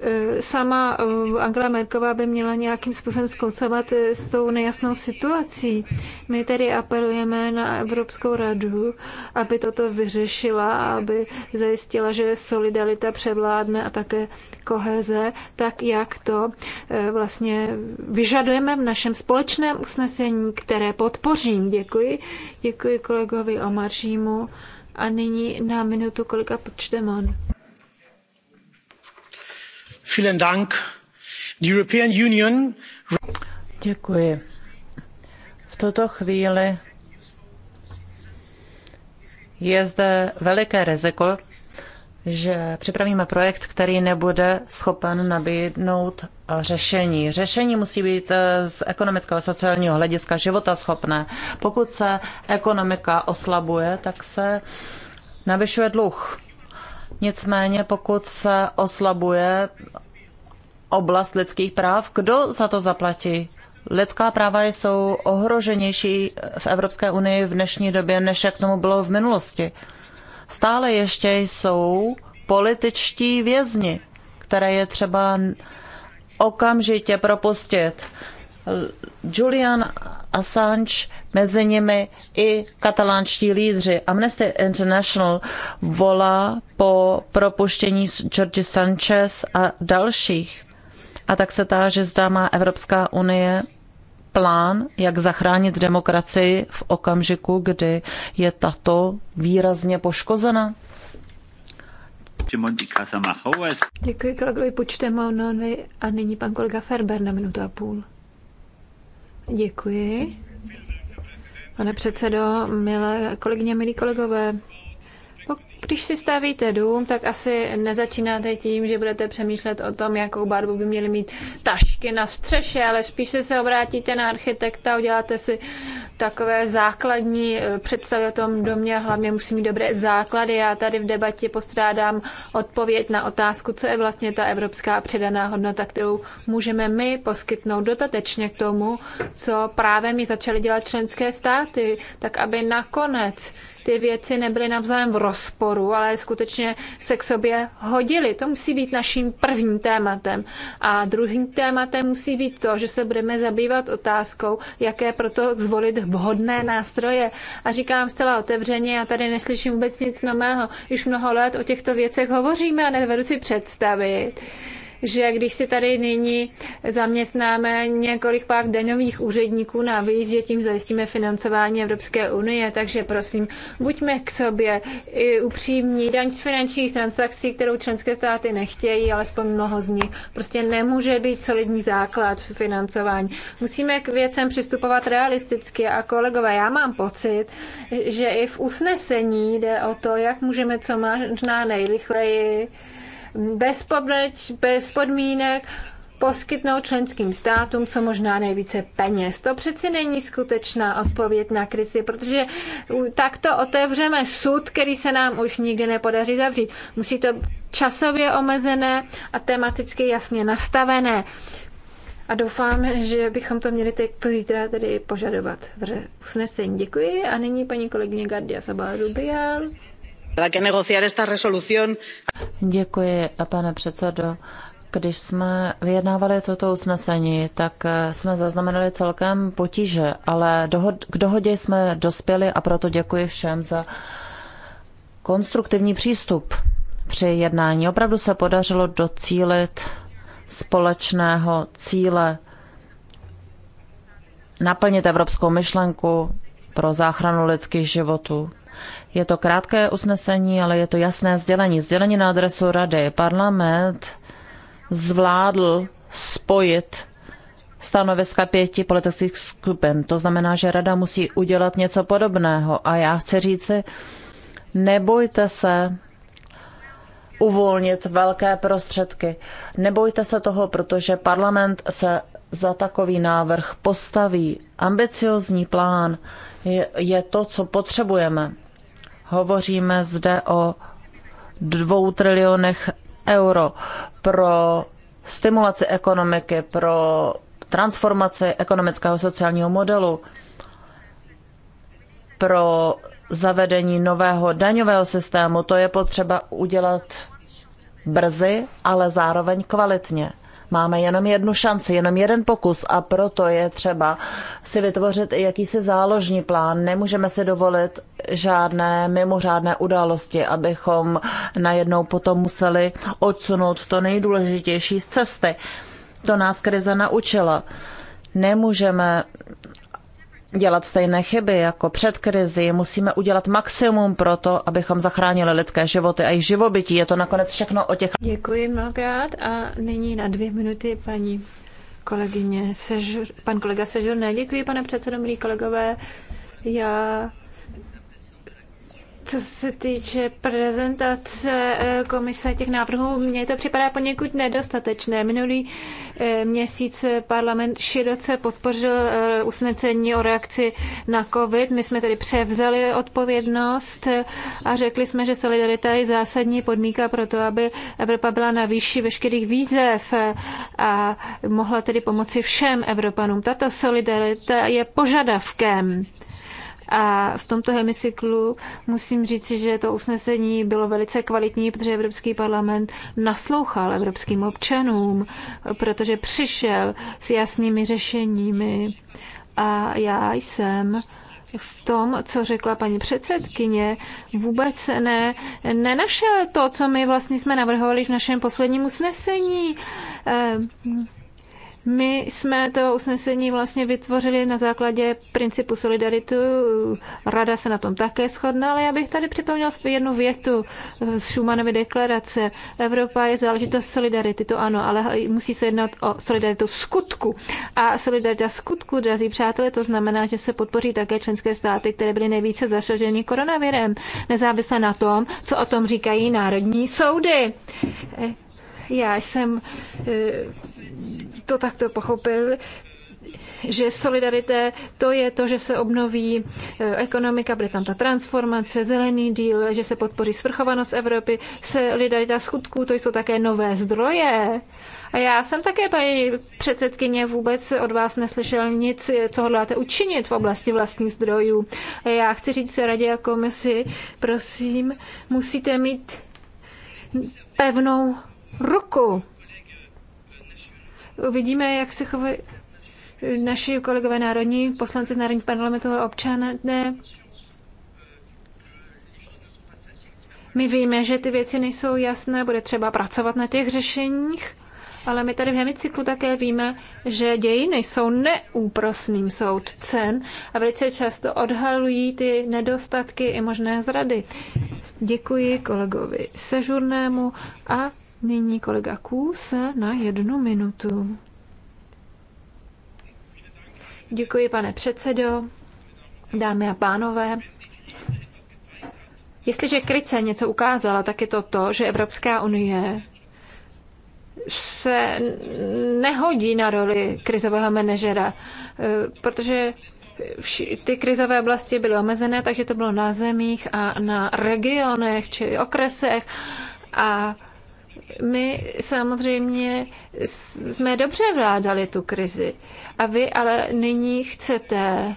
Eh, sama eh, Angela Merková by měla nějakým způsobem skoncovat eh, s tou nejasnou situací. My tedy apelujeme na Evropskou radu, aby toto vyřešila a aby zajistila, že solidarita převládne a také koheze, tak jak to vlastně vyžadujeme v našem společném usnesení, které podpořím. Děkuji. Děkuji kolegovi Omaršímu. A nyní na minutu kolega on. Děkuji. V tuto chvíli je zde veliké riziko, že připravíme projekt, který nebude schopen nabídnout řešení. Řešení musí být eh, z ekonomického a sociálního hlediska životaschopné. Pokud se ekonomika oslabuje, tak se navyšuje dluh. Nicméně pokud se oslabuje oblast lidských práv, kdo za to zaplatí? Lidská práva jsou ohroženější v Evropské unii v dnešní době, než jak tomu bylo v minulosti. Stále ještě jsou političtí vězni, které je třeba okamžitě propustit. Julian Assange, mezi nimi i katalánští lídři. Amnesty International volá po propuštění George Sanchez a dalších. A tak se táže, zda má Evropská unie plán, jak zachránit demokracii v okamžiku, kdy je tato výrazně poškozena. Děkuji kolegovi Počtemonovi no, a nyní pan kolega Ferber na minutu a půl. Děkuji. Pane předsedo, milé kolegyně, milí kolegové, když si stavíte dům, tak asi nezačínáte tím, že budete přemýšlet o tom, jakou barvu by měly mít tašky na střeše, ale spíš se obrátíte na architekta, uděláte si takové základní eh, představy o tom domě, hlavně musí mít dobré základy. Já tady v debatě postrádám odpověď na otázku, co je vlastně ta evropská přidaná hodnota, kterou můžeme my poskytnout dotatečně k tomu, co právě mi začaly dělat členské státy, tak aby nakonec ty věci nebyly navzájem v rozporu, ale skutečně se k sobě hodily. To musí být naším prvním tématem. A druhým tématem musí být to, že se budeme zabývat otázkou, jaké proto zvolit vhodné nástroje. A říkám zcela otevřeně, já tady neslyším vůbec nic nového. Už mnoho let o těchto věcech hovoříme a nevedu si představit, že když si tady nyní zaměstnáme několik pár daňových úředníků na že tím zajistíme financování Evropské unie, takže prosím, buďme k sobě i upřímní. Daň z finančních transakcí, kterou členské státy nechtějí, alespoň mnoho z nich, prostě nemůže být solidní základ financování. Musíme k věcem přistupovat realisticky a kolegové, já mám pocit, že i v usnesení jde o to, jak můžeme co možná nejrychleji bez, podleč, bez podmínek poskytnout členským státům co možná nejvíce peněz. To přeci není skutečná odpověď na krizi, protože takto otevřeme sud, který se nám už nikdy nepodaří zavřít. Musí to časově omezené a tematicky jasně nastavené. A doufám, že bychom to měli to zítra tedy požadovat v usnesení. Děkuji. A nyní paní kolegyně Gardia Sabá Rubial. Děkuji, pane předsedo. Když jsme vyjednávali toto usnesení, tak eh, jsme zaznamenali celkem potíže, ale k dohodě jsme dospěli a proto děkuji všem za konstruktivní přístup při jednání. Opravdu se podařilo docílit společného cíle naplnit evropskou myšlenku pro záchranu lidských životů. Je to krátké usnesení, ale je to jasné sdělení. Sdělení na adresu rady. Parlament zvládl spojit stanoviska pěti politických skupin. To znamená, že rada musí udělat něco podobného. A já chci říci, nebojte se uvolnit velké prostředky. Nebojte se toho, protože parlament se za takový návrh postaví. Ambiciozní plán je, je to, co potřebujeme. Hovoříme zde o dvou trilionech euro pro stimulaci ekonomiky, pro transformaci ekonomického sociálního modelu, pro zavedení nového daňového systému. To je potřeba udělat brzy, ale zároveň kvalitně. Máme jenom jednu šanci, jenom jeden pokus a proto je třeba si vytvořit i jakýsi záložní plán. Nemůžeme si dovolit žádné mimořádné události, abychom najednou potom museli odsunout to nejdůležitější z cesty. To nás krize naučila. Nemůžeme dělat stejné chyby jako před krizi. Musíme udělat maximum pro to, abychom zachránili lidské životy a jejich živobytí. Je to nakonec všechno o těch... Děkuji mnohokrát a nyní na dvě minuty paní kolegyně Sežur, pan kolega ne, Děkuji, pane předsedo, milí kolegové. Já co se týče prezentace eh, komise těch návrhů, mně to připadá poněkud nedostatečné. Minulý eh, měsíc parlament široce podpořil eh, usnesení o reakci na COVID. My jsme tedy převzali odpovědnost a řekli jsme, že solidarita je zásadní podmínka pro to, aby Evropa byla na výši veškerých výzev a mohla tedy pomoci všem Evropanům. Tato solidarita je požadavkem a v tomto hemicyklu musím říct, že to usnesení bylo velice kvalitní, protože Evropský parlament naslouchal evropským občanům, protože přišel s jasnými řešeními. A já jsem v tom, co řekla paní předsedkyně, vůbec ne, nenašel to, co my vlastně jsme navrhovali v našem posledním usnesení. Ehm, my jsme to usnesení vlastně vytvořili na základě principu solidaritu. Rada se na tom také shodná, ale já bych tady připomněl jednu větu z Schumannovy deklarace. Evropa je záležitost solidarity, to ano, ale musí se jednat o solidaritu skutku. A solidarita v skutku, drazí přátelé, to znamená, že se podpoří také členské státy, které byly nejvíce zasaženy koronavirem, nezávisle na tom, co o tom říkají národní soudy já jsem eh, to takto pochopil, že solidarité to je to, že se obnoví eh, ekonomika, bude tam ta transformace, zelený díl, že se podpoří svrchovanost Evropy, solidarita skutků, to jsou také nové zdroje. A já jsem také, paní předsedkyně, vůbec od vás neslyšel nic, co hodláte učinit v oblasti vlastních zdrojů. A já chci říct se radě a komisi, prosím, musíte mít pevnou ruku. Uvidíme, jak se chovají naši kolegové národní, poslanci z Národní parlamentu a občané. My víme, že ty věci nejsou jasné, bude třeba pracovat na těch řešeních, ale my tady v hemicyklu také víme, že dějiny jsou neúprosným soudcem a velice často odhalují ty nedostatky i možné zrady. Děkuji kolegovi Sežurnému a Nyní kolega Kůz na jednu minutu. Děkuji, pane předsedo, dámy a pánové. Jestliže krice něco ukázala, tak je to to, že Evropská unie se nehodí na roli krizového manažera, eh, protože ty krizové oblasti byly omezené, takže to bylo na zemích a na regionech či okresech a my samozřejmě jsme dobře vládali tu krizi. A vy ale nyní chcete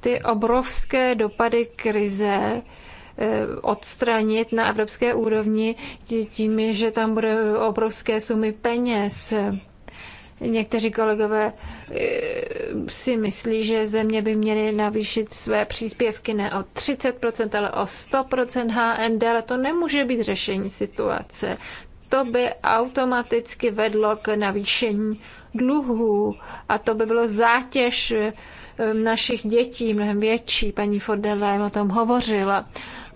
ty obrovské dopady krize eh, odstranit na evropské úrovni tím, že tam bude obrovské sumy peněz. Někteří kolegové eh, si myslí, že země by měly navýšit své příspěvky ne o 30%, ale o 100% HND, ale to nemůže být řešení situace to by automaticky vedlo k navýšení dluhů a to by bylo zátěž um, našich dětí mnohem větší. Paní Fordelem o tom hovořila.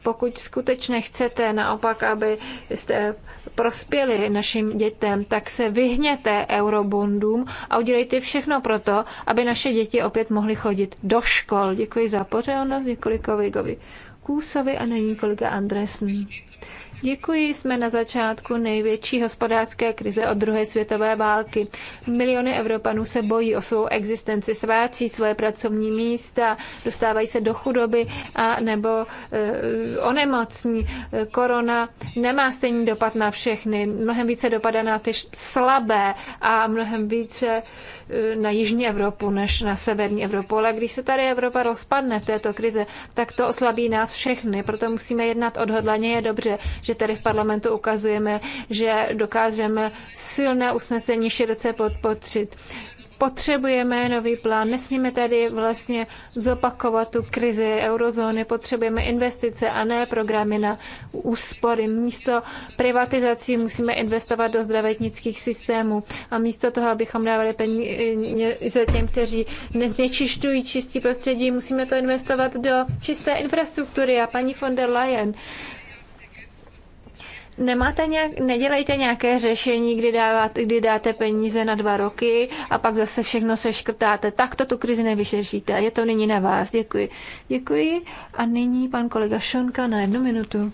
Pokud skutečně chcete naopak, aby jste prospěli našim dětem, tak se vyhněte eurobondům a udělejte všechno pro to, aby naše děti opět mohly chodit do škol. Děkuji za pořádnost, děkuji kolegovi Kůsovi a není kolega Andresen. Děkuji, jsme na začátku největší hospodářské krize od druhé světové války. Miliony Evropanů se bojí o svou existenci, svácí svoje pracovní místa, dostávají se do chudoby a nebo uh, onemocní. Korona nemá stejný dopad na všechny. Mnohem více dopadá na ty slabé a mnohem více eh, na jižní Evropu než na severní Evropu. Ale když se tady Evropa rozpadne v této krize, tak to oslabí nás všechny. Proto musíme jednat odhodlaně. Je dobře, že že tady v parlamentu ukazujeme, že dokážeme silné usnesení široce podpotřit potřebujeme nový plán, nesmíme tady vlastně zopakovat tu krizi eurozóny, potřebujeme investice a ne programy na úspory. Místo privatizací musíme investovat do zdravotnických systémů a místo toho, abychom dávali peníze těm, kteří znečišťují čistí prostředí, musíme to investovat do čisté infrastruktury a paní von der Leyen Nemáte nějak, nedělejte nějaké řešení, kdy, dáváte, kdy dáte peníze na dva roky a pak zase všechno se škrtáte. Tak to tu krizi nevyšeříte. Je to nyní na vás. Děkuji. Děkuji. A nyní pan kolega Šonka na jednu minutu.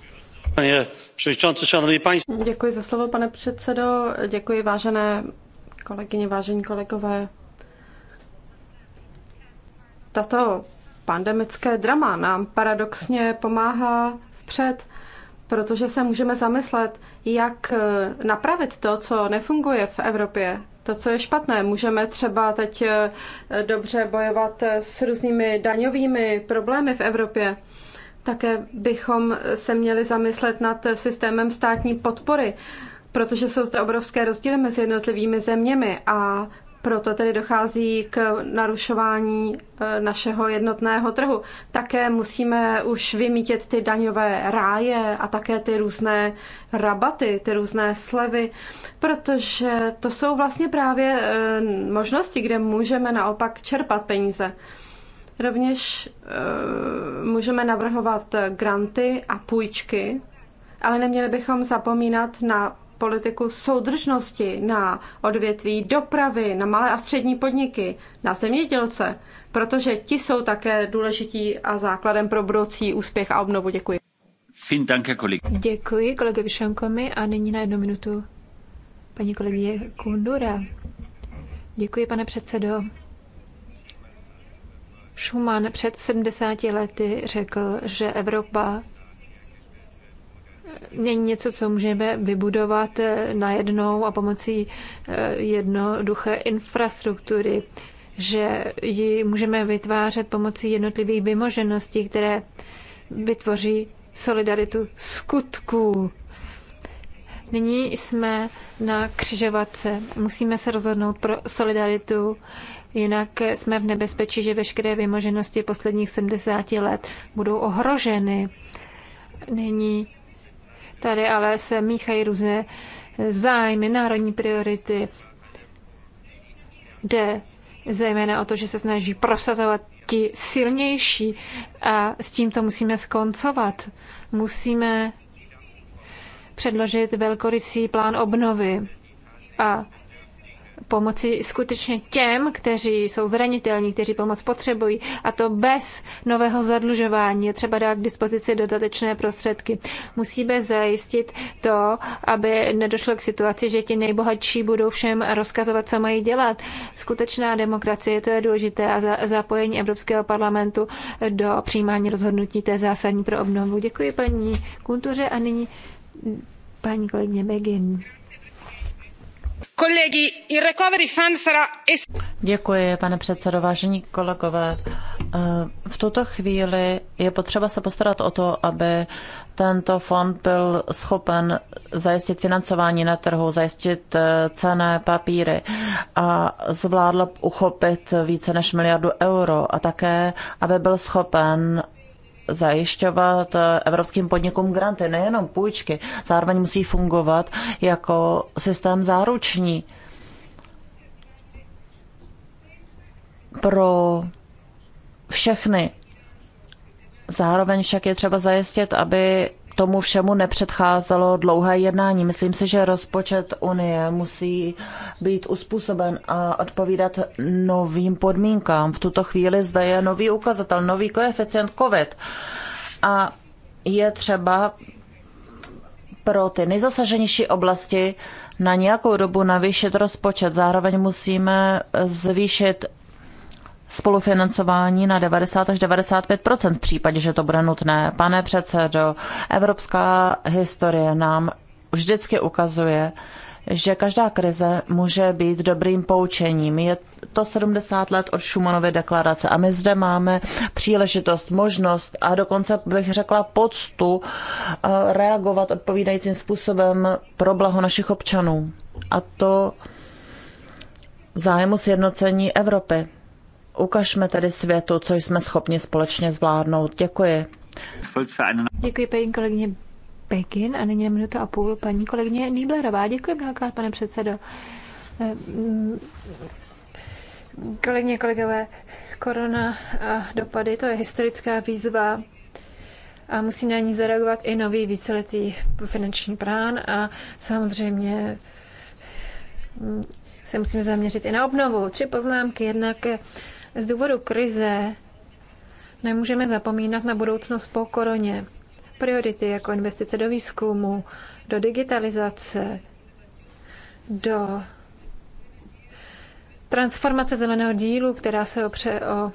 Pane předsedající, šanovní paní. Děkuji za slovo, pane předsedo. Děkuji, vážené kolegyně, vážení kolegové. Tato pandemické drama nám paradoxně pomáhá vpřed protože se můžeme zamyslet, jak eh, napravit to, co nefunguje v Evropě, to, co je špatné. Můžeme třeba teď eh, dobře bojovat eh, s různými daňovými problémy v Evropě. Také bychom se měli zamyslet nad systémem státní podpory, protože jsou zde obrovské rozdíly mezi jednotlivými zeměmi a proto tedy dochází k narušování e, našeho jednotného trhu. Také musíme už vymítit ty daňové ráje a také ty různé rabaty, ty různé slevy, protože to jsou vlastně právě e, možnosti, kde můžeme naopak čerpat peníze. Rovněž e, můžeme navrhovat granty a půjčky, ale neměli bychom zapomínat na politiku soudržnosti, na odvětví dopravy, na malé a střední podniky, na zemědělce, protože ti jsou také důležití a základem pro budoucí úspěch a obnovu. Děkuji. Děkuji kolegovi Šankomi a nyní na jednu minutu paní kolegyně Kundura. Děkuji, pane předsedo. Schumann před 70 lety řekl, že Evropa není něco, co můžeme vybudovat eh, najednou a pomocí eh, jednoduché infrastruktury, že ji můžeme vytvářet pomocí jednotlivých vymožeností, které vytvoří solidaritu skutků. Nyní jsme na křižovatce. Musíme se rozhodnout pro solidaritu, jinak jsme v nebezpečí, že veškeré vymoženosti posledních 70 let budou ohroženy. Nyní Tady ale se míchají různé zájmy, národní priority. Jde zejména o to, že se snaží prosazovat ti silnější a s tímto musíme skoncovat. Musíme předložit velkorysý plán obnovy a pomoci skutečně těm, kteří jsou zranitelní, kteří pomoc potřebují, a to bez nového zadlužování. Je třeba dát k dispozici dodatečné prostředky. Musíme zajistit to, aby nedošlo k situaci, že ti nejbohatší budou všem rozkazovat, co mají dělat. Skutečná demokracie, to je důležité a za, zapojení Evropského parlamentu do přijímání rozhodnutí, to je zásadní pro obnovu. Děkuji paní Kuntuře a nyní paní kolegyně Begin. Děkuji, pane předsedo, vážení kolegové. Eh, v tuto chvíli je potřeba se postarat o to, aby tento fond byl schopen zajistit financování na trhu, zajistit eh, cené papíry a zvládl uchopit více než miliardu euro a také, aby byl schopen zajišťovat eh, evropským podnikům granty, nejenom půjčky. Zároveň musí fungovat jako systém záruční pro všechny. Zároveň však je třeba zajistit, aby tomu všemu nepředcházelo dlouhé jednání. Myslím si, že rozpočet Unie musí být uspůsoben a odpovídat novým podmínkám. V tuto chvíli zde je nový ukazatel, nový koeficient COVID. A je třeba pro ty nejzasaženější oblasti na nějakou dobu navýšit rozpočet. Zároveň musíme zvýšit spolufinancování na 90 až 95 v případě, že to bude nutné. Pane předsedo, evropská historie nám vždycky ukazuje, že každá krize může být dobrým poučením. Je to 70 let od Šumanovy deklarace a my zde máme příležitost, možnost a dokonce bych řekla poctu eh, reagovat odpovídajícím způsobem pro blaho našich občanů. A to v zájmu sjednocení Evropy ukažme tedy světu, co jsme schopni společně zvládnout. Děkuji. Děkuji paní kolegyně Pekin a nyní na minutu a půl paní kolegyně Nýblerová. Děkuji mnohokrát, pane předsedo. Ehm, kolegyně, kolegové, korona a dopady, to je historická výzva a musí na ní zareagovat i nový víceletý finanční plán a samozřejmě hm, se musíme zaměřit i na obnovu. Tři poznámky. Jednak z důvodu krize nemůžeme zapomínat na budoucnost po koroně. Priority jako investice do výzkumu, do digitalizace, do transformace zeleného dílu, která se opře o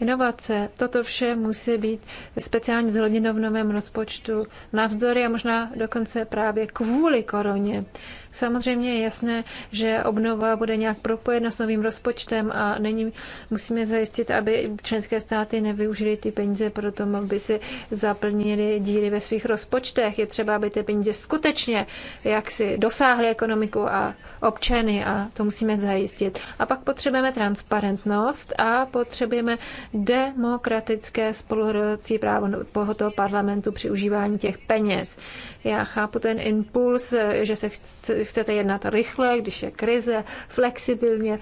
inovace. Toto vše musí být speciálně zohledněno v novém rozpočtu navzdory a možná dokonce právě kvůli koroně. Samozřejmě je jasné, že obnova bude nějak propojena s novým rozpočtem a není, musíme zajistit, aby členské státy nevyužily ty peníze pro to, aby si zaplnili díly ve svých rozpočtech. Je třeba, aby ty peníze skutečně jak si dosáhly ekonomiku a občany a to musíme zajistit. A pak potřebujeme transparentnost a potřebujeme demokratické spoluhodovací právo toho parlamentu při užívání těch peněz. Já chápu ten impuls, že se chce, chcete jednat rychle, když je krize, flexibilně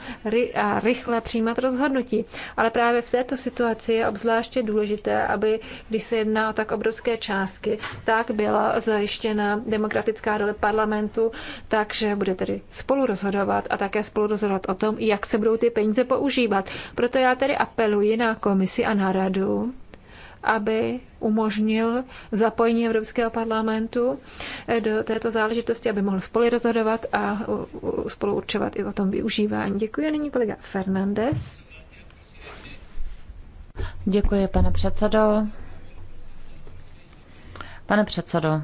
a rychle přijímat rozhodnutí. Ale právě v této situaci je obzvláště důležité, aby, když se jedná o tak obrovské částky, tak byla zajištěna demokratická role parlamentu, takže bude tedy spolu rozhodovat a také spolu rozhodovat o tom, jak se budou ty peníze používat. Proto já tedy apeluji na komisi a na radu, aby umožnil zapojení Evropského parlamentu eh, do této záležitosti, aby mohl spolu rozhodovat a spolu určovat i o tom využívání. Děkuji. A nyní kolega Fernandez. Děkuji, pane předsedo. Pane předsedo,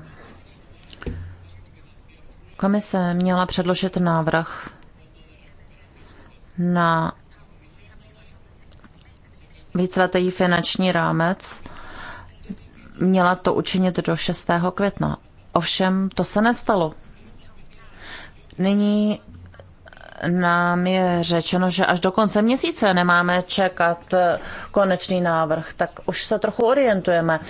komise měla předložit návrh na víceletý finanční rámec měla to učinit do 6. května. Ovšem to se nestalo. Nyní nám je řečeno, že až do konce měsíce nemáme čekat konečný návrh, tak už se trochu orientujeme.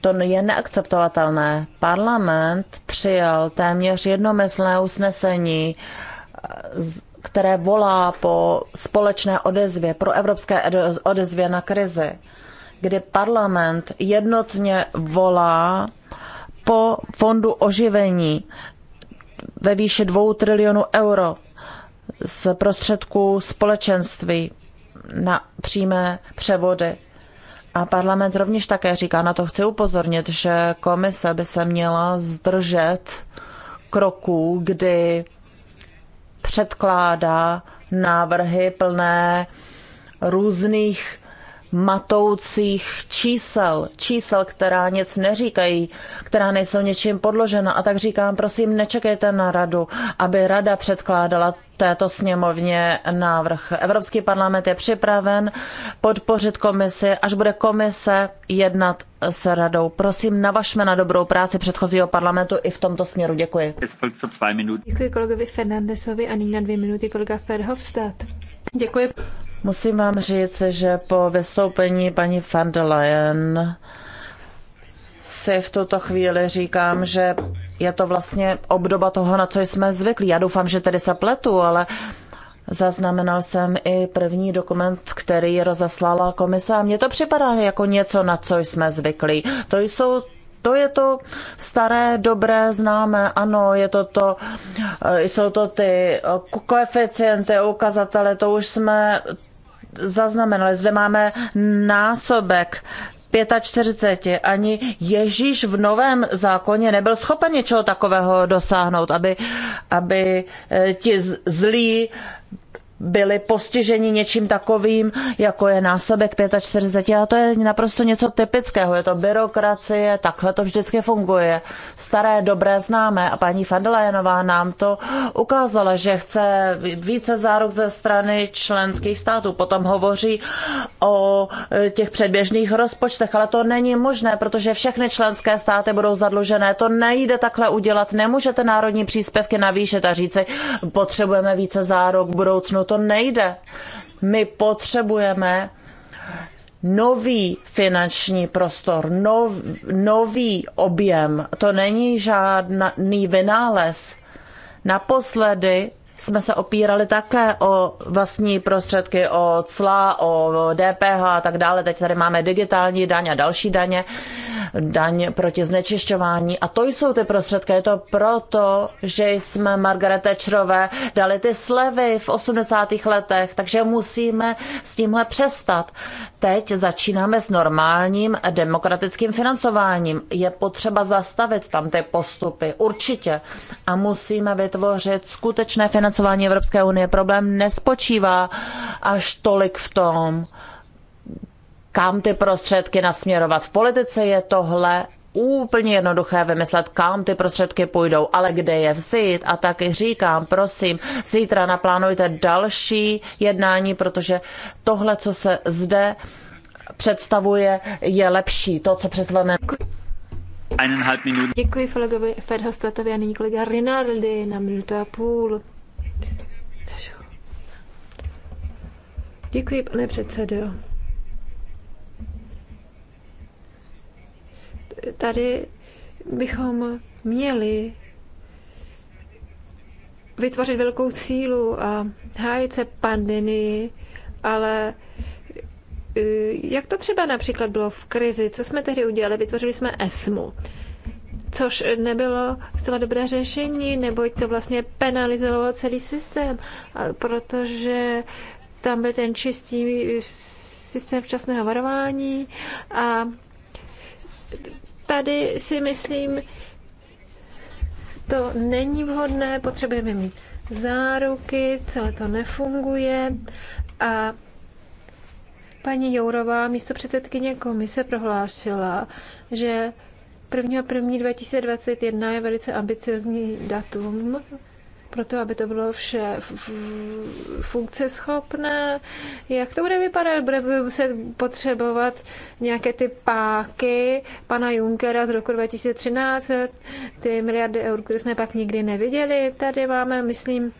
To je neakceptovatelné. Parlament přijal téměř jednomyslné usnesení které volá po společné odezvě, pro evropské odezvě na krizi, kdy parlament jednotně volá po fondu oživení ve výši 2 trilionů euro z prostředků společenství na přímé převody. A parlament rovněž také říká, na to chci upozornit, že komise by se měla zdržet kroků, kdy předkládá návrhy plné různých matoucích čísel, čísel, která nic neříkají, která nejsou něčím podložena. A tak říkám, prosím, nečekejte na radu, aby rada předkládala této sněmovně návrh. Evropský parlament je připraven podpořit komisi, až bude komise jednat s radou. Prosím, navažme na dobrou práci předchozího parlamentu i v tomto směru. Děkuji. Děkuji kolegovi Fernandesovi a nyní na dvě minuty kolega Ferhofstadt. Děkuji. Musím vám říct, že po vystoupení paní van der Leyen si v tuto chvíli říkám, že je to vlastně obdoba toho, na co jsme zvyklí. Já doufám, že tedy se pletu, ale zaznamenal jsem i první dokument, který rozeslala komise a mně to připadá jako něco, na co jsme zvyklí. To jsou to je to staré, dobré, známé, ano, je to to, e, jsou to ty koeficienty, ukazatele, to už jsme zaznamenali. Zde máme násobek 45. Ani Ježíš v Novém zákoně nebyl schopen něčeho takového dosáhnout, aby, aby eh, ti zlí byli postiženi něčím takovým, jako je násobek 45 a to je naprosto něco typického. Je to byrokracie, takhle to vždycky funguje. Staré, dobré známe a paní Fandelajenová nám to ukázala, že chce více záruk ze strany členských států. Potom hovoří o e, těch předběžných rozpočtech, ale to není možné, protože všechny členské státy budou zadlužené. To nejde takhle udělat. Nemůžete národní příspěvky navýšit a říci, potřebujeme více záruk v budoucnu to nejde. My potřebujeme nový finanční prostor, nov, nový objem. To není žádný vynález. Naposledy jsme se opírali také o vlastní prostředky, o cla, o DPH a tak dále. Teď tady máme digitální daň a další daně, daň proti znečišťování. A to jsou ty prostředky. Je to proto, že jsme Margaret Thatcherové dali ty slevy v 80. letech, takže musíme s tímhle přestat. Teď začínáme s normálním demokratickým financováním. Je potřeba zastavit tam ty postupy, určitě. A musíme vytvořit skutečné financování financování Evropské unie. Problém nespočívá až tolik v tom, kam ty prostředky nasměrovat. V politice je tohle úplně jednoduché vymyslet, kam ty prostředky půjdou, ale kde je vzít. A taky říkám, prosím, zítra naplánujte další jednání, protože tohle, co se zde představuje, je lepší. To, co představujeme. Děkuji Felegovi Ferhostatovi a nyní kolega Rinaldi na minutu a půl. Děkuji, pane předsedo. Tady bychom měli vytvořit velkou sílu a hájit se pandemii, ale eh, jak to třeba například bylo v krizi, co jsme tehdy udělali? Vytvořili jsme ESMu což nebylo zcela dobré řešení, neboť to vlastně penalizovalo celý systém, protože tam byl ten čistý systém včasného varování a tady si myslím, to není vhodné, potřebujeme mít záruky, celé to nefunguje a paní Jourová, místo předsedkyně komise, prohlásila, že 1.1.2021 je velice ambiciozní datum, proto aby to bylo vše funkce schopné. Jak to bude vypadat? Bude se potřebovat nějaké ty páky pana Junkera z roku 2013, ty miliardy eur, které jsme pak nikdy neviděli. Tady máme, myslím,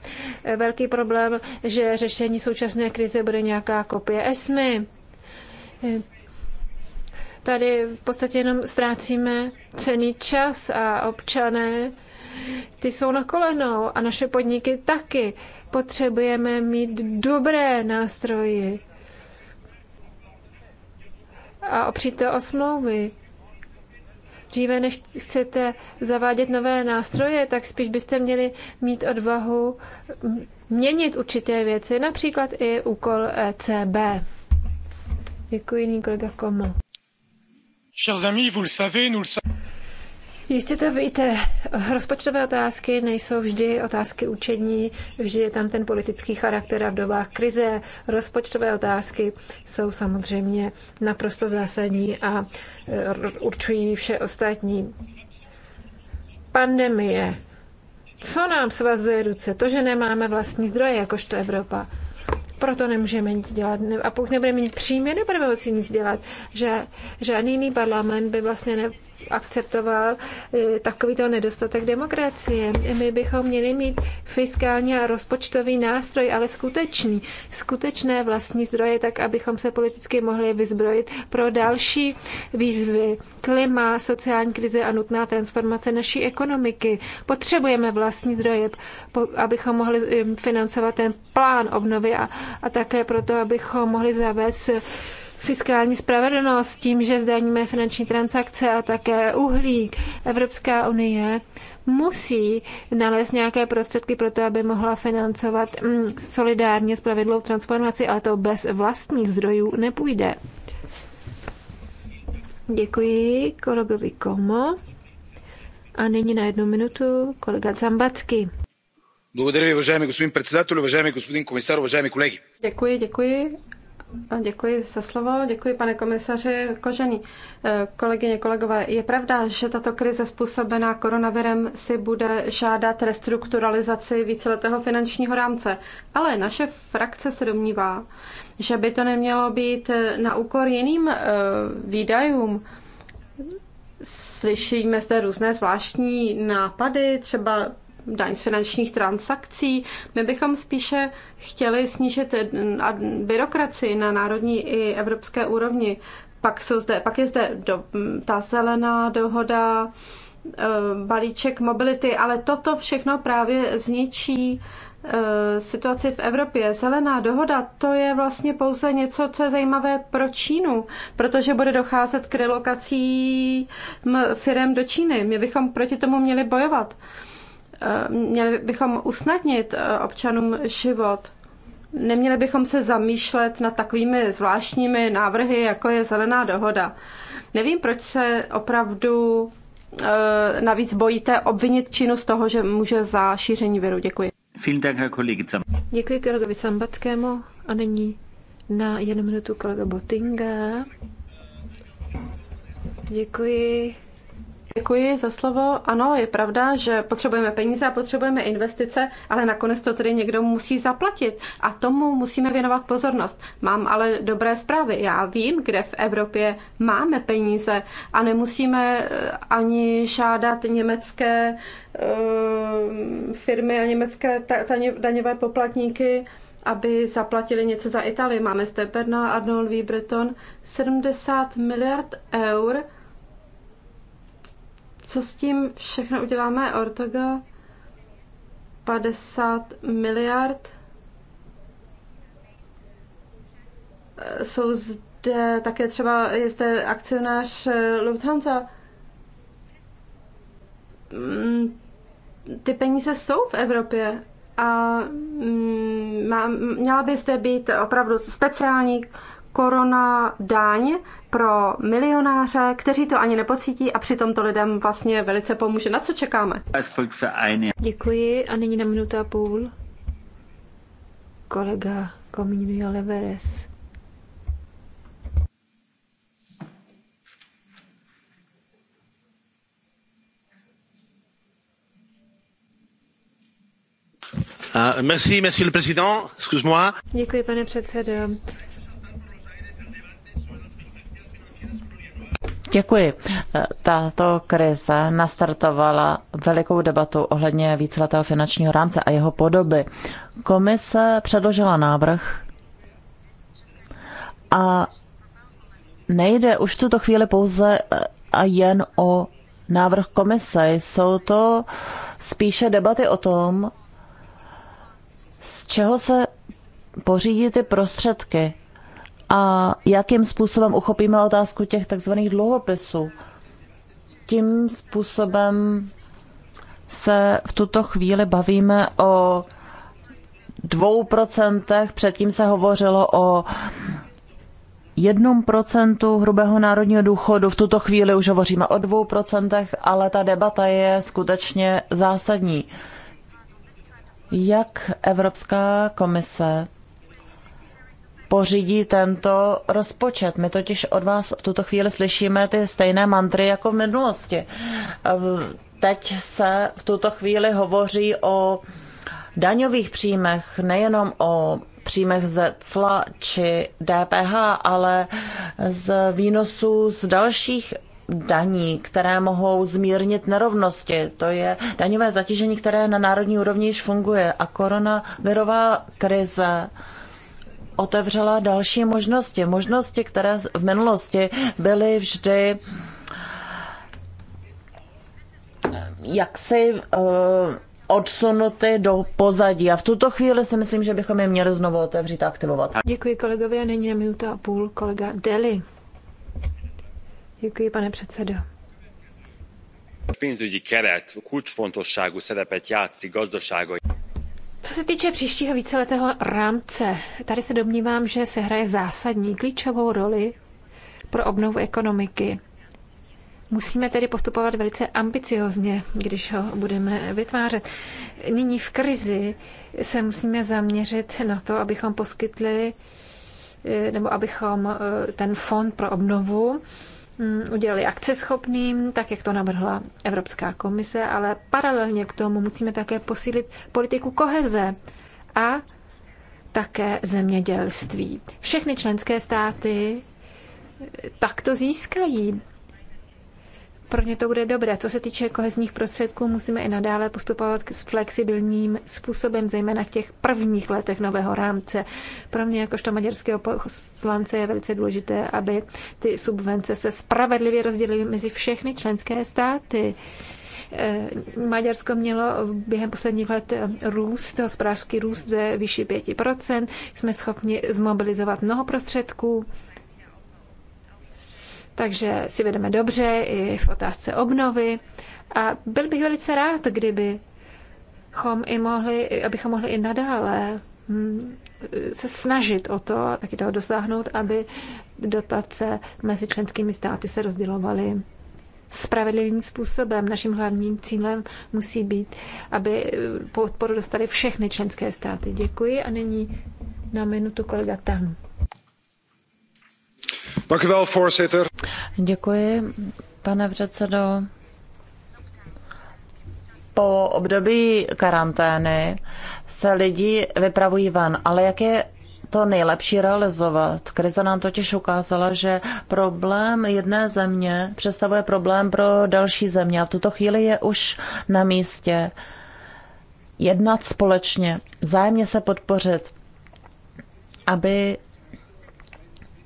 velký problém, že řešení současné krize bude nějaká kopie ESMY tady v podstatě jenom ztrácíme cený čas a občané, ty jsou na kolenou a naše podniky taky. Potřebujeme mít dobré nástroje a to o smlouvy. Dříve než chcete zavádět nové nástroje, tak spíš byste měli mít odvahu měnit určité věci, například i úkol ECB. Děkuji, kolega Komo. Chers amis, vous le savez, nous le savons. Jistě to víte, rozpočtové otázky nejsou vždy otázky učení, vždy je tam ten politický charakter a v dobách krize rozpočtové otázky jsou samozřejmě naprosto zásadní a eh, určují vše ostatní. Pandemie. Co nám svazuje ruce? To, že nemáme vlastní zdroje, jakožto Evropa proto nemůžeme nic dělat. A pokud nebudeme mít příjmy, nebudeme moci nic dělat. Že žádný jiný parlament by vlastně ne, akceptoval eh, takovýto nedostatek demokracie. My bychom měli mít fiskální a rozpočtový nástroj, ale skutečný, skutečné vlastní zdroje, tak abychom se politicky mohli vyzbrojit pro další výzvy, klima, sociální krize a nutná transformace naší ekonomiky. Potřebujeme vlastní zdroje, abychom mohli eh, financovat ten plán obnovy a, a také proto, abychom mohli zavést fiskální spravedlnost tím, že zdaníme finanční transakce a také uhlík. Evropská unie musí nalézt nějaké prostředky pro to, aby mohla financovat mm, solidárně spravedlivou transformaci, ale to bez vlastních zdrojů nepůjde. Děkuji kolegovi Komo. A nyní na jednu minutu kolega Zambacky. Děkuji, ви, уважаеми господин председател, уважаеми господин комисар, уважаеми Děkuji, děkuji. Děkuji za slovo, děkuji pane komisaři Kožený. Eh, kolegyně, kolegové, je pravda, že tato krize způsobená koronavirem si bude žádat restrukturalizaci víceletého finančního rámce, ale naše frakce se domnívá, že by to nemělo být na úkor jiným eh, výdajům. Slyšíme zde různé zvláštní nápady, třeba daň z finančních transakcí. My bychom spíše chtěli snížit byrokracii na národní i evropské úrovni. Pak, jsou zde, pak je zde do, ta zelená dohoda, eh, balíček mobility, ale toto všechno právě zničí eh, situaci v Evropě. Zelená dohoda, to je vlastně pouze něco, co je zajímavé pro Čínu, protože bude docházet k relokacím firem do Číny. My bychom proti tomu měli bojovat. Eh, měli bychom usnadnit eh, občanům život. Neměli bychom se zamýšlet nad takovými zvláštními návrhy, jako je zelená dohoda. Nevím, proč se opravdu eh, navíc bojíte obvinit Čínu z toho, že může za šíření viru. Děkuji. Děkuji kolegovi Sambackému a nyní na jednu minutu kolega Botinga. Děkuji. Děkuji za slovo. Ano, je pravda, že potřebujeme peníze a potřebujeme investice, ale nakonec to tedy někdo musí zaplatit a tomu musíme věnovat pozornost. Mám ale dobré zprávy. Já vím, kde v Evropě máme peníze a nemusíme eh, ani žádat německé uh, firmy a německé ta, ta, daňové poplatníky aby zaplatili něco za Itálii. Máme zde Berna, Arnold, Breton, 70 miliard eur co s tím všechno uděláme? Ortega 50 miliard. Jsou zde také třeba, jste akcionář eh, Lufthansa. Mm, ty peníze jsou v Evropě a mm, měla byste být opravdu speciální korona dáň pro milionáře, kteří to ani nepocítí a přitom to lidem vlastně velice pomůže. Na co čekáme? Děkuji a nyní na minutu a půl kolega Comino ah, Leveres. Děkuji, pane předsedo. Děkuji. Tato krize nastartovala velikou debatu ohledně víceletého finančního rámce a jeho podoby. Komise předložila návrh a nejde už v tuto chvíli pouze eh, a jen o návrh komise. Jsou to spíše debaty o tom, z čeho se pořídí ty prostředky, a jakým způsobem uchopíme otázku těch takzvaných dluhopisů. Tím způsobem se v tuto chvíli bavíme o dvou procentech, předtím se hovořilo o jednom procentu hrubého národního důchodu, v tuto chvíli už hovoříme o dvou procentech, ale ta debata je skutečně zásadní. Jak Evropská komise pořídí tento rozpočet. My totiž od vás v tuto chvíli slyšíme ty stejné mantry jako v minulosti. Ehm, teď se v tuto chvíli hovoří o daňových příjmech, nejenom o příjmech ze cla či DPH, ale z výnosů z dalších daní, které mohou zmírnit nerovnosti. To je daňové zatížení, které na národní úrovni již funguje. A koronavirová krize otevřela další možnosti. Možnosti, které v minulosti byly vždy jaksi uh, eh, odsunuty do pozadí. A v tuto chvíli si myslím, že bychom je měli znovu otevřít a aktivovat. Děkuji kolegovi a nyní je minuta a půl kolega Deli. Děkuji, pane předsedo. Pénzügyi keret kulcsfontosságú szerepet játszik gazdaságai. Co se týče příštího víceletého rámce, tady se domnívám, že se hraje zásadní klíčovou roli pro obnovu ekonomiky. Musíme tedy postupovat velice ambiciozně, když ho budeme vytvářet. Nyní v krizi se musíme zaměřit na to, abychom poskytli eh, nebo abychom eh, ten fond pro obnovu Mm, udělali akceschopným, tak jak to navrhla Evropská komise, ale paralelně k tomu musíme také posílit politiku koheze a také zemědělství. Všechny členské státy takto získají pro ně to bude dobré. Co se týče kohezních prostředků, musíme i nadále postupovat s flexibilním způsobem, zejména v těch prvních letech nového rámce. Pro mě jakožto maďarského poslance je velice důležité, aby ty subvence se spravedlivě rozdělily mezi všechny členské státy. Eh, Maďarsko mělo během posledních let eh, růst, hospodářský růst ve výši 5%. Jsme schopni zmobilizovat mnoho prostředků takže si vedeme dobře i v otázce obnovy. A byl bych velice rád, kdyby chom i mohli, abychom mohli i nadále hm, se snažit o to, a taky toho dosáhnout, aby dotace mezi členskými státy se rozdělovaly spravedlivým způsobem. Naším hlavním cílem musí být, aby podporu dostali všechny členské státy. Děkuji a nyní na minutu kolega Tanu. Děkuji, pane předsedo. Po období karantény se lidi vypravují ven, ale jak je to nejlepší realizovat. Krize nám totiž ukázala, že problém jedné země představuje problém pro další země a v tuto chvíli je už na místě jednat společně, zájemně se podpořit, aby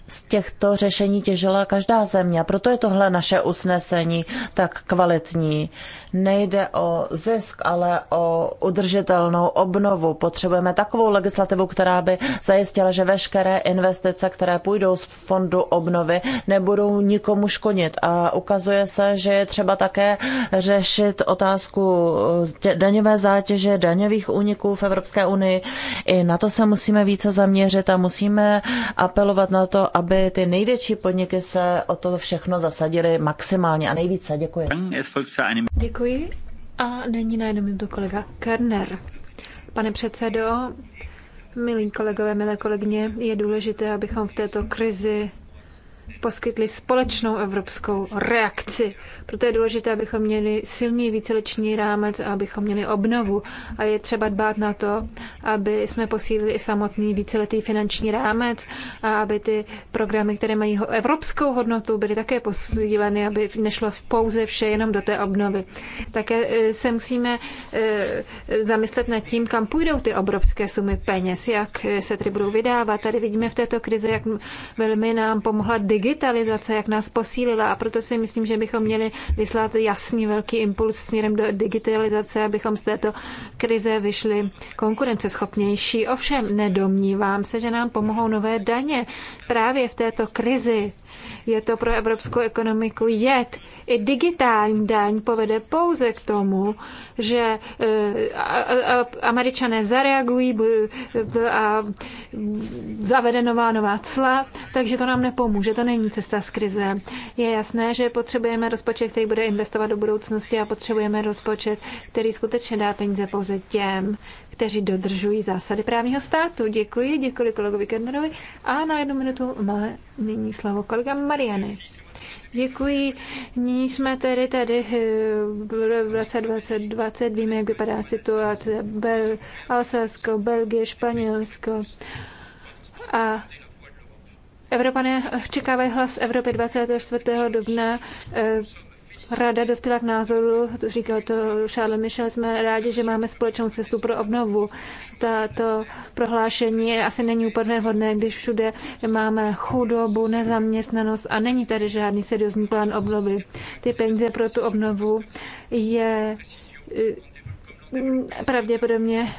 z těchto řešení těžila každá země. Proto je tohle naše usnesení tak kvalitní. Nejde o zisk, ale o udržitelnou obnovu. Potřebujeme takovou legislativu, která by zajistila, že veškeré investice, které půjdou z fondu obnovy, nebudou nikomu škodit. A ukazuje se, že je třeba také řešit otázku eh, daňové zátěže, daňových úniků v Evropské unii. I na to se musíme více zaměřit a musíme apelovat na to, aby ty největší podniky se o to všechno zasadily maximálně a nejvíce. Děkuji. Děkuji. A není na jednom to kolega Kerner. Pane předsedo, milí kolegové, milé kolegyně, je důležité, abychom v této krizi poskytli společnou evropskou reakci. Proto je důležité, abychom měli silný víceleční rámec a abychom měli obnovu. A je třeba dbát na to, aby jsme posílili i samotný víceletý finanční rámec a aby ty programy, které mají evropskou hodnotu, byly také posíleny, aby nešlo v pouze vše jenom do té obnovy. Také e, se musíme e, zamyslet nad tím, kam půjdou ty obrovské sumy peněz, jak e, se tedy budou vydávat. Tady vidíme v této krizi, jak velmi nám pomohla digitalizace digitalizace, jak nás posílila a proto si myslím, že bychom měli vyslat jasný velký impuls směrem do digitalizace, abychom z této krize vyšli konkurenceschopnější. Ovšem, nedomnívám se, že nám pomohou nové daně. Právě v této krizi je to pro evropskou ekonomiku jed. I digitální daň povede pouze k tomu, že e, američané zareagují a zavede nová nová cla, takže to nám nepomůže, to není cesta z krize. Je jasné, že potřebujeme rozpočet, který bude investovat do budoucnosti a potřebujeme rozpočet, který skutečně dá peníze pouze těm, kteří dodržují zásady právního státu. Děkuji, děkuji kolegovi Kernerovi. A na jednu minutu má nyní slovo kolega Mariany. Děkuji. Nyní jsme tedy tady eh, v roce 2020, víme, jak vypadá situace. Bel, Alsasko, Belgie, Španělsko. A Evropané očekávají hlas Evropy 24. dubna eh, Rada dospěla k názoru, říkal to Charles Michel, jsme rádi, že máme společnou cestu pro obnovu. Tato prohlášení asi není úplně vhodné, když všude máme chudobu, nezaměstnanost a není tady žádný seriózní plán obnovy. Ty peníze pro tu obnovu je eh, pravděpodobně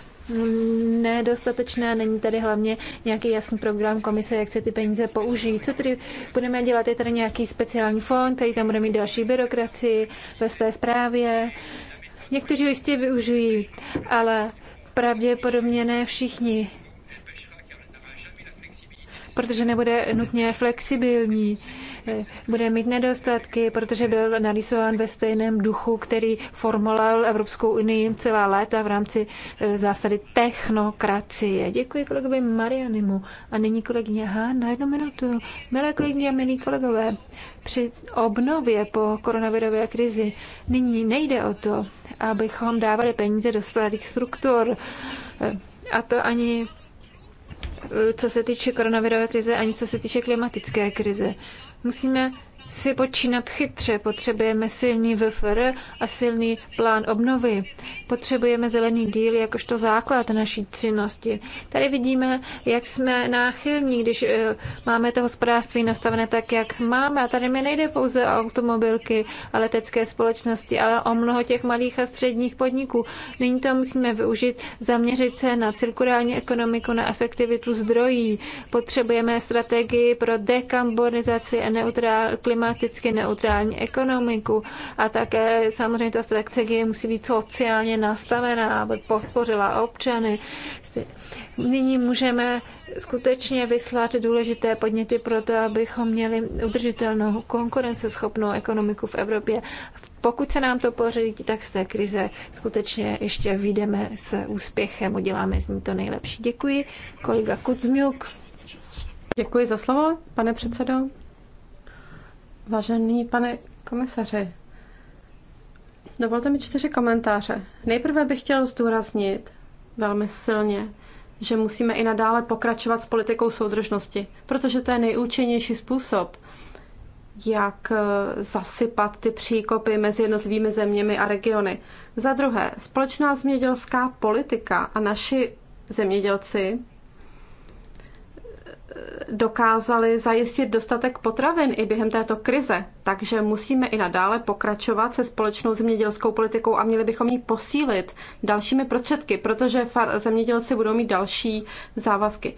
nedostatečná, není tady hlavně nějaký jasný program komise, jak se ty peníze použijí. Co tedy budeme dělat? Je tady nějaký speciální fond, který tam bude mít další byrokracii ve své správě. Někteří ho jistě využijí, ale pravděpodobně ne všichni protože nebude nutně flexibilní bude mít nedostatky, protože byl narýsován ve stejném duchu, který formoval Evropskou unii celá léta v rámci e, zásady technokracie. Děkuji kolegovi Marianimu a nyní kolegyně H. na jednu minutu. Milé kolegyně a milí kolegové, při obnově po koronavirové krizi nyní nejde o to, abychom dávali peníze do starých struktur, e, a to ani e, co se týče koronavirové krize, ani co se týče klimatické krize. Musíme si počínat chytře. Potřebujeme silný VFR a silný plán obnovy. Potřebujeme zelený díl jakožto základ naší činnosti. Tady vidíme, jak jsme náchylní, když eh, máme to hospodářství nastavené tak, jak máme. A tady mi nejde pouze o automobilky a letecké společnosti, ale o mnoho těch malých a středních podniků. Nyní to musíme využít, zaměřit se na cirkulární ekonomiku, na efektivitu zdrojí. Potřebujeme strategii pro dekarbonizaci a neutrální klimaticky neutrální ekonomiku a také samozřejmě ta strategie musí být sociálně nastavená, aby podpořila občany. Nyní můžeme skutečně vyslat důležité podněty pro to, abychom měli udržitelnou konkurenceschopnou ekonomiku v Evropě. Pokud se nám to pořídí, tak z té krize skutečně ještě vyjdeme s úspěchem, uděláme z ní to nejlepší. Děkuji. Kolega Kucmiuk. Děkuji za slovo, pane předsedo. Vážený pane komisaři, dovolte mi čtyři komentáře. Nejprve bych chtěl zdůraznit velmi silně, že musíme i nadále pokračovat s politikou soudržnosti, protože to je nejúčinnější způsob, jak eh, zasypat ty příkopy mezi jednotlivými zeměmi a regiony. Za druhé, společná zemědělská politika a naši zemědělci dokázali zajistit dostatek potravin i během této krize, takže musíme i nadále pokračovat se společnou zemědělskou politikou a měli bychom ji posílit dalšími prostředky, protože zemědělci budou mít další závazky.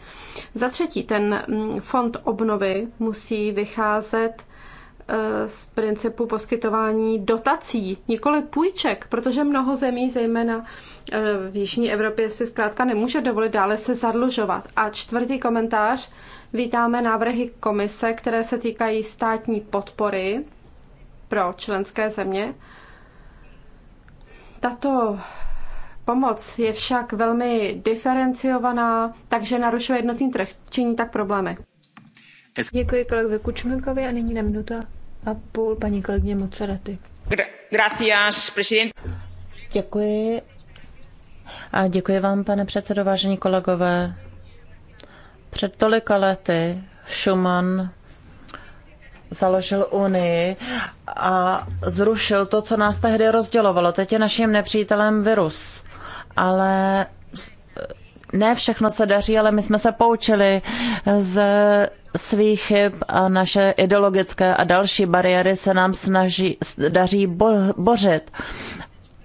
Za třetí, ten mm, fond obnovy musí vycházet Eh, z principu poskytování dotací, nikoli půjček, protože mnoho zemí, zejména eh, v Jižní Evropě, si zkrátka nemůže dovolit dále se zadlužovat. A čtvrtý komentář, vítáme návrhy komise, které se týkají státní podpory pro členské země. Tato pomoc je však velmi diferenciovaná, takže narušuje jednotný trh, činí tak problémy. Děkuji kolegovi Kučmenkovi a nyní na minuta a půl paní kolegyně Moceraty. Gracias, president. Děkuji. A děkuji vám, pane předsedo, vážení kolegové. Před tolika lety Schumann založil Unii a zrušil to, co nás tehdy rozdělovalo. Teď je naším nepřítelem virus. Ale ne všechno se daří, ale my jsme se poučili z svých chyb a naše ideologické a další bariéry se nám snaží, daří bo, bořit.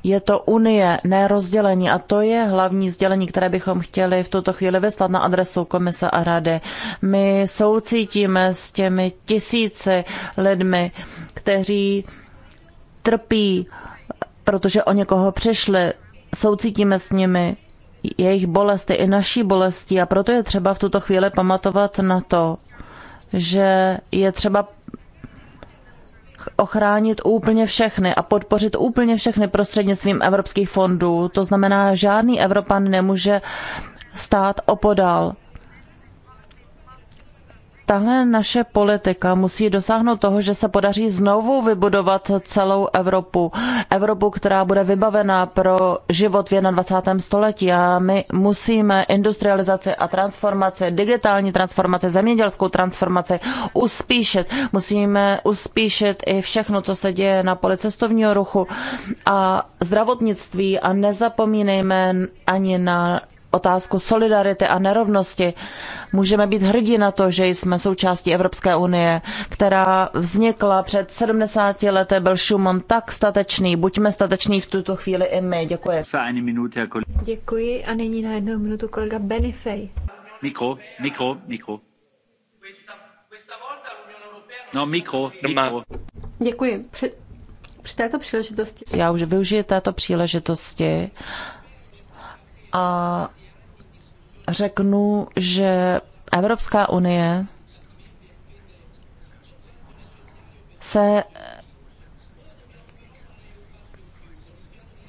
Je to unie, ne rozdělení a to je hlavní sdělení, které bychom chtěli v tuto chvíli vyslat na adresu komise a rady. My soucítíme s těmi tisíci lidmi, kteří trpí, protože o někoho přišli. Soucítíme s nimi, jejich bolesti i naší bolesti a proto je třeba v tuto chvíli pamatovat na to, že je třeba ochránit úplně všechny a podpořit úplně všechny prostřednictvím evropských fondů. To znamená, žádný Evropan nemůže stát opodál. Tahle naše politika musí dosáhnout toho, že se podaří znovu vybudovat celou Evropu. Evropu, která bude vybavená pro život v 21. století. A my musíme industrializaci a transformaci, digitální transformaci, zemědělskou transformaci uspíšit. Musíme uspíšit i všechno, co se děje na poli cestovního ruchu a zdravotnictví a nezapomínejme ani na otázku solidarity a nerovnosti. Můžeme být hrdí na to, že jsme součástí Evropské unie, která vznikla před 70 lety. Byl Schumann tak statečný. Buďme stateční v tuto chvíli i my. Děkuji. Jako- Děkuji a nyní na jednu minutu kolega Benifej. Mikro, mikro, mikro. No, mikro, mikro. Děkuji. Při, při této příležitosti. Já už využiji této příležitosti a řeknu, že Evropská unie se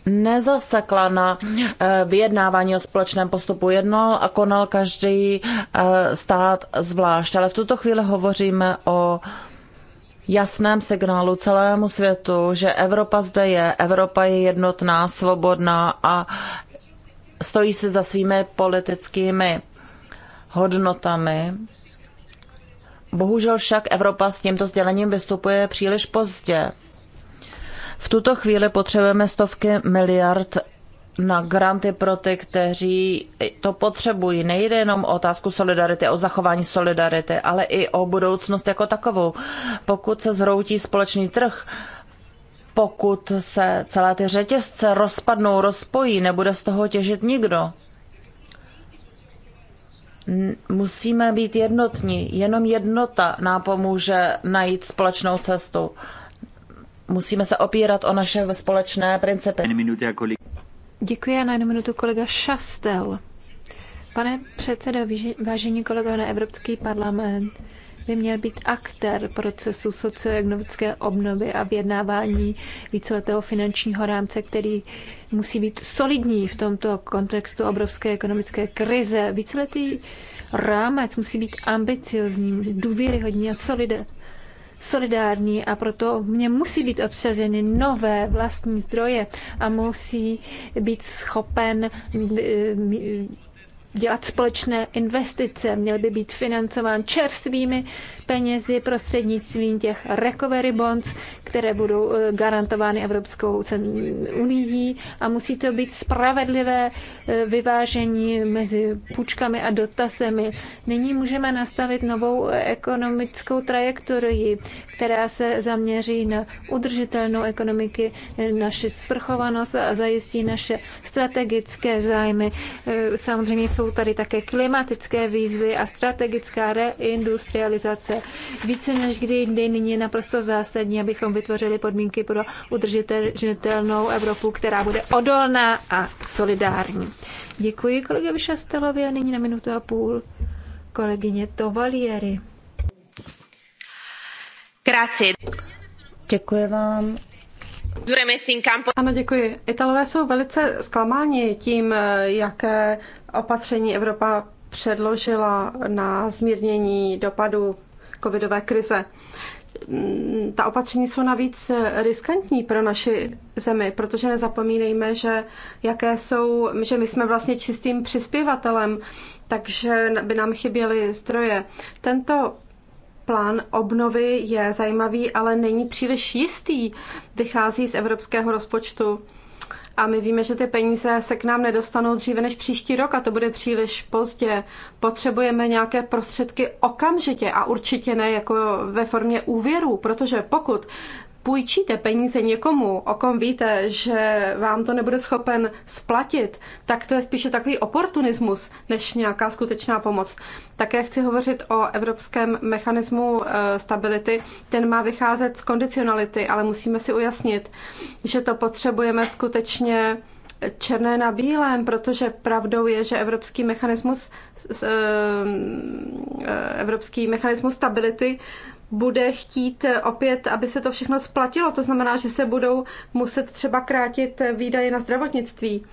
nezasekla na eh, vyjednávání o společném postupu. Jednal a konal každý eh, stát zvlášť, ale v tuto chvíli hovoříme o jasném signálu celému světu, že Evropa zde je, Evropa je jednotná, svobodná a stojí se za svými politickými hodnotami. Bohužel však Evropa s tímto sdělením vystupuje příliš pozdě. V tuto chvíli potřebujeme stovky miliard na granty pro ty, kteří to potřebují. Nejde jenom o otázku solidarity, o zachování solidarity, ale i o budoucnost jako takovou. Pokud se zhroutí společný trh, pokud se celé ty řetězce rozpadnou, rozpojí, nebude z toho těžit nikdo. Musíme být jednotní. Jenom jednota nám pomůže najít společnou cestu. Musíme se opírat o naše společné principy. Děkuji a na jednu minutu kolega Šastel. Pane předsedo, vážení kolegové na Evropský parlament, by měl být aktér procesu socioekonomické obnovy a vyjednávání víceletého finančního rámce, který musí být solidní v tomto kontextu obrovské ekonomické krize. Víceletý rámec musí být ambiciozní, důvěryhodný a solidární solidární a proto mě musí být obsaženy nové vlastní zdroje a musí být schopen eh, dělat společné investice, měl by být financován čerstvými penězi prostřednictvím těch recovery bonds, které budou eh, garantovány Evropskou unii a musí to být spravedlivé eh, vyvážení mezi půjčkami a dotasemi. Nyní můžeme nastavit novou ekonomickou trajektorii, která se zaměří na udržitelnou ekonomiky, eh, naši svrchovanost a zajistí naše strategické zájmy. Samozřejmě jsou tady také klimatické výzvy a strategická reindustrializace více než kdy jindy nyní je naprosto zásadní, abychom vytvořili podmínky pro udržitelnou Evropu, která bude odolná a solidární. Děkuji kolegovi Šastelovi a nyní na minutu a půl kolegyně Tovalieri. Grazie. Děkuji vám. Ano, děkuji. Italové jsou velice zklamáni tím, jaké opatření Evropa předložila na zmírnění dopadů covidové krize. Mm, Ta opatření jsou navíc riskantní pro naši zemi, protože nezapomínejme, že jaké jsou, že my jsme vlastně čistým přispěvatelem, takže by nám chyběly zdroje. Tento plán obnovy je zajímavý, ale není příliš jistý. Vychází z evropského rozpočtu a my víme, že ty peníze se k nám nedostanou dříve než příští rok a to bude příliš pozdě. Potřebujeme nějaké prostředky okamžitě a určitě ne jako ve formě úvěru, protože pokud půjčíte peníze někomu, o kom víte, že vám to nebude schopen splatit, tak to je spíše takový oportunismus, než nějaká skutečná pomoc. Také chci hovořit o evropském mechanismu eh, stability. Ten má vycházet z kondicionality, ale musíme si ujasnit, že to potřebujeme skutečně černé na bílém, protože pravdou je, že evropský mechanismus, eh, eh, evropský mechanismus stability bude chtít opět, aby se to všechno splatilo. To znamená, že se budou muset třeba krátit výdaje na zdravotnictví.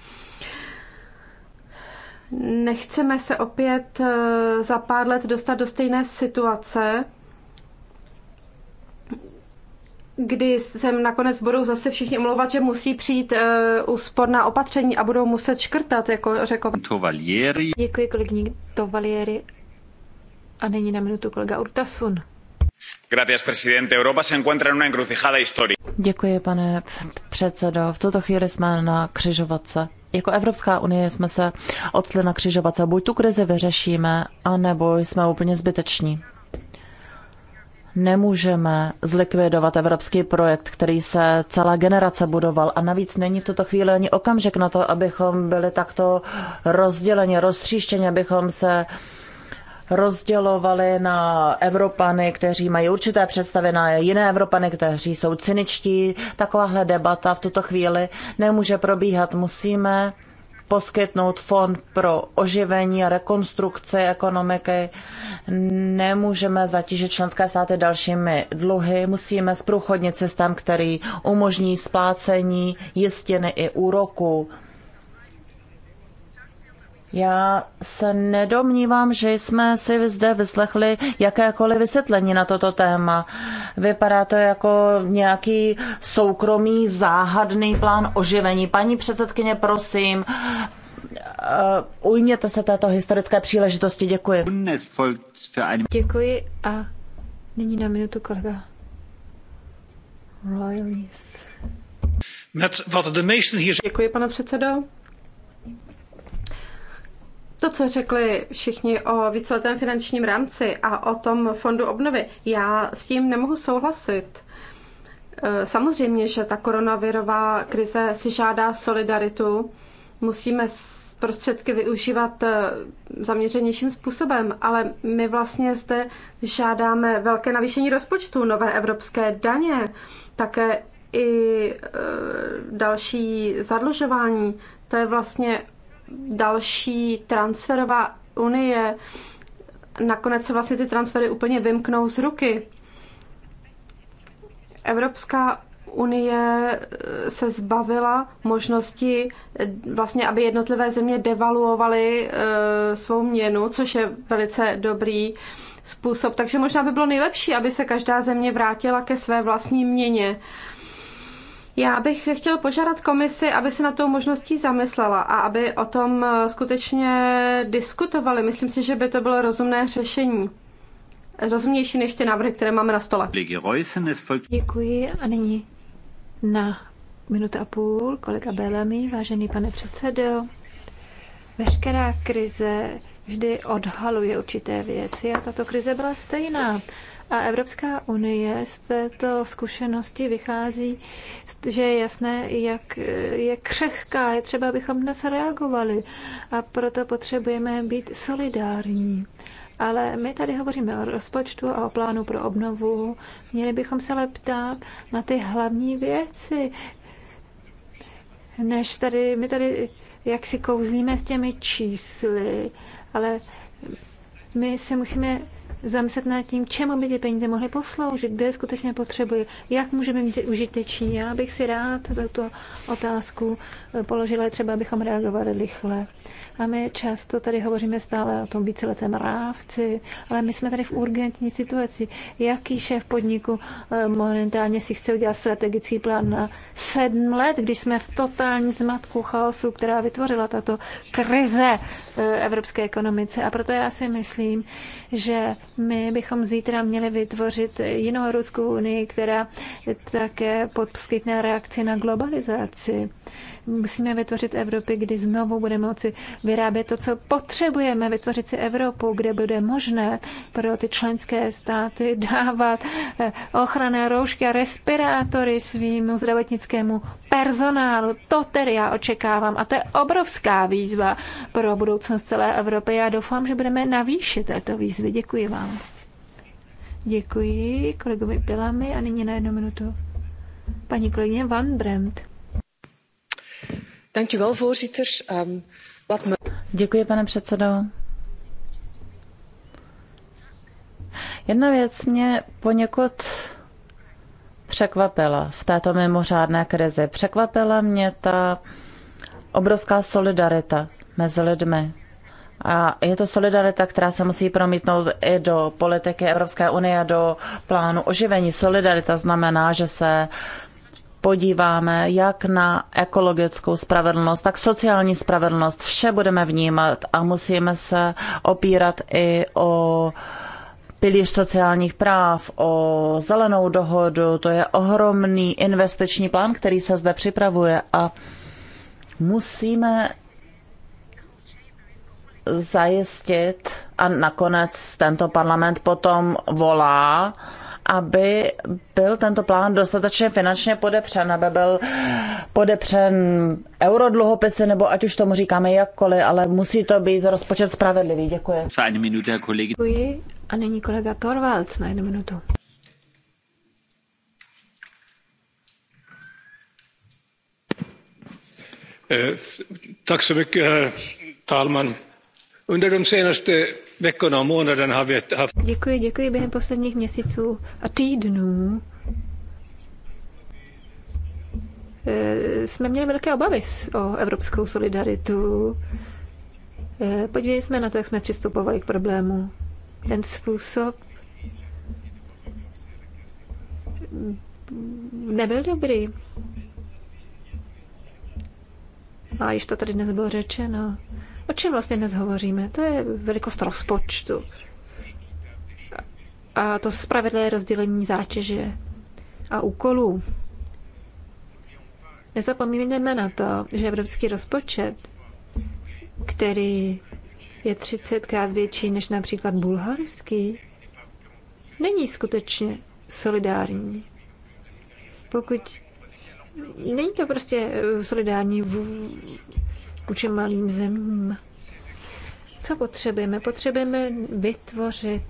Nechceme se opět eh, za pár let dostat do stejné situace, kdy se nakonec budou zase všichni omlouvat, že musí přijít uh, úsporná opatření a budou muset škrtat, jako řekl. Tovalieri. Děkuji kolegní Tovalieri. A nyní na minutu kolega Urtasun. Gracias, presidente. Europa se encuentra en una encrucijada histórica. Děkuji, pane předsedo. V tuto chvíli jsme na křižovatce. Jako Evropská unie jsme se odstli na křižovatce. Buď tu krizi vyřešíme, anebo jsme úplně zbyteční nemůžeme zlikvidovat evropský projekt, který se celá generace budoval. A navíc není v tuto chvíli ani okamžik na to, abychom byli takto rozděleni, roztříštěni, abychom se rozdělovali na Evropany, kteří mají určité představy na jiné Evropany, kteří jsou cyničtí. Takováhle debata v tuto chvíli nemůže probíhat. Musíme poskytnout fond pro oživení a rekonstrukci ekonomiky. Nemůžeme zatížit členské státy dalšími dluhy. Musíme zprůchodnit systém, který umožní splácení jistiny i úroku já se nedomnívám, že jsme si zde vyslechli jakékoliv vysvětlení na toto téma. Vypadá to jako nějaký soukromý záhadný plán oživení. Paní předsedkyně, prosím, eh, ujměte se této historické příležitosti. Děkuji. Děkuji a nyní na minutu kolega Royalies. Děkuji, pane předsedo to, co řekli všichni o víceletém finančním rámci a o tom fondu obnovy, já s tím nemohu souhlasit. E, samozřejmě, že ta koronavirová krize si žádá solidaritu. Musíme prostředky využívat e, zaměřenějším způsobem, ale my vlastně zde žádáme velké navýšení rozpočtu, nové evropské daně, také i e, další zadlužování. To je vlastně další transferová unie. Nakonec se vlastně ty transfery úplně vymknou z ruky. Evropská unie e, se zbavila možnosti e, vlastně, aby jednotlivé země devaluovaly e, svou měnu, což je velice dobrý způsob. Takže možná by bylo nejlepší, aby se každá země vrátila ke své vlastní měně. Já bych chtěl požádat komisi, aby se na tou možností zamyslela a aby o tom eh, skutečně diskutovali. Myslím si, že by to bylo rozumné řešení. Rozumnější než ty návrhy, které máme na stole. Děkuji a nyní na minutu a půl kolega Bellamy, vážený pane předsedo. Veškerá krize vždy odhaluje určité věci a tato krize byla stejná. A Evropská unie z této zkušenosti vychází, že je jasné, jak je křehká. Je třeba, abychom dnes reagovali. A proto potřebujeme být solidární. Ale my tady hovoříme o rozpočtu a o plánu pro obnovu. Měli bychom se ale ptát na ty hlavní věci, než tady, my tady jak si kouzlíme s těmi čísly, ale my se musíme zamyslet nad tím, čemu by ty peníze mohly posloužit, kde je skutečně potřebují, jak můžeme být užiteční. Já bych si rád tuto otázku eh, položila, třeba abychom reagovali rychle. A my často tady hovoříme stále o tom víceletém rávci, ale my jsme tady v urgentní situaci. Jaký šéf podniku eh, momentálně si chce udělat strategický plán na sedm let, když jsme v totální zmatku chaosu, která vytvořila tato krize eh, evropské ekonomice. A proto já si myslím, že my bychom zítra měli vytvořit jinou Ruskou unii, která také poskytne reakci na globalizaci. Musíme vytvořit Evropy, kdy znovu budeme moci vyrábět to, co potřebujeme, vytvořit si Evropu, kde bude možné pro ty členské státy dávat eh, ochranné roušky a respirátory svým zdravotnickému personálu. To tedy já očekávám a to je obrovská výzva pro budoucnost celé Evropy. Já doufám, že budeme navýšit této výzvy. Děkuji vám. Děkuji kolegovi Pilami a nyní na jednu minutu paní kolegyně Van Bremt. Ehm, Děkuji, pane předsedo. Jedna věc mě poněkud překvapila v této mimořádné krizi. Překvapila mě ta obrovská solidarita mezi lidmi. A je to solidarita, která se musí promítnout i do politiky Evropské unie, do plánu oživení. Solidarita znamená, že se podíváme jak na ekologickou spravedlnost, tak sociální spravedlnost. Vše budeme vnímat a musíme se opírat i o pilíř sociálních práv, o zelenou dohodu. To je ohromný investiční plán, který se zde připravuje a musíme zajistit a nakonec tento parlament potom volá aby byl tento plán dostatečně finančně podepřen, aby byl podepřen eurodluhopisy, nebo ať už tomu říkáme jakkoliv, ale musí to být rozpočet spravedlivý. Děkuji. Jako Děkuji. A nyní kolega Torvalds na jednu minutu. Eh, Tack så mycket, herr eh, talman. Under de senaste Děkuji, děkuji. Během posledních měsíců a týdnů eh, jsme měli velké obavy o evropskou solidaritu. Eh, podívejme jsme na to, jak jsme přistupovali k problému. Ten způsob nebyl dobrý. A již to tady dnes bylo řečeno. O čem vlastně dnes hovoříme? To je velikost rozpočtu. A to spravedlé rozdělení zátěže a úkolů. Nezapomínáme na to, že evropský rozpočet, který je 30 krát větší než například bulharský, není skutečně solidární. Pokud není to prostě eh, solidární vůči malým zemím. Co potřebujeme? Potřebujeme vytvořit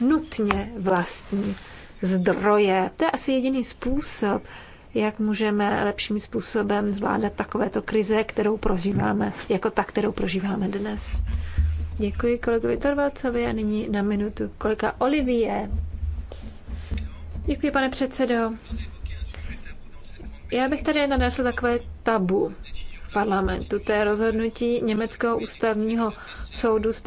nutně vlastní zdroje. To je asi jediný způsob, jak můžeme lepším způsobem zvládat takovéto krize, kterou prožíváme, jako ta, kterou prožíváme dnes. Děkuji kolegovi Torvalcovi a nyní na minutu kolega Olivie. Děkuji, pane předsedo. Já bych tady nanesl takové tabu parlamentu. To je rozhodnutí Německého ústavního soudu z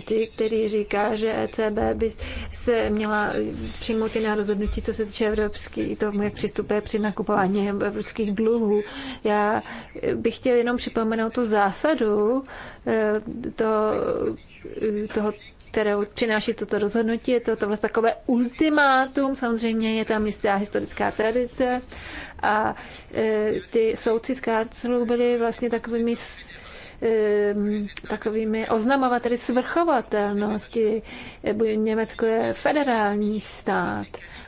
5. který říká, že ECB by se měla přijmout na rozhodnutí, co se týče evropský, tomu, jak přistupuje při nakupování evropských dluhů. Já bych chtěl jenom připomenout tu zásadu eh, to, toho, kterou přináší toto rozhodnutí. Je to vlastně takové ultimátum, samozřejmě je tam jistá historická tradice a e, ty soudci z Karlsruhe byli vlastně takovými e, takovými oznamovateli svrchovatelnosti. Německo je federální stát,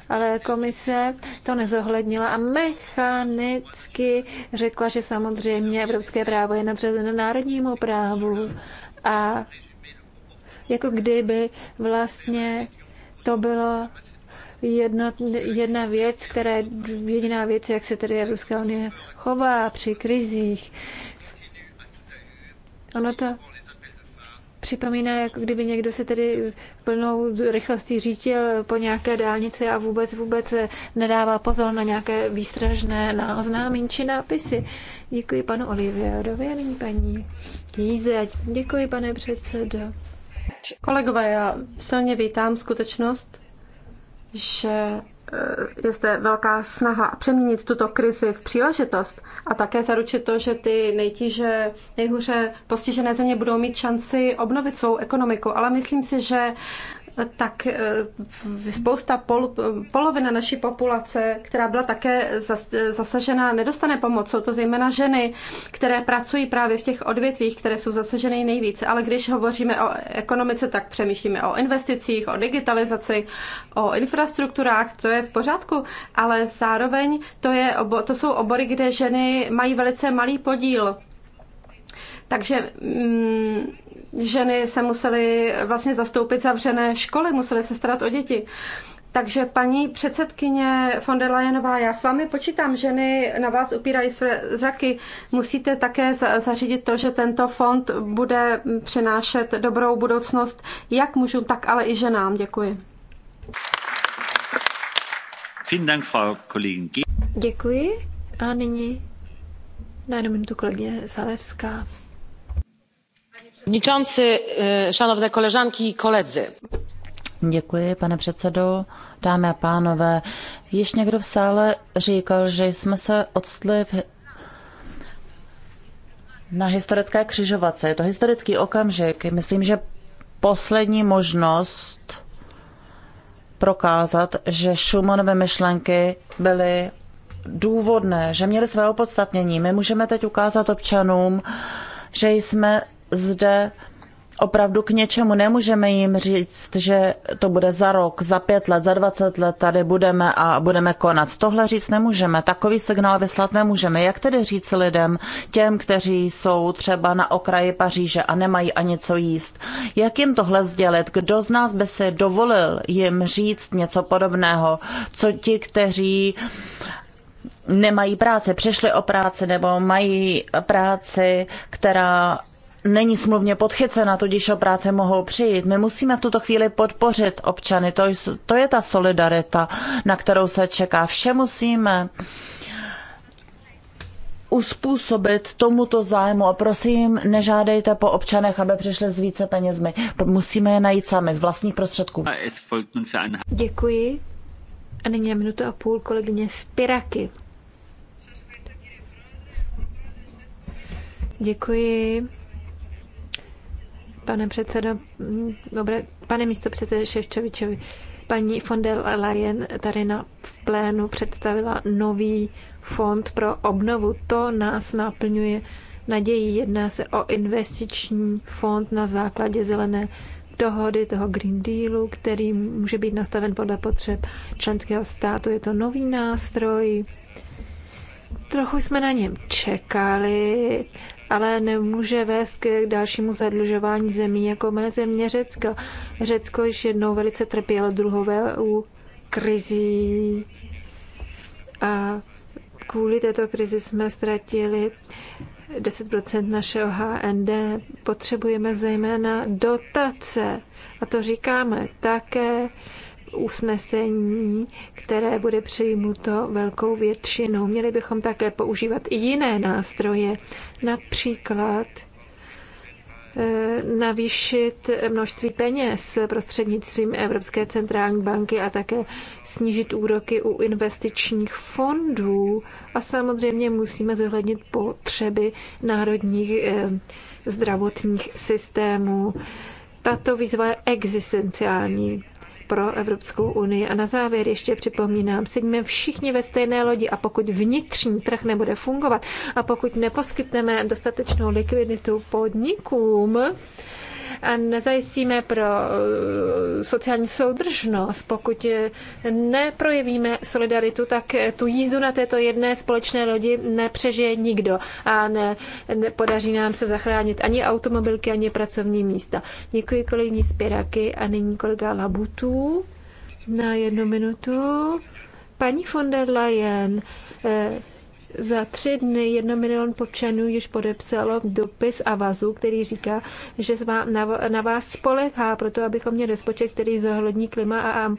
ale komise to nezohlednila a mechanicky řekla, že samozřejmě evropské právo je nadřazeno národnímu právu a jako kdyby vlastně to bylo jedno, jedna věc, která je jediná věc, jak se tedy Evropská unie chová při krizích. Ono to připomíná, jak kdyby někdo se tedy plnou rychlostí řítil po nějaké dálnici a vůbec vůbec nedával pozor na nějaké výstražné náoznámení či nápisy. Děkuji panu Olivierovi a nyní paní Jíze. Děkuji, pane předsedo. Kolegové, já silně vítám skutečnost, že eh, je zde velká snaha přeměnit tuto krizi v příležitost a také zaručit to, že ty nejtíže, nejhůře postižené země budou mít šanci obnovit svou ekonomiku. Ale myslím si, že tak eh, spousta pol, polovina naší populace, která byla také zasažena, nedostane pomoc. Jsou to zejména ženy, které pracují právě v těch odvětvích, které jsou zasaženy nejvíce. Ale když hovoříme o ekonomice, tak přemýšlíme o investicích, o digitalizaci, o infrastrukturách, to je v pořádku, ale zároveň to, je, to jsou obory, kde ženy mají velice malý podíl. Takže mm, ženy se musely vlastně zastoupit zavřené školy, musely se starat o děti. Takže paní předsedkyně von der Leyenová, já s vámi počítám, ženy na vás upírají své zraky. Musíte také zařídit to, že tento fond bude přinášet dobrou budoucnost jak mužům, tak ale i ženám. Děkuji. Děkuji. A nyní na jednu minutu kolegyně Zalevská. E, Děkuji, pane předsedo. Dámy a pánové, již někdo v sále říkal, že jsme se odstli v na historické křižovatce. Je to historický okamžik. Myslím, že poslední možnost prokázat, že Schumannovy myšlenky byly důvodné, že měly své opodstatnění. My můžeme teď ukázat občanům, že jsme zde opravdu k něčemu. Nemůžeme jim říct, že to bude za rok, za pět let, za dvacet let tady budeme a budeme konat. Tohle říct nemůžeme, takový signál vyslat nemůžeme. Jak tedy říct lidem, těm, kteří jsou třeba na okraji Paříže a nemají ani co jíst? Jak jim tohle sdělit? Kdo z nás by si dovolil jim říct něco podobného? Co ti, kteří nemají práci, přišli o práci nebo mají práci, která není smluvně podchycena, tudíž o práce mohou přijít. My musíme v tuto chvíli podpořit občany, to, to je ta solidarita, na kterou se čeká. Vše musíme uspůsobit tomuto zájmu a prosím, nežádejte po občanech, aby přišli s více penězmi. Musíme je najít sami z vlastních prostředků. Děkuji. A nyní na minutu a půl kolegyně Spiraky. Děkuji pane předsedo, dobré, pane místo předsedo Ševčovičovi. Paní von der Leyen tady na, v plénu představila nový fond pro obnovu. To nás naplňuje nadějí. Jedná se o investiční fond na základě zelené dohody toho Green Dealu, který může být nastaven podle potřeb členského státu. Je to nový nástroj. Trochu jsme na něm čekali, ale nemůže vést k dalšímu zadlužování zemí, jako mé země Řecka. Řecko již jednou velice trpělo druhové u krizí a kvůli této krizi jsme ztratili 10 našeho HND. Potřebujeme zejména dotace. A to říkáme také usnesení, které bude přijmuto velkou většinou. Měli bychom také používat i jiné nástroje, například eh, navýšit množství peněz prostřednictvím Evropské centrální banky a také snížit úroky u investičních fondů. A samozřejmě musíme zohlednit potřeby národních eh, zdravotních systémů. Tato výzva je existenciální pro Evropskou unii. A na závěr ještě připomínám, sedíme všichni ve stejné lodi a pokud vnitřní trh nebude fungovat a pokud neposkytneme dostatečnou likviditu podnikům, a nezajistíme pro eh, sociální soudržnost, pokud eh, neprojevíme solidaritu, tak eh, tu jízdu na této jedné společné lodi nepřežije nikdo a ne, nepodaří nám se zachránit ani automobilky, ani pracovní místa. Děkuji kolegyní Spiraky a nyní kolega Labutů na jednu minutu. Paní von der Leyen, eh, za tři dny jedno milion počanů již podepsalo dopis Avazu, který říká, že na vás spolehá proto, abychom měli rozpočet, který zohlední klima a e,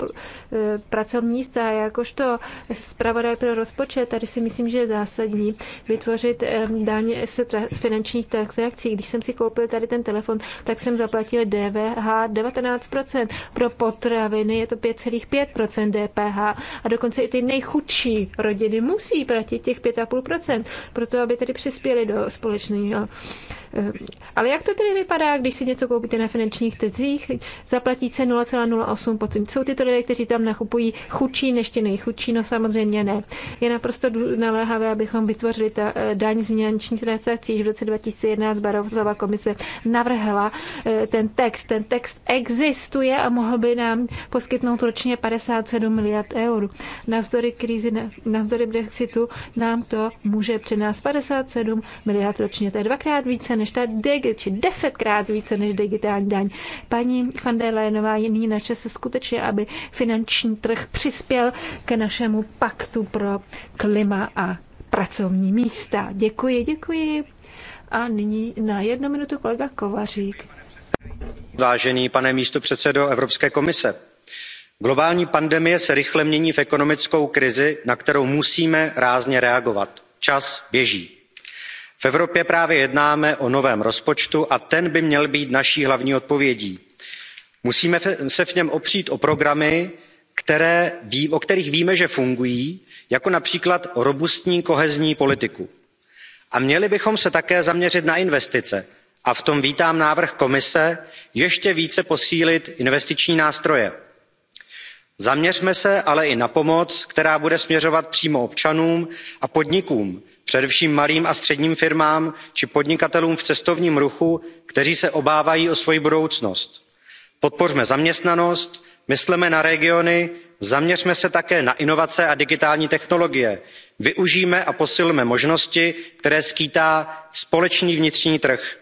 pracovní místa. Jakožto zpravodaj pro rozpočet, tady si myslím, že je zásadní vytvořit e, daně z finančních transakcí. Když jsem si koupil tady ten telefon, tak jsem zaplatil DVH 19%. Pro potraviny je to 5,5% DPH. A dokonce i ty nejchudší rodiny musí platit těch 5 2,5%, proto aby tedy přispěli do společného. Eh, ale jak to tedy vypadá, když si něco koupíte na finančních trzích, zaplatí se 0,08%? Jsou tyto lidé, kteří tam nakupují chudší než ti nejchudší? No samozřejmě ne. Je naprosto naléhavé, abychom vytvořili ta eh, daň z finančních transakcí. V roce 2011 Barovzová komise navrhla eh, ten text. Ten text existuje a mohl by nám poskytnout ročně 57 miliard eur. Navzdory krizi, navzdory Brexitu nám to to může přinést 57 miliard ročně. To je dvakrát více než ta digi, či desetkrát více než digitální daň. Paní van der Leyenová nyní na čase skutečně, aby finanční trh přispěl k našemu paktu pro klima a pracovní místa. Děkuji, děkuji. A nyní na jednu minutu kolega Kovařík. Vážený pane místo předsedo Evropské komise globální pandemie se rychle mění v ekonomickou krizi na kterou musíme rázně reagovat. čas běží. v evropě právě jednáme o novém rozpočtu a ten by měl být naší hlavní odpovědí. musíme se v něm opřít o programy o kterých víme že fungují jako například robustní kohezní politiku. a měli bychom se také zaměřit na investice a v tom vítám návrh komise ještě více posílit investiční nástroje zaměřme se ale i na pomoc která bude směřovat přímo občanům a podnikům především malým a středním firmám či podnikatelům v cestovním ruchu kteří se obávají o svoji budoucnost. podpořme zaměstnanost mysleme na regiony zaměřme se také na inovace a digitální technologie využijme a posilme možnosti které skýtá společný vnitřní trh.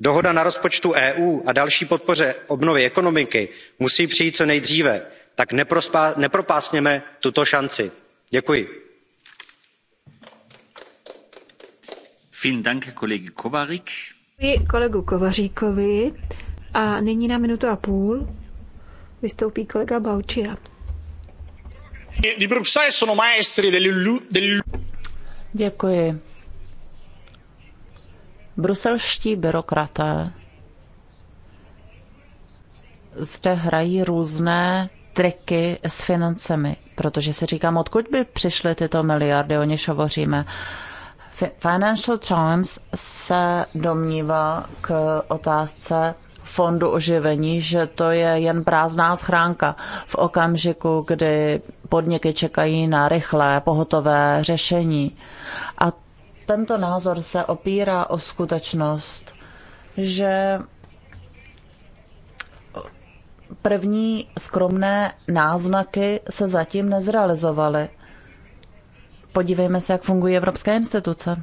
dohoda na rozpočtu eu a další podpoře obnovy ekonomiky musí přijít co nejdříve tak nepropásněme tuto šanci. děkuji. Děkuji kolegu Kovaříkovi a nyní na minutu a půl vystoupí kolega Baučia. Děkuji. Bruselští byrokraté zde hrají různé triky s financemi, protože si říkám, odkud by přišly tyto miliardy, o něž hovoříme. Financial Times se domnívá k otázce fondu oživení, že to je jen prázdná schránka v okamžiku, kdy podniky čekají na rychlé, pohotové řešení. A tento názor se opírá o skutečnost, že první skromné náznaky se zatím nezrealizovaly. Podívejme se, jak fungují evropské instituce.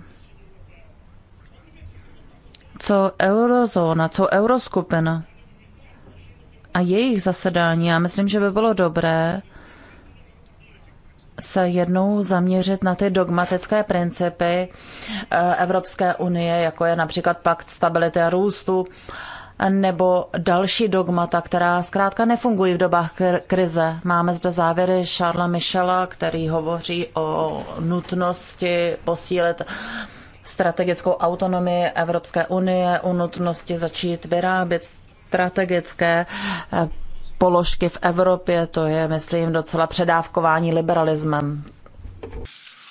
Co eurozóna, co euroskupina a jejich zasedání. Já myslím, že by bylo dobré se jednou zaměřit na ty dogmatické principy eh, Evropské unie, jako je například pakt stability a růstu nebo další dogmata, která zkrátka nefungují v dobách krize. Máme zde závěry Charlesa Michela, který hovoří o nutnosti posílit strategickou autonomii Evropské unie, o nutnosti začít vyrábět strategické eh, položky v Evropě. To je, myslím, docela předávkování liberalismem.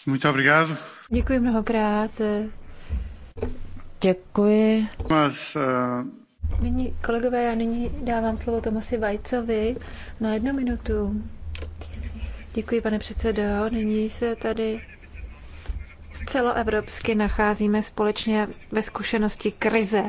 Muito obrigado. Děkuji mnohokrát. Děkuji. Mas, uh... Nyní, kolegové, já nyní dávám slovo Tomasi Vajcovi na jednu minutu. Děkuji, pane předsedo. Nyní se tady celoevropsky nacházíme společně ve zkušenosti krize.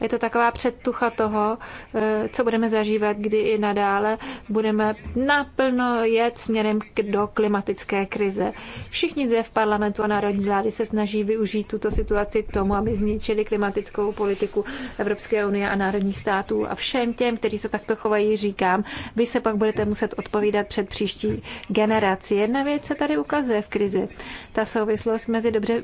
Je to taková předtucha toho, eh, co budeme zažívat, kdy i nadále budeme naplno jet směrem do klimatické krize. Všichni zde v parlamentu a národní vlády se snaží využít tuto situaci k tomu, aby zničili klimatickou politiku Evropské unie a národních států. A všem těm, kteří se takto chovají, říkám, vy se pak budete muset odpovídat před příští generaci. Jedna věc se tady ukazuje v krizi. Ta souvislost mezi dobře,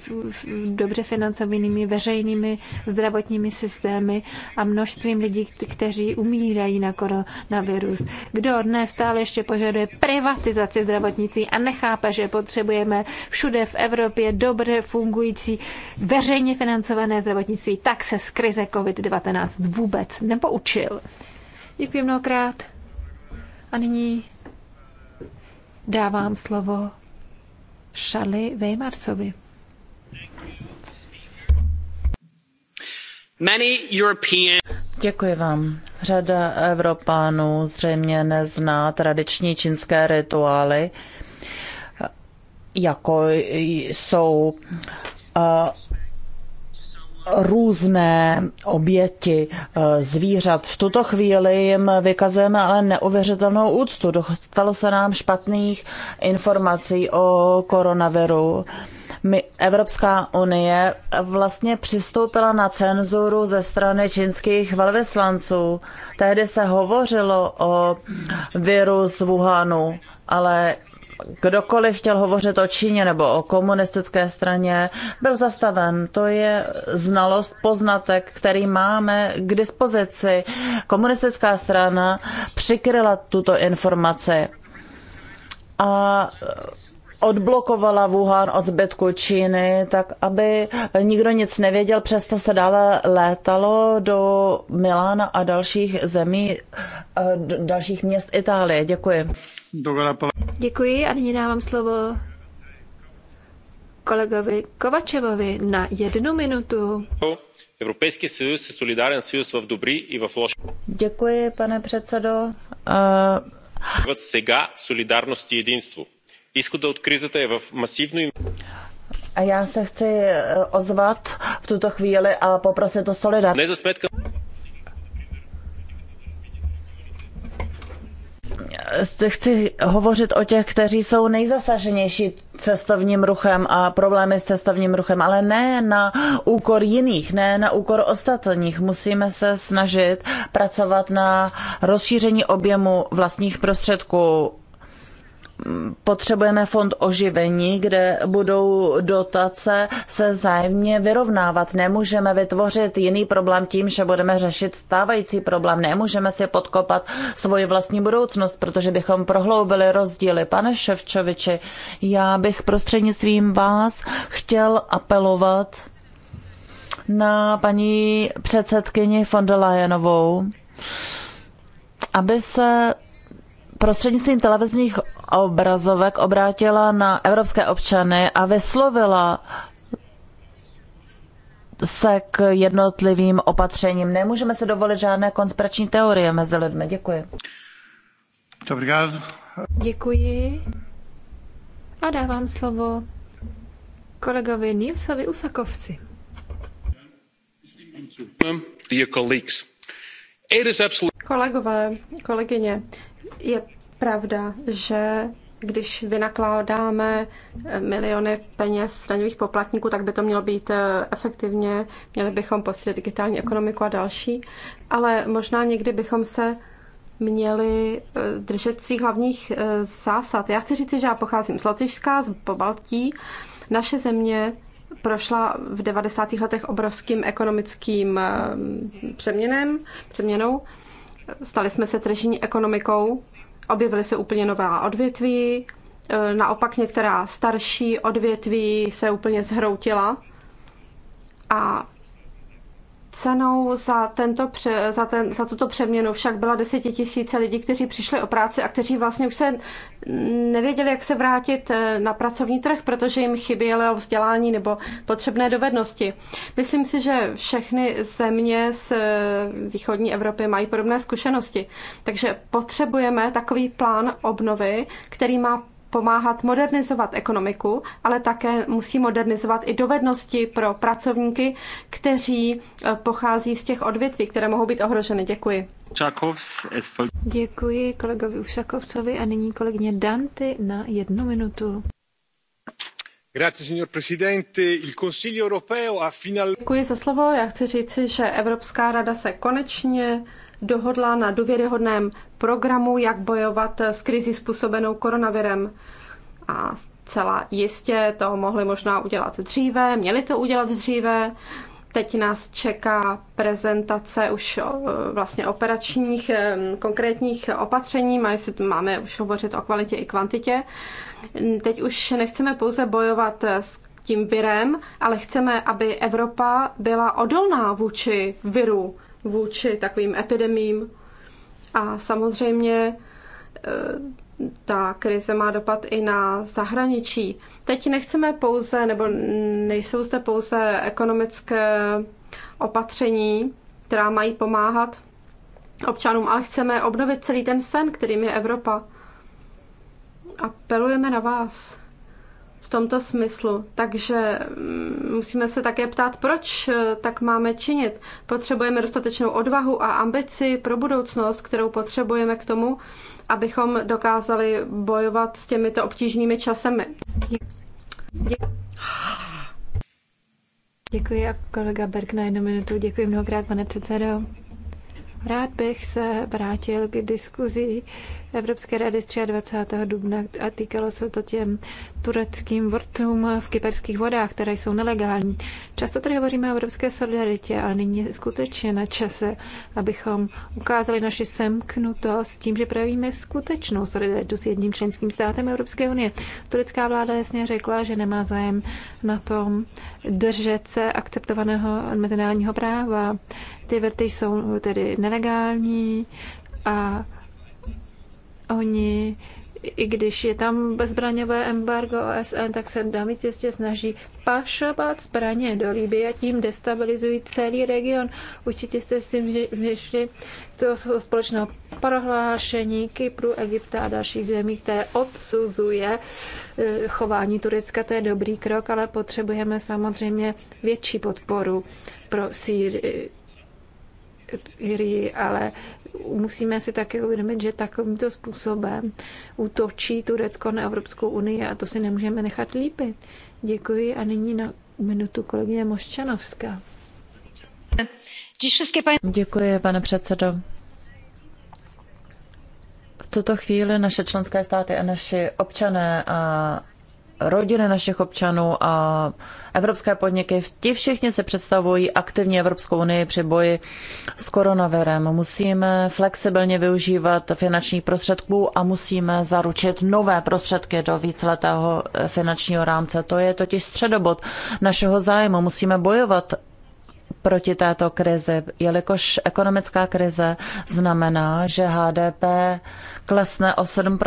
dobře financovanými veřejnými zdravotními systémy zemi a množstvím lidí, kteří umírají na koronavirus. Kdo dnes stále ještě požaduje privatizaci zdravotnicí a nechápe, že potřebujeme všude v Evropě dobře fungující veřejně financované zdravotnictví, tak se z krize COVID-19 vůbec nepoučil. Děkuji mnohokrát. A nyní dávám slovo Šarli Weimarsovi. Děkuji vám. Řada Evropánů zřejmě nezná tradiční čínské rituály, jako jsou eh, různé oběti eh, zvířat. V tuto chvíli jim vykazujeme ale neuvěřitelnou úctu. Dostalo se nám špatných informací o koronaviru my, Evropská unie vlastně přistoupila na cenzuru ze strany čínských velvyslanců. Tehdy se hovořilo o viru z Wuhanu, ale kdokoliv chtěl hovořit o Číně nebo o komunistické straně, byl zastaven. To je znalost, poznatek, který máme k dispozici. Komunistická strana přikryla tuto informaci. A odblokovala Wuhan od zbytku Číny, tak aby nikdo nic nevěděl, přesto se dále létalo do Milána a dalších zemí, dalších měst Itálie. Děkuji. Děkuji a nyní dávám slovo kolegovi Kovačevovi na jednu minutu. Evropský svět je solidární svět, v dobrý i v loš. Děkuji, pane předsedo. Uh... Сега солидарност и единство a já se chci ozvat v tuto chvíli a poprosit o solidaritu. Ne za smetka. chci hovořit o těch, kteří jsou nejzasaženější cestovním ruchem a problémy s cestovním ruchem, ale ne na úkor jiných, ne na úkor ostatních. Musíme se snažit pracovat na rozšíření objemu vlastních prostředků potřebujeme fond oživení, kde budou dotace se zájemně vyrovnávat. Nemůžeme vytvořit jiný problém tím, že budeme řešit stávající problém. Nemůžeme si podkopat svoji vlastní budoucnost, protože bychom prohloubili rozdíly. Pane Ševčoviči, já bych prostřednictvím vás chtěl apelovat na paní předsedkyni von der Leyenovou, aby se prostřednictvím televizních obrazovek obrátila na evropské občany a vyslovila se k jednotlivým opatřením. Nemůžeme se dovolit žádné konspirační teorie mezi lidmi. Děkuji. Děkuji. A dávám slovo kolegovi Nilsovi Usakovsi. Kolegové, kolegyně, je pravda, že když vynakládáme miliony peněz daňových poplatníků, tak by to mělo být eh, efektivně, měli bychom posílit digitální ekonomiku a další, ale možná někdy bychom se měli eh, držet svých hlavních eh, zásad. Já chci říct, že já pocházím z Lotyšska, z Pobaltí. Naše země prošla v 90. letech obrovským ekonomickým přeměnem, přeměnou stali jsme se tržní ekonomikou, objevily se úplně nová odvětví, e, naopak některá starší odvětví se úplně zhroutila a Cenou za, tento pře, za, ten, za tuto přeměnu však byla desetitisíce lidí, kteří přišli o práci a kteří vlastně už se nevěděli, jak se vrátit eh, na pracovní trh, protože jim chybělo vzdělání nebo potřebné dovednosti. Myslím si, že všechny země z eh, východní Evropy mají podobné zkušenosti. Takže potřebujeme takový plán obnovy, který má pomáhat modernizovat ekonomiku, ale také musí modernizovat i dovednosti pro pracovníky, kteří eh, pochází z těch odvětví, které mohou být ohroženy. Děkuji. Děkuji kolegovi Ušakovcovi a nyní kolegyně Danty na jednu minutu. Děkuji za slovo. Já chci říci, že Evropská rada se konečně dohodla na důvěryhodném programu, jak bojovat s krizí způsobenou koronavirem. A celá jistě to mohli možná udělat dříve, měli to udělat dříve. Teď nás čeká prezentace už eh, vlastně operačních eh, konkrétních opatření, máme už hovořit o kvalitě i kvantitě. Teď už nechceme pouze bojovat eh, s tím virem, ale chceme, aby Evropa byla odolná vůči viru, vůči takovým epidemím. A samozřejmě ta krize má dopad i na zahraničí. Teď nechceme pouze, nebo nejsou zde pouze ekonomické opatření, která mají pomáhat občanům, ale chceme obnovit celý ten sen, kterým je Evropa. Apelujeme na vás v tomto smyslu. Takže mm, musíme se také ptát, proč eh, tak máme činit. Potřebujeme dostatečnou odvahu a ambici pro budoucnost, kterou potřebujeme k tomu, abychom dokázali bojovat s těmito obtížnými časemi. Děkuji. Děkuji a kolega Berg na jednu minutu. Děkuji mnohokrát, pane předsedo. Rád bych se vrátil k diskuzi Evropské rady z 23. dubna a týkalo se to těm tureckým vrtům v kyperských vodách, které jsou nelegální. Často tady hovoříme o evropské solidaritě, ale nyní je skutečně na čase, abychom ukázali naši semknutost tím, že projevíme skutečnou solidaritu s jedním členským státem Evropské unie. Turecká vláda jasně řekla, že nemá zájem na tom držet se akceptovaného mezinárodního práva. Ty vrty jsou tedy nelegální a oni i když je tam bezbraňové embargo OSN, tak se na cestě snaží pašovat zbraně do Líby a tím destabilizují celý region. Určitě jste si myšli to společného prohlášení Kypru, Egypta a dalších zemí, které odsuzuje eh, chování Turecka. To je dobrý krok, ale potřebujeme samozřejmě větší podporu pro Sýrii hry, ale musíme si také uvědomit, že takovýmto způsobem útočí Turecko na Evropskou unii a to si nemůžeme nechat lípit. Děkuji a nyní na minutu kolegyně Moščanovská. Děkuji, pane předsedo. V tuto chvíli naše členské státy a naši občané a rodiny našich občanů a evropské podniky, ti všichni se představují aktivně Evropskou unii při boji s koronavirem. Musíme flexibilně využívat finančních prostředků a musíme zaručit nové prostředky do víceletého eh, finančního rámce. To je totiž středobod našeho zájmu. Musíme bojovat proti této krizi, jelikož ekonomická krize znamená, že HDP klesne o 7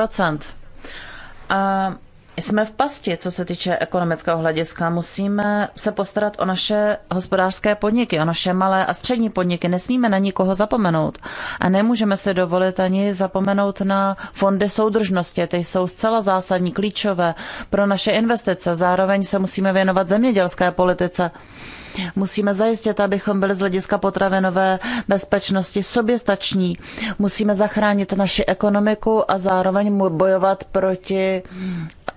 a jsme v pasti, co se týče ekonomického hlediska. Musíme se postarat o naše hospodářské podniky, o naše malé a střední podniky. Nesmíme na nikoho zapomenout. A nemůžeme se dovolit ani zapomenout na fondy soudržnosti. Ty jsou zcela zásadní, klíčové pro naše investice. Zároveň se musíme věnovat zemědělské politice. Musíme zajistit, abychom byli z hlediska potravinové bezpečnosti soběstační. Musíme zachránit naši ekonomiku a zároveň bojovat proti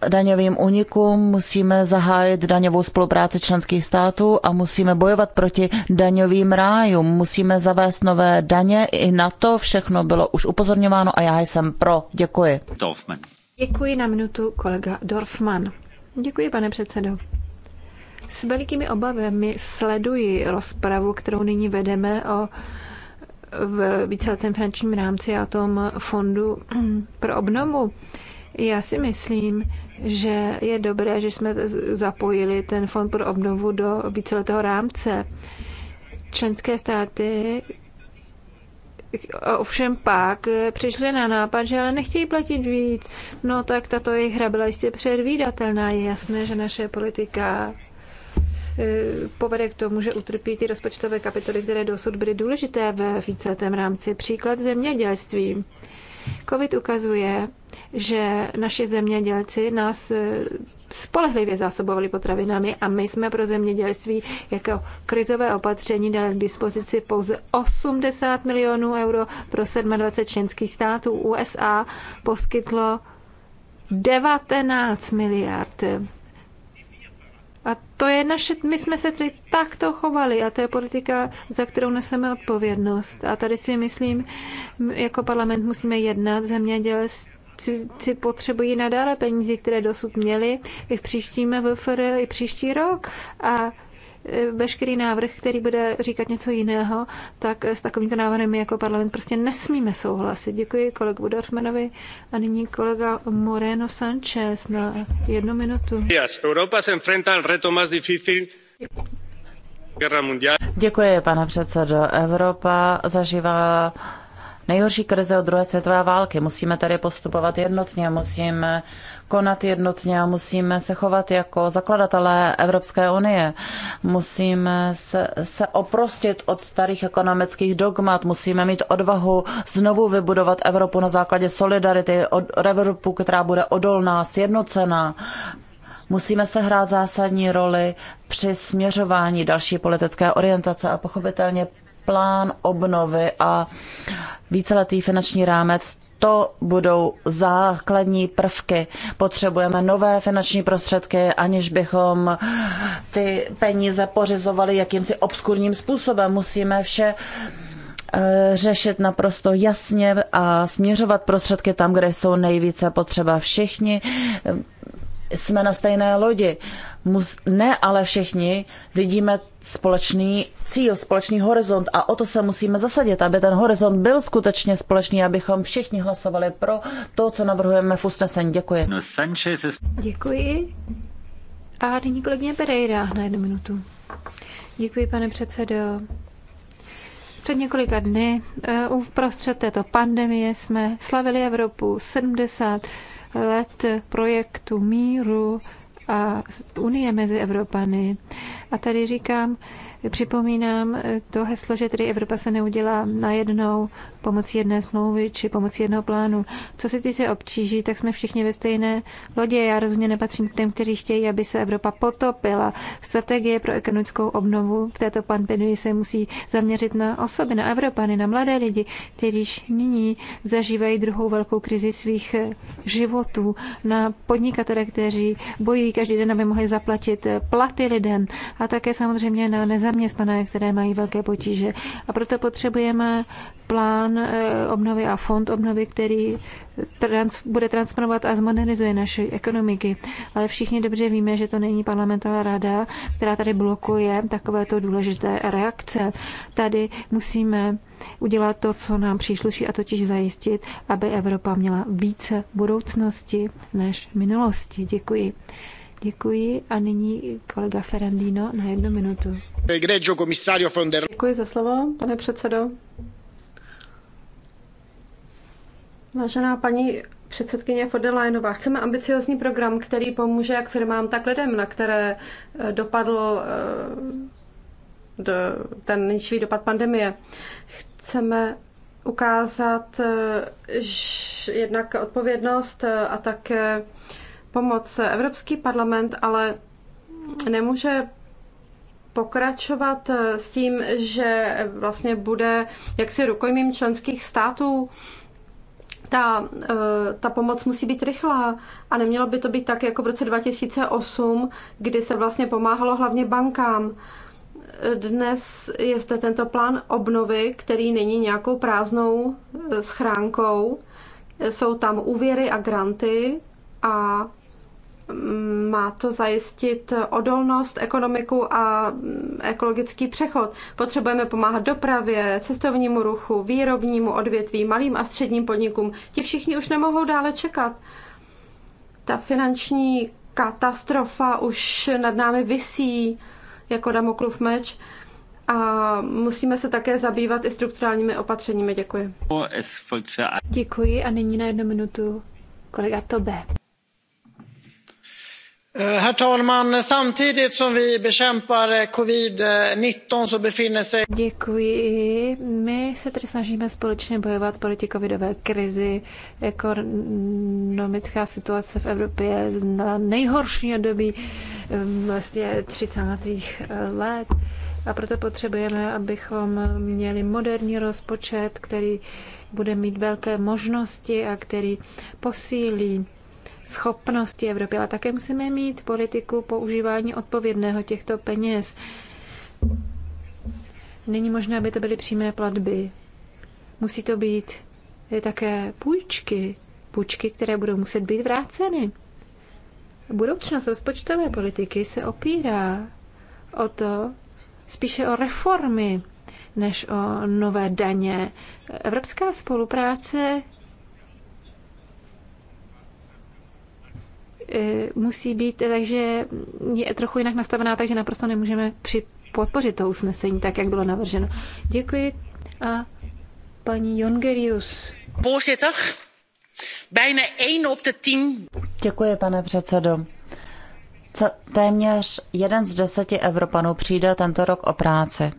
daňovým unikům, musíme zahájit daňovou spolupráci členských států a musíme bojovat proti daňovým rájům. Musíme zavést nové daně. I na to všechno bylo už upozorňováno a já jsem pro. Děkuji. Dorfman. Děkuji na minutu kolega Dorfman. Děkuji, pane předsedo. S velikými obavami sleduji rozpravu, kterou nyní vedeme o v víceletém finančním rámci a tom fondu pro obnovu. Já si myslím, že je dobré, že jsme zapojili ten fond pro obnovu do víceletého rámce. Členské státy ovšem pak přišli na nápad, že ale nechtějí platit víc. No tak tato jejich hra byla jistě předvídatelná. Je jasné, že naše politika E, povede k tomu, že utrpí ty rozpočtové kapitoly, které dosud byly důležité ve víceletém rámci. Příklad zemědělství. COVID ukazuje, že naši zemědělci nás e, spolehlivě zásobovali potravinami a my jsme pro zemědělství jako krizové opatření dali k dispozici pouze 80 milionů euro pro 27 členských států. USA poskytlo 19 miliard a to je naše, my jsme se tady takto chovali a to je politika, za kterou neseme odpovědnost. A tady si myslím, jako parlament musíme jednat, zemědělci si potřebují nadále peníze, které dosud měli i v příštím VFR, i příští rok. A veškerý návrh, který bude říkat něco jiného, tak s takovýmto návrhem jako parlament prostě nesmíme souhlasit. Děkuji kolegu Dorfmanovi a nyní kolega Moreno Sanchez na jednu minutu. Europa se enfrenta al reto más difícil Děkuji, pane předsedo. Evropa zažívá nejhorší krize od druhé světové války. Musíme tady postupovat jednotně, musíme konat jednotně a musíme se chovat jako zakladatelé Evropské unie. Musíme se, se oprostit od starých ekonomických dogmat, musíme mít odvahu znovu vybudovat Evropu na základě solidarity, od Evropu, která bude odolná, sjednocená musíme se hrát zásadní roli při směřování další politické orientace a pochopitelně plán obnovy a víceletý finanční rámec to budou základní prvky. Potřebujeme nové finanční prostředky, aniž bychom ty peníze pořizovali jakýmsi obskurním způsobem. Musíme vše eh, řešit naprosto jasně a směřovat prostředky tam, kde jsou nejvíce potřeba. Všichni eh, jsme na stejné lodi. Mus, ne ale všichni vidíme společný cíl, společný horizont a o to se musíme zasadit, aby ten horizont byl skutečně společný, abychom všichni hlasovali pro to, co navrhujeme v usnesení. Děkuji. No, Děkuji. A nyní kolegyně Pereira na jednu minutu. Děkuji, pane předsedo. Před několika dny eh, uprostřed této pandemie jsme slavili Evropu 70 let projektu míru, a unie mezi Evropany. A tady říkám, Připomínám eh, to heslo, že tedy Evropa se neudělá najednou pomocí jedné smlouvy či pomocí jednoho plánu. Co se se obtíží, tak jsme všichni ve stejné lodě. Já rozhodně nepatřím k těm, kteří chtějí, aby se Evropa potopila. Strategie pro ekonomickou obnovu v této pandemii se musí zaměřit na osoby, na Evropany, na mladé lidi, kteří nyní zažívají druhou velkou krizi svých eh, životů, na podnikatele, kteří bojují každý den, aby mohli zaplatit eh, platy lidem a také samozřejmě na nezávislost nezaměstnané, které mají velké potíže. A proto potřebujeme plán eh, obnovy a fond obnovy, který trans, bude transformovat a zmodernizuje naše ekonomiky. Ale všichni dobře víme, že to není parlament, ale rada, která tady blokuje takovéto důležité reakce. Tady musíme udělat to, co nám přísluší, a totiž zajistit, aby Evropa měla více budoucnosti než minulosti. Děkuji. Děkuji a nyní kolega Ferrandino na jednu minutu. Děkuji za slovo, pane předsedo. Vážená paní předsedkyně Fodelajnová, chceme ambiciozní program, který pomůže jak firmám, tak lidem, na které eh, dopadl eh, ten ničivý dopad pandemie. Chceme ukázat eh, jednak odpovědnost a také pomoc. Evropský parlament ale nemůže pokračovat eh, s tím, že vlastně bude jaksi rukojmím členských států. Ta, eh, ta pomoc musí být rychlá a nemělo by to být tak jako v roce 2008, kdy se vlastně pomáhalo hlavně bankám. Dnes je zde tento plán obnovy, který není nějakou prázdnou eh, schránkou. Jsou tam úvěry a granty a má to zajistit odolnost, ekonomiku a ekologický přechod. Potřebujeme pomáhat dopravě, cestovnímu ruchu, výrobnímu odvětví, malým a středním podnikům. Ti všichni už nemohou dále čekat. Ta finanční katastrofa už nad námi visí jako damoklov meč a musíme se také zabývat i strukturálními opatřeními. Děkuji. Děkuji a nyní na jednu minutu kolega Tobe. Eh, herr talman, samtidigt som vi bekämpar eh, covid-19 så befinner sig... Děkuji. My se tady snažíme společně bojovat proti covidové krizi. Ekonomická situace v Evropě je na nejhorší období eh, vlastně 30. let. A proto potřebujeme, abychom měli moderní rozpočet, který bude mít velké možnosti a který posílí schopnosti Evropy, ale také musíme mít politiku používání odpovědného těchto peněz. Není možné, aby to byly přímé platby. Musí to být eh, také půjčky, půjčky, které budou muset být vráceny. Budoucnost rozpočtové politiky se opírá o to, spíše o reformy, než o nové daně. Evropská spolupráce E, musí být, takže je trochu jinak nastavená, takže naprosto nemůžeme při podpořit to usnesení, tak jak bylo navrženo. Děkuji a paní Jongerius. Voorzitter, bijna op de Děkuji, pane předsedo. Téměř jeden z deseti Evropanů přijde tento rok o práci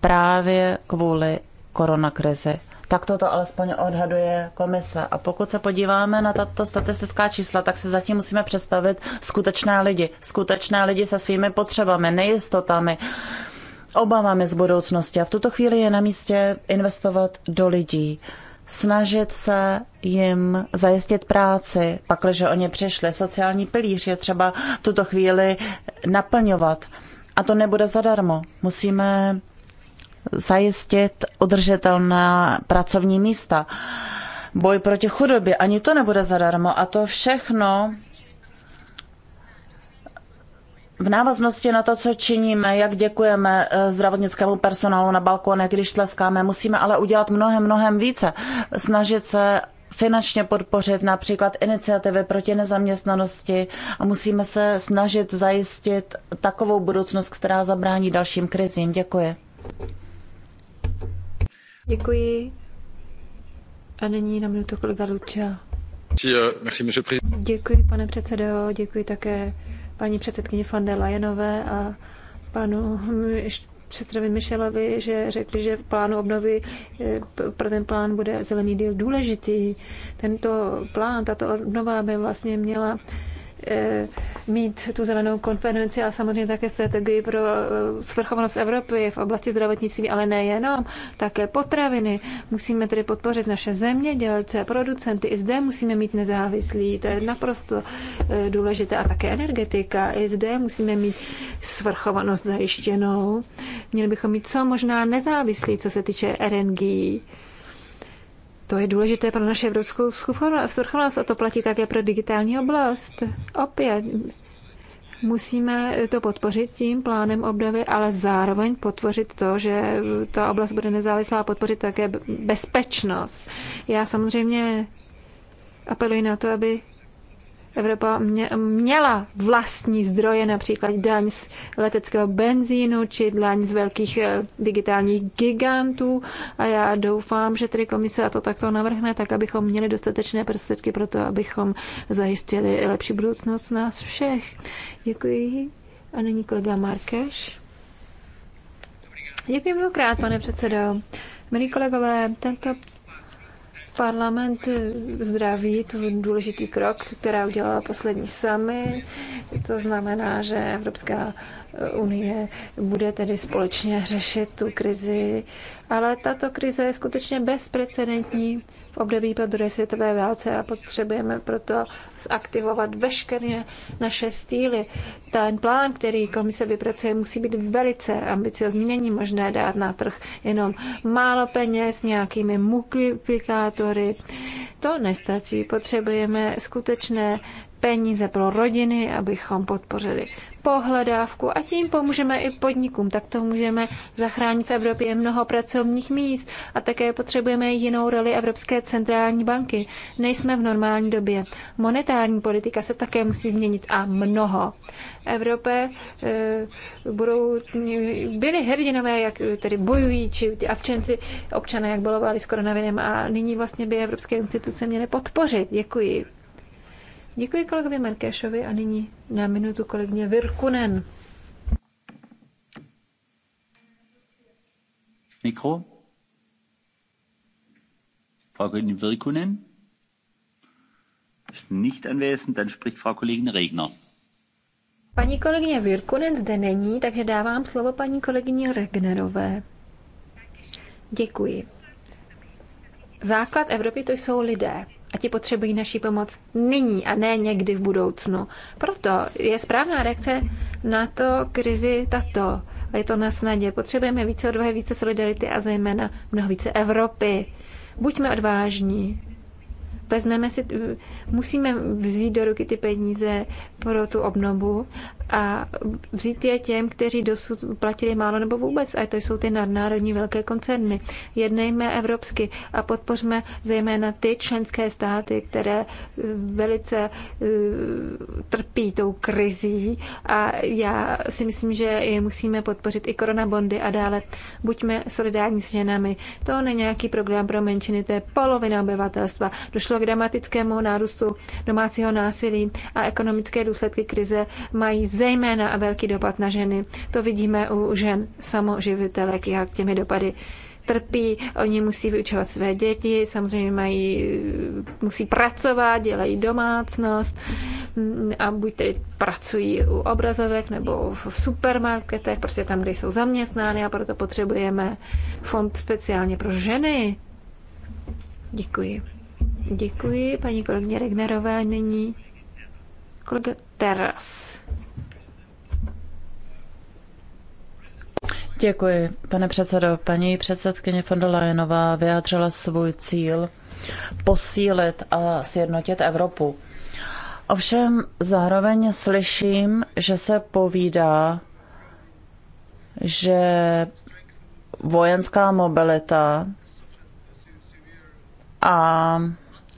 právě kvůli koronakrizi. Tak toto alespoň odhaduje komise. A pokud se podíváme na tato statistická čísla, tak se zatím musíme představit skutečné lidi. Skutečné lidi se svými potřebami, nejistotami, obavami z budoucnosti. A v tuto chvíli je na místě investovat do lidí snažit se jim zajistit práci, pakliže o ně přišli. Sociální pilíř je třeba v tuto chvíli naplňovat. A to nebude zadarmo. Musíme zajistit udržitelná pracovní místa. Boj proti chudobě, ani to nebude zadarmo a to všechno v návaznosti na to, co činíme, jak děkujeme eh, zdravotnickému personálu na balkonech, když tleskáme, musíme ale udělat mnohem, mnohem více. Snažit se finančně podpořit například iniciativy proti nezaměstnanosti a musíme se snažit zajistit takovou budoucnost, která zabrání dalším krizím. Děkuji. Děkuji. A nyní na minutu kolega Luča. Euh, děkuji, pane předsedo, děkuji také paní předsedkyni van der Leyenové a panu předsedovi Michelovi, že řekli, že v plánu obnovy eh, pro ten plán bude zelený díl důležitý. Tento plán, tato obnova by vlastně měla Eh, mít tu zelenou konferenci, a samozřejmě také strategii pro eh, svrchovanost Evropy v oblasti zdravotnictví, ale nejenom, také potraviny. Musíme tedy podpořit naše zemědělce, producenty. I zde musíme mít nezávislí, to je naprosto eh, důležité. A také energetika. I zde musíme mít svrchovanost zajištěnou. Měli bychom mít co možná nezávislí, co se týče energií. To je důležité pro naše evropskou svrchovanost a to platí také pro digitální oblast. Opět musíme to podpořit tím plánem obnovy, ale zároveň potvořit to, že ta oblast bude nezávislá a podpořit také bezpečnost. Já samozřejmě apeluji na to, aby Evropa měla vlastní zdroje, například daň z leteckého benzínu či daň z velkých eh, digitálních gigantů. A já doufám, že tedy komise a to takto navrhne, tak abychom měli dostatečné prostředky pro to, abychom zajistili lepší budoucnost nás všech. Děkuji. A nyní kolega Markeš. Děkuji mnohokrát, pane předsedo. Milí kolegové, tento Parlament zdraví, to je důležitý krok, která udělala poslední sami. To znamená, že Evropská unie bude tedy společně řešit tu krizi ale tato krize je skutečně bezprecedentní v období po druhé světové válce a potřebujeme proto zaktivovat veškerně naše stíly. Ten plán, který komise vypracuje, musí být velice ambiciozní. Není možné dát na trh jenom málo peněz nějakými multiplikátory. To nestačí. Potřebujeme skutečné peníze pro rodiny, abychom podpořili pohledávku a tím pomůžeme i podnikům. Tak to můžeme zachránit v Evropě mnoho pracovních míst a také potřebujeme jinou roli Evropské centrální banky. Nejsme v normální době. Monetární politika se také musí změnit a mnoho. Evropě eh, budou, byly hrdinové, jak tedy bojují, či ty občanci, občané, jak bojovali s koronavirem a nyní vlastně by evropské instituce měly podpořit. Děkuji. Děkuji kolegovi Markéšovi a nyní na minutu kolegyně Virkunen. Mikro? Frau Kollegin Virkunen? Ist nicht anwesend, dann spricht Frau Kollegin Regner. Paní kolegyně Virkunen zde není, takže dávám slovo paní kolegyně Regnerové. Děkuji. Základ Evropy to jsou lidé a ti potřebují naší pomoc nyní a ne někdy v budoucnu. Proto je správná reakce na to krizi tato. A je to na snadě. Potřebujeme více odvahy, více solidarity a zejména mnoho více Evropy. Buďme odvážní vezmeme si, musíme vzít do ruky ty peníze pro tu obnovu a vzít je těm, kteří dosud platili málo nebo vůbec, a to jsou ty nadnárodní velké koncerny. Jednejme evropsky a podpořme zejména ty členské státy, které eh, velice eh, trpí tou krizí a já si myslím, že je musíme podpořit i koronabondy a dále. Buďme solidární s ženami. To není nějaký program pro menšiny, to je polovina obyvatelstva. Došlo došlo k dramatickému nárůstu domácího násilí a ekonomické důsledky krize mají zejména velký dopad na ženy. To vidíme u žen samoživitelek, jak těmi dopady trpí, oni musí vyučovat své děti, samozřejmě mají, musí pracovat, dělají domácnost mm, a buď tedy pracují u obrazovek nebo v supermarketech, prostě tam, kde jsou zaměstnány a proto potřebujeme fond speciálně pro ženy. Děkuji. Děkuji paní kolegyně Regnerové. Nyní kolega Teras. Děkuji, pane předsedo. Paní předsedkyně von der Leyenová vyjádřila svůj cíl posílit a sjednotit Evropu. Ovšem zároveň slyším, že se povídá, že vojenská mobilita a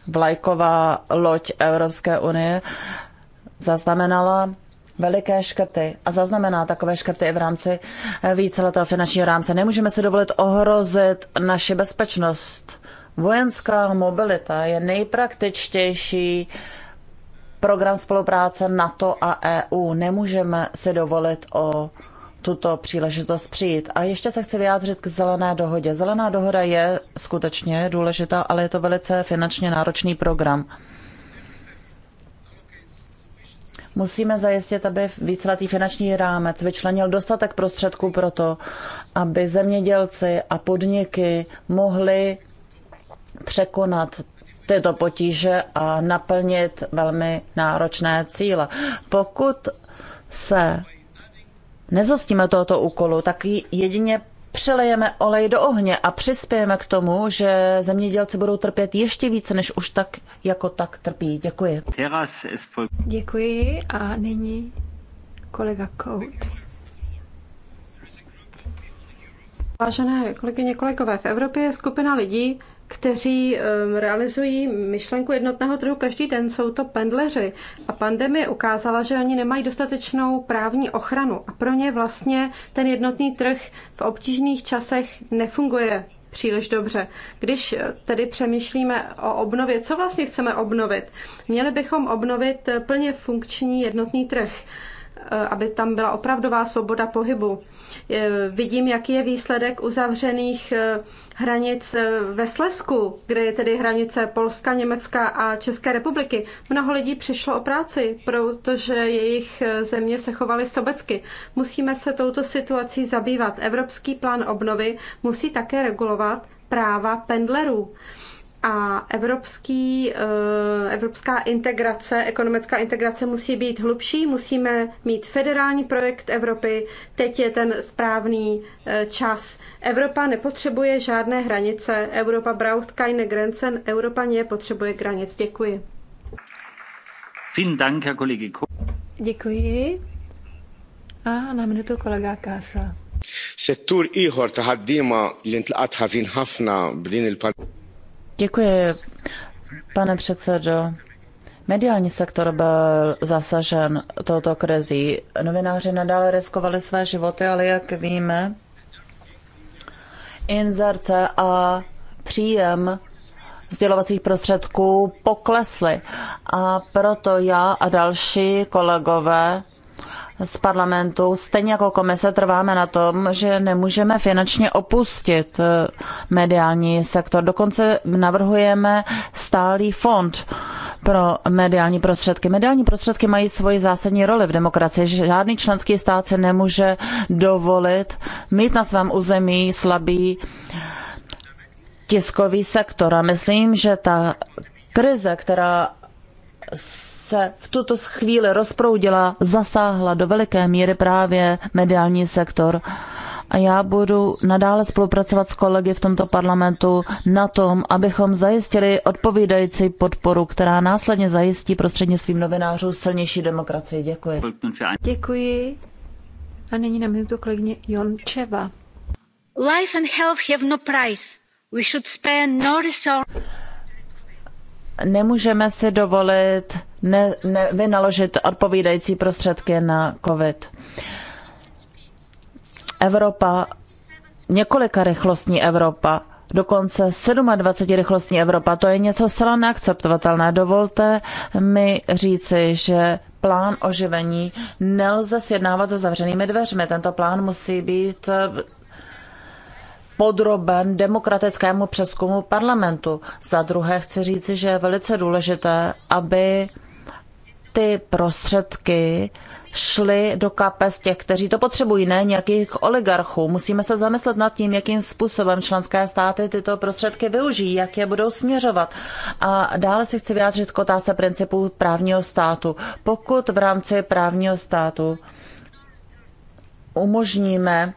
vlajková loď Evropské unie zaznamenala veliké škrty a zaznamená takové škrty i v rámci eh, víceletého finančního rámce. Nemůžeme si dovolit ohrozit naši bezpečnost. Vojenská mobilita je nejpraktičtější program spolupráce NATO a EU. Nemůžeme si dovolit o tuto příležitost přijít. A ještě se chci vyjádřit k zelené dohodě. Zelená dohoda je skutečně důležitá, ale je to velice finančně náročný program. Musíme zajistit, aby víceletý finanční rámec vyčlenil dostatek prostředků pro to, aby zemědělci a podniky mohli překonat tyto potíže a naplnit velmi náročné cíle. Pokud se nezostíme tohoto úkolu, tak jedině přelejeme olej do ohně a přispějeme k tomu, že zemědělci budou trpět ještě více, než už tak jako tak trpí. Děkuji. Děkuji a nyní kolega Kout. Vážené kolegyně, kolegové, v Evropě je skupina lidí, kteří ehm, realizují myšlenku jednotného trhu každý den, jsou to pendleři. A pandemie ukázala, že oni nemají dostatečnou právní ochranu a pro ně vlastně ten jednotný trh v obtížných časech nefunguje příliš dobře. Když eh, tedy přemýšlíme o obnově, co vlastně chceme obnovit? Měli bychom obnovit eh, plně funkční jednotný trh. Eh, aby tam byla opravdová svoboda pohybu. Vidím, jaký je výsledek uzavřených eh, hranic eh, ve Slesku, kde je tedy hranice Polska, Německa a České republiky. Mnoho lidí přišlo o práci, protože jejich země se chovaly sobecky. Musíme se touto situací zabývat. Evropský plán obnovy musí také regulovat práva pendlerů. A evropský, eh, evropská integrace, ekonomická integrace musí být hlubší, musíme mít federální projekt Evropy, teď je ten správný eh, čas. Evropa nepotřebuje žádné hranice, Evropa braucht keine Grenzen, Evropa nie potřebuje granic. Děkuji. Děkuji. A na minutu kolega Kása. Settur iħor ta' ħaddiema li ntlaqat b'din il Děkuji, pane předsedo. Mediální sektor byl zasažen touto krizí. Novináři nadále riskovali své životy, ale jak víme, inzerce a příjem sdělovacích prostředků poklesly. A proto já a další kolegové z parlamentu, stejně jako komise, trváme na tom, že nemůžeme finančně opustit eh, mediální sektor. Dokonce navrhujeme stálý fond pro mediální prostředky. Mediální prostředky mají svoji zásadní roli v demokracii. Žádný členský stát se nemůže dovolit mít na svém území slabý tiskový sektor. A myslím, že ta krize, která se v tuto chvíli rozproudila, zasáhla do veliké míry právě mediální sektor. A já budu nadále spolupracovat s kolegy v tomto parlamentu na tom, abychom zajistili odpovídající podporu, která následně zajistí prostřednictvím novinářů silnější demokracii. Děkuji. Děkuji. A nyní na minutu kolegyně Jončeva. Life and health have no price. We should spare no resource nemůžeme si dovolit ne, vynaložit odpovídající prostředky na COVID. Evropa, několika rychlostní Evropa, dokonce 27 rychlostní Evropa, to je něco zcela neakceptovatelné. Dovolte mi říci, že plán oživení nelze sjednávat za zavřenými dveřmi. Tento plán musí být podroben demokratickému přeskumu parlamentu. Za druhé chci říci, že je velice důležité, aby ty prostředky šly do kapes těch, kteří to potřebují, ne nějakých oligarchů. Musíme se zamyslet nad tím, jakým způsobem členské státy tyto prostředky využijí, jak je budou směřovat. A dále si chci vyjádřit k otázce principů právního státu. Pokud v rámci právního státu umožníme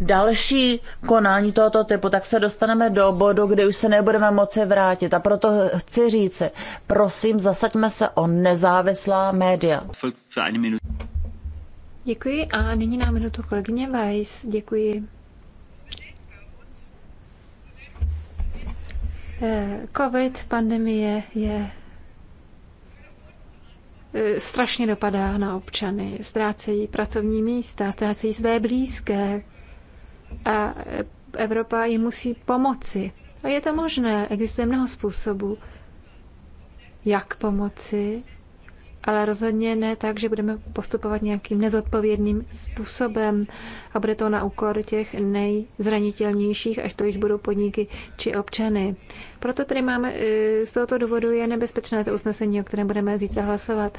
další konání tohoto typu, tak se dostaneme do bodu, kdy už se nebudeme moci vrátit. A proto chci říci, prosím, zasaďme se o nezávislá média. Děkuji a nyní na minutu kolegyně Weiss. Děkuji. Eh, COVID, pandemie je eh, strašně dopadá na občany. Ztrácejí pracovní místa, ztrácejí své blízké a Evropa jim musí pomoci. A je to možné, existuje mnoho způsobů, jak pomoci, ale rozhodně ne tak, že budeme postupovat nějakým nezodpovědným způsobem a bude to na úkor těch nejzranitelnějších, až to již budou podniky či občany. Proto tady máme, e, z tohoto důvodu je nebezpečné to usnesení, o kterém budeme zítra hlasovat.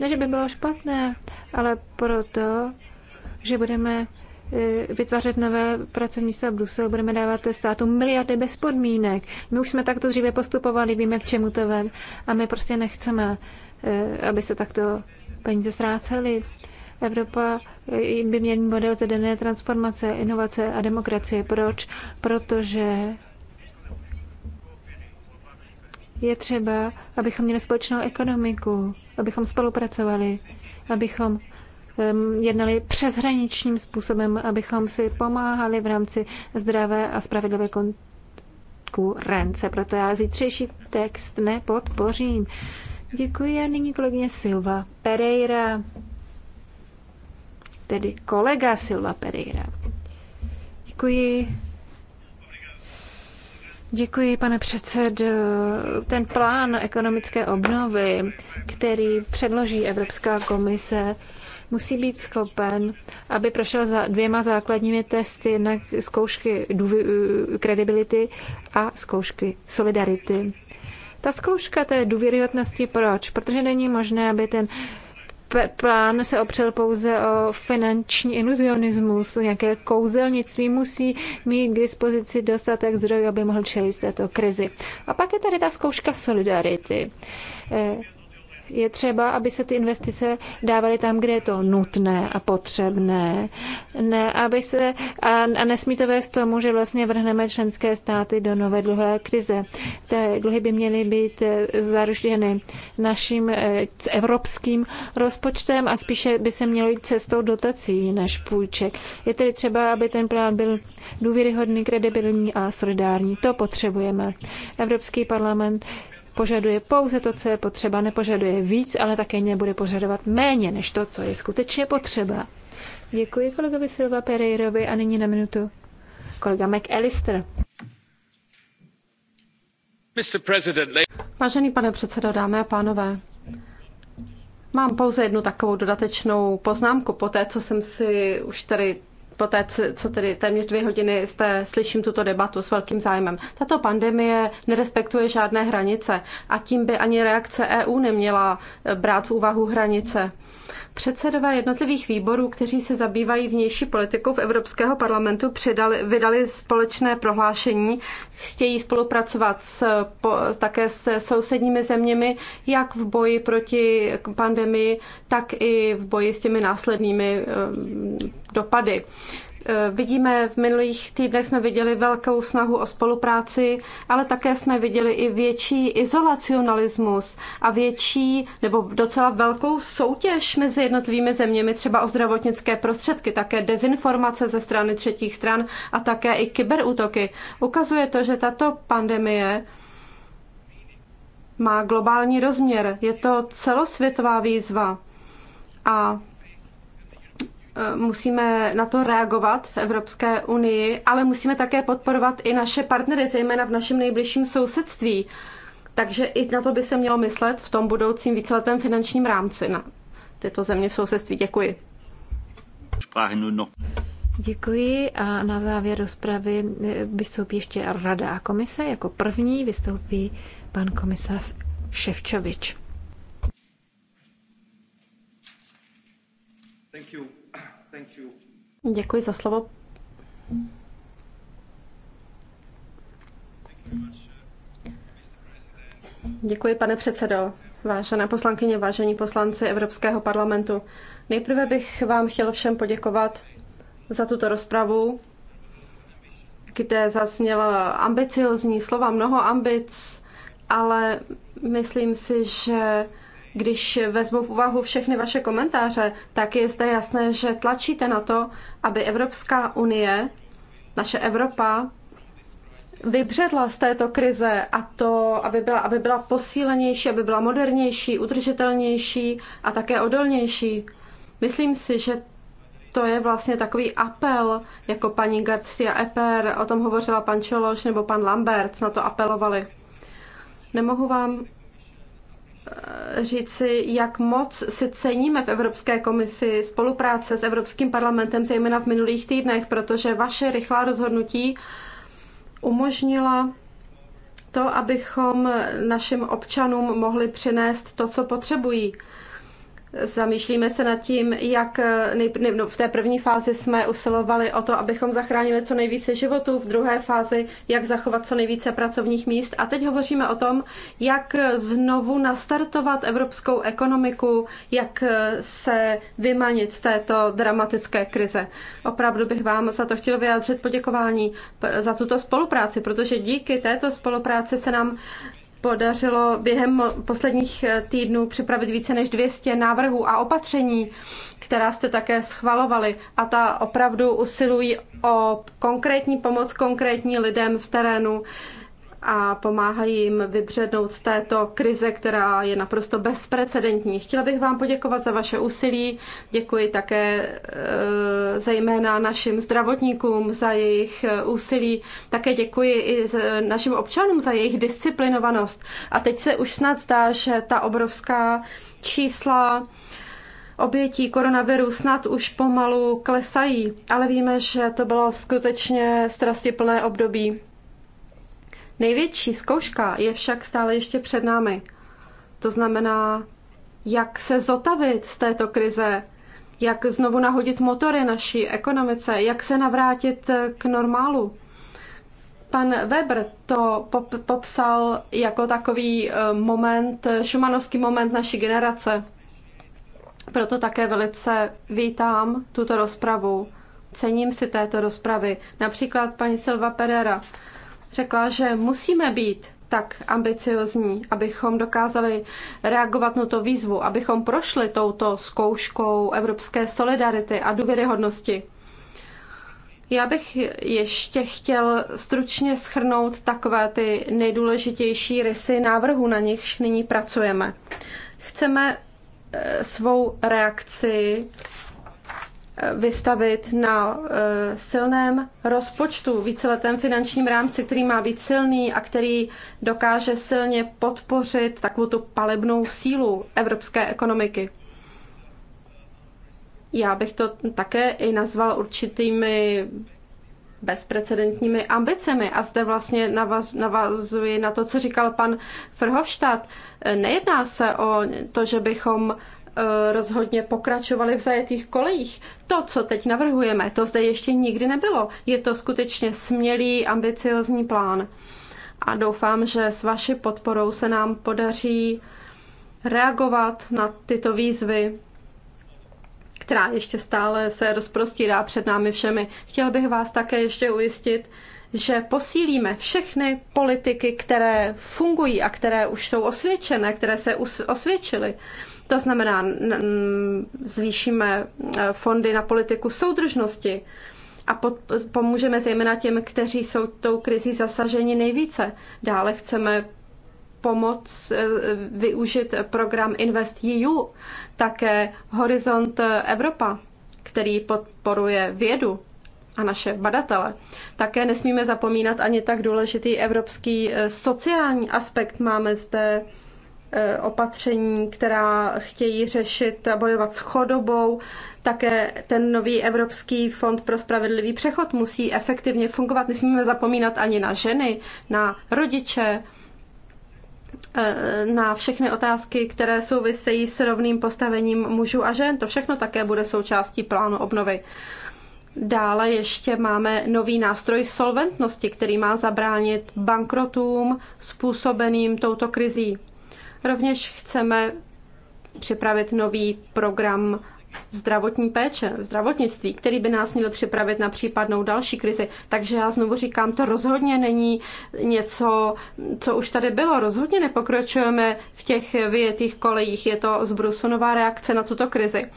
Ne, že by bylo špatné, ale proto, že budeme E, vytvářet nové pracovní místa v Bruselu, budeme dávat státu miliardy bez podmínek. My už jsme takto dříve postupovali, víme, k čemu to ven a my prostě nechceme, e, aby se takto peníze ztrácely. Evropa e, by měl model zelené transformace, inovace a demokracie. Proč? Protože je třeba, abychom měli společnou ekonomiku, abychom spolupracovali, abychom Ehm, jednali přeshraničním způsobem, abychom si pomáhali v rámci zdravé a spravedlivé konkurence. Proto já zítřejší text nepodpořím. Děkuji a nyní kolegyně Silva Pereira, tedy kolega Silva Pereira. Děkuji. Děkuji, pane předsed. Ten plán ekonomické obnovy, který předloží Evropská komise, musí být schopen, aby prošel za dvěma základními testy, jednak zkoušky kredibility a zkoušky solidarity. Ta zkouška té důvěryhodnosti proč? Protože není možné, aby ten plán se opřel pouze o finanční iluzionismus, nějaké kouzelnictví, musí mít k dispozici dostatek zdrojů, aby mohl čelit této krizi. A pak je tady ta zkouška solidarity. Eh, je třeba, aby se ty investice dávaly tam, kde je to nutné a potřebné. Ne, aby se, a, a nesmí to vést k tomu, že vlastně vrhneme členské státy do nové dluhové krize. Ty dluhy by měly být eh, zarušeny naším eh, evropským rozpočtem a spíše by se mělo jít cestou dotací než půjček. Je tedy třeba, aby ten plán byl důvěryhodný, kredibilní a solidární. To potřebujeme. Evropský parlament Požaduje pouze to, co je potřeba, nepožaduje víc, ale také nebude požadovat méně než to, co je skutečně potřeba. Děkuji kolegovi Silva Pereirovi a nyní na minutu kolega McAllister. Vážený pane předsedo, dámy a pánové, Mám pouze jednu takovou dodatečnou poznámku po té, co jsem si už tady po té, co tedy téměř dvě hodiny jste, slyším tuto debatu s velkým zájmem. Tato pandemie nerespektuje žádné hranice a tím by ani reakce EU neměla brát v úvahu hranice. Předsedové jednotlivých výborů, kteří se zabývají vnější politikou v Evropského parlamentu, předali, vydali společné prohlášení. Chtějí spolupracovat s, po, také se sousedními zeměmi, jak v boji proti pandemii, tak i v boji s těmi následnými um, dopady. Uh, Eh, vidíme, v minulých týdnech jsme viděli velkou snahu o spolupráci, ale také jsme viděli i větší izolacionalismus a větší nebo docela velkou soutěž mezi jednotlivými zeměmi, třeba o zdravotnické prostředky, také dezinformace ze strany třetích stran a také i kyberútoky. Ukazuje to, že tato pandemie má globální rozměr. Je to celosvětová výzva. A Eh, musíme na to reagovat v Evropské unii, ale musíme také podporovat i naše partnery, zejména v našem nejbližším sousedství. Takže i na to by se mělo myslet v tom budoucím víceletém finančním rámci na tyto země v sousedství. Děkuji. Děkuji a na závěr rozpravy eh, vystoupí ještě Rada a komise. Jako první vystoupí pan komisař Ševčovič. Thank you. Děkuji za slovo. Děkuji, pane předsedo. Vážené poslankyně, vážení poslanci Evropského parlamentu, nejprve bych vám chtěl všem poděkovat za tuto rozpravu, kde zazněla ambiciozní slova, mnoho ambic, ale myslím si, že když vezmu v úvahu všechny vaše komentáře, tak je zde jasné, že tlačíte na to, aby Evropská unie, naše Evropa, vybředla z této krize a to, aby byla, aby byla posílenější, aby byla modernější, udržitelnější a také odolnější. Myslím si, že to je vlastně takový apel, jako paní Garcia Eper, o tom hovořila pan Čološ nebo pan Lambert, na to apelovali. Nemohu vám Eh, říci, jak moc si ceníme v Evropské komisi spolupráce s Evropským parlamentem, zejména v minulých týdnech, protože vaše rychlá rozhodnutí umožnila to, abychom našim občanům mohli přinést to, co potřebují. Zamýšlíme se nad tím, jak ne, no, v té první fázi jsme usilovali o to, abychom zachránili co nejvíce životů, v druhé fázi, jak zachovat co nejvíce pracovních míst. A teď hovoříme o tom, jak znovu nastartovat evropskou ekonomiku, jak se vymanit z této dramatické krize. Opravdu bych vám za to chtěl vyjádřit poděkování za tuto spolupráci, protože díky této spolupráci se nám podařilo během posledních eh, týdnů připravit více než 200 návrhů a opatření, která jste také schvalovali. A ta opravdu usilují o konkrétní pomoc konkrétní lidem v terénu a pomáhají jim vybřednout z této krize, která je naprosto bezprecedentní. Chtěla bych vám poděkovat za vaše úsilí, děkuji také e, zejména našim zdravotníkům za jejich e, úsilí, také děkuji i e, našim občanům za jejich disciplinovanost. A teď se už snad zdá, že ta obrovská čísla obětí koronaviru snad už pomalu klesají, ale víme, že to bylo skutečně strastiplné období. Největší zkouška je však stále ještě před námi. To znamená, jak se zotavit z této krize, jak znovu nahodit motory naší ekonomice, jak se navrátit k normálu. Pan Weber to pop- popsal jako takový eh, moment, šumanovský moment naší generace. Proto také velice vítám tuto rozpravu. Cením si této rozpravy. Například paní Silva Pereira řekla, že musíme být tak ambiciozní, abychom dokázali reagovat na to výzvu, abychom prošli touto zkouškou evropské solidarity a důvěryhodnosti. Já bych ještě chtěl stručně schrnout takové ty nejdůležitější rysy návrhu, na nichž nyní pracujeme. Chceme eh, svou reakci vystavit na e, silném rozpočtu, víceletém finančním rámci, který má být silný a který dokáže silně podpořit takovou tu palebnou sílu evropské ekonomiky. Já bych to také i nazval určitými bezprecedentními ambicemi. A zde vlastně navaz, navazuji na to, co říkal pan Frhovštát. Nejedná se o to, že bychom Eh, rozhodně pokračovali v zajetých kolejích. To, co teď navrhujeme, to zde ještě nikdy nebylo. Je to skutečně smělý, ambiciozní plán. A doufám, že s vaší podporou se nám podaří reagovat na tyto výzvy, která ještě stále se rozprostírá před námi všemi. Chtěl bych vás také ještě ujistit, že posílíme všechny politiky, které fungují a které už jsou osvědčené, které se osvědčily. To znamená, zvýšíme e, fondy na politiku soudržnosti a pod, pomůžeme zejména těm, kteří jsou tou krizí zasaženi nejvíce. Dále chceme pomoc e, využít program Invest EU, také Horizont Evropa, který podporuje vědu a naše badatele. Také nesmíme zapomínat ani tak důležitý evropský e, sociální aspekt. Máme zde E, opatření, která chtějí řešit a bojovat s chodobou. Také ten nový Evropský fond pro spravedlivý přechod musí efektivně fungovat. Nesmíme zapomínat ani na ženy, na rodiče, e, na všechny otázky, které souvisejí s rovným postavením mužů a žen. To všechno také bude součástí plánu obnovy. Dále ještě máme nový nástroj solventnosti, který má zabránit bankrotům způsobeným touto krizí. Rovněž chceme připravit nový program zdravotní péče, zdravotnictví, který by nás měl připravit na případnou další krizi. Takže já znovu říkám, to rozhodně není něco, co už tady bylo. Rozhodně nepokročujeme v těch vyjetých kolejích. Je to zbrusunová reakce na tuto krizi.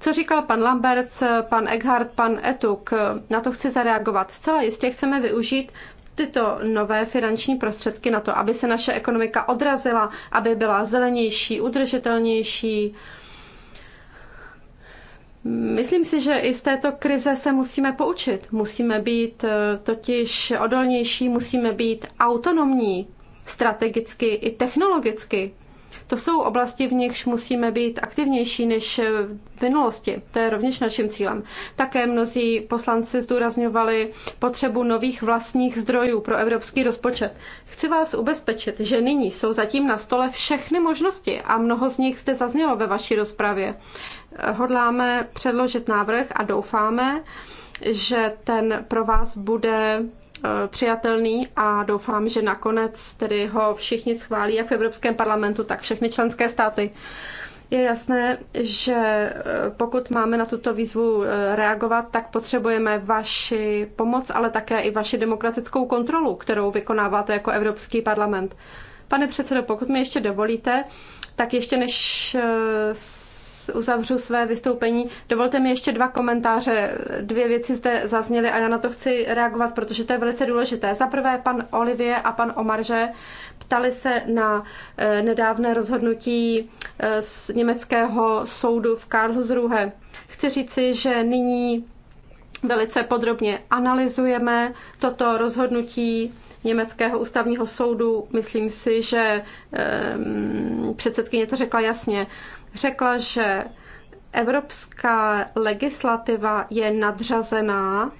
Co říkal pan Lamberts, pan Eckhart, pan Etuk, na to chci zareagovat. Zcela jistě chceme využít tyto nové finanční prostředky na to, aby se naše ekonomika odrazila, aby byla zelenější, udržitelnější. Myslím si, že i z této krize se musíme poučit. Musíme být eh, totiž odolnější, musíme být autonomní strategicky i technologicky. To jsou oblasti, v nichž musíme být aktivnější než v minulosti. To je rovněž naším cílem. Také mnozí poslanci zdůrazňovali potřebu nových vlastních zdrojů pro evropský rozpočet. Chci vás ubezpečit, že nyní jsou zatím na stole všechny možnosti a mnoho z nich jste zaznělo ve vaší rozpravě. Hodláme předložit návrh a doufáme, že ten pro vás bude Eh, přijatelný a doufám, že nakonec tedy ho všichni schválí, jak v Evropském parlamentu, tak všechny členské státy. Je jasné, že eh, pokud máme na tuto výzvu eh, reagovat, tak potřebujeme vaši pomoc, ale také i vaši demokratickou kontrolu, kterou vykonáváte jako Evropský parlament. Pane předsedo, pokud mi ještě dovolíte, tak ještě než uzavřu své vystoupení. Dovolte mi ještě dva komentáře. Dvě věci zde zazněly a já na to chci reagovat, protože to je velice důležité. Za prvé, pan Olivie a pan Omarže ptali se na eh, nedávné rozhodnutí eh, z německého soudu v Karlsruhe. Chci říci, že nyní velice podrobně analyzujeme toto rozhodnutí německého ústavního soudu. Myslím si, že ehm, předsedkyně to řekla jasně řekla, že evropská legislativa je nadřazená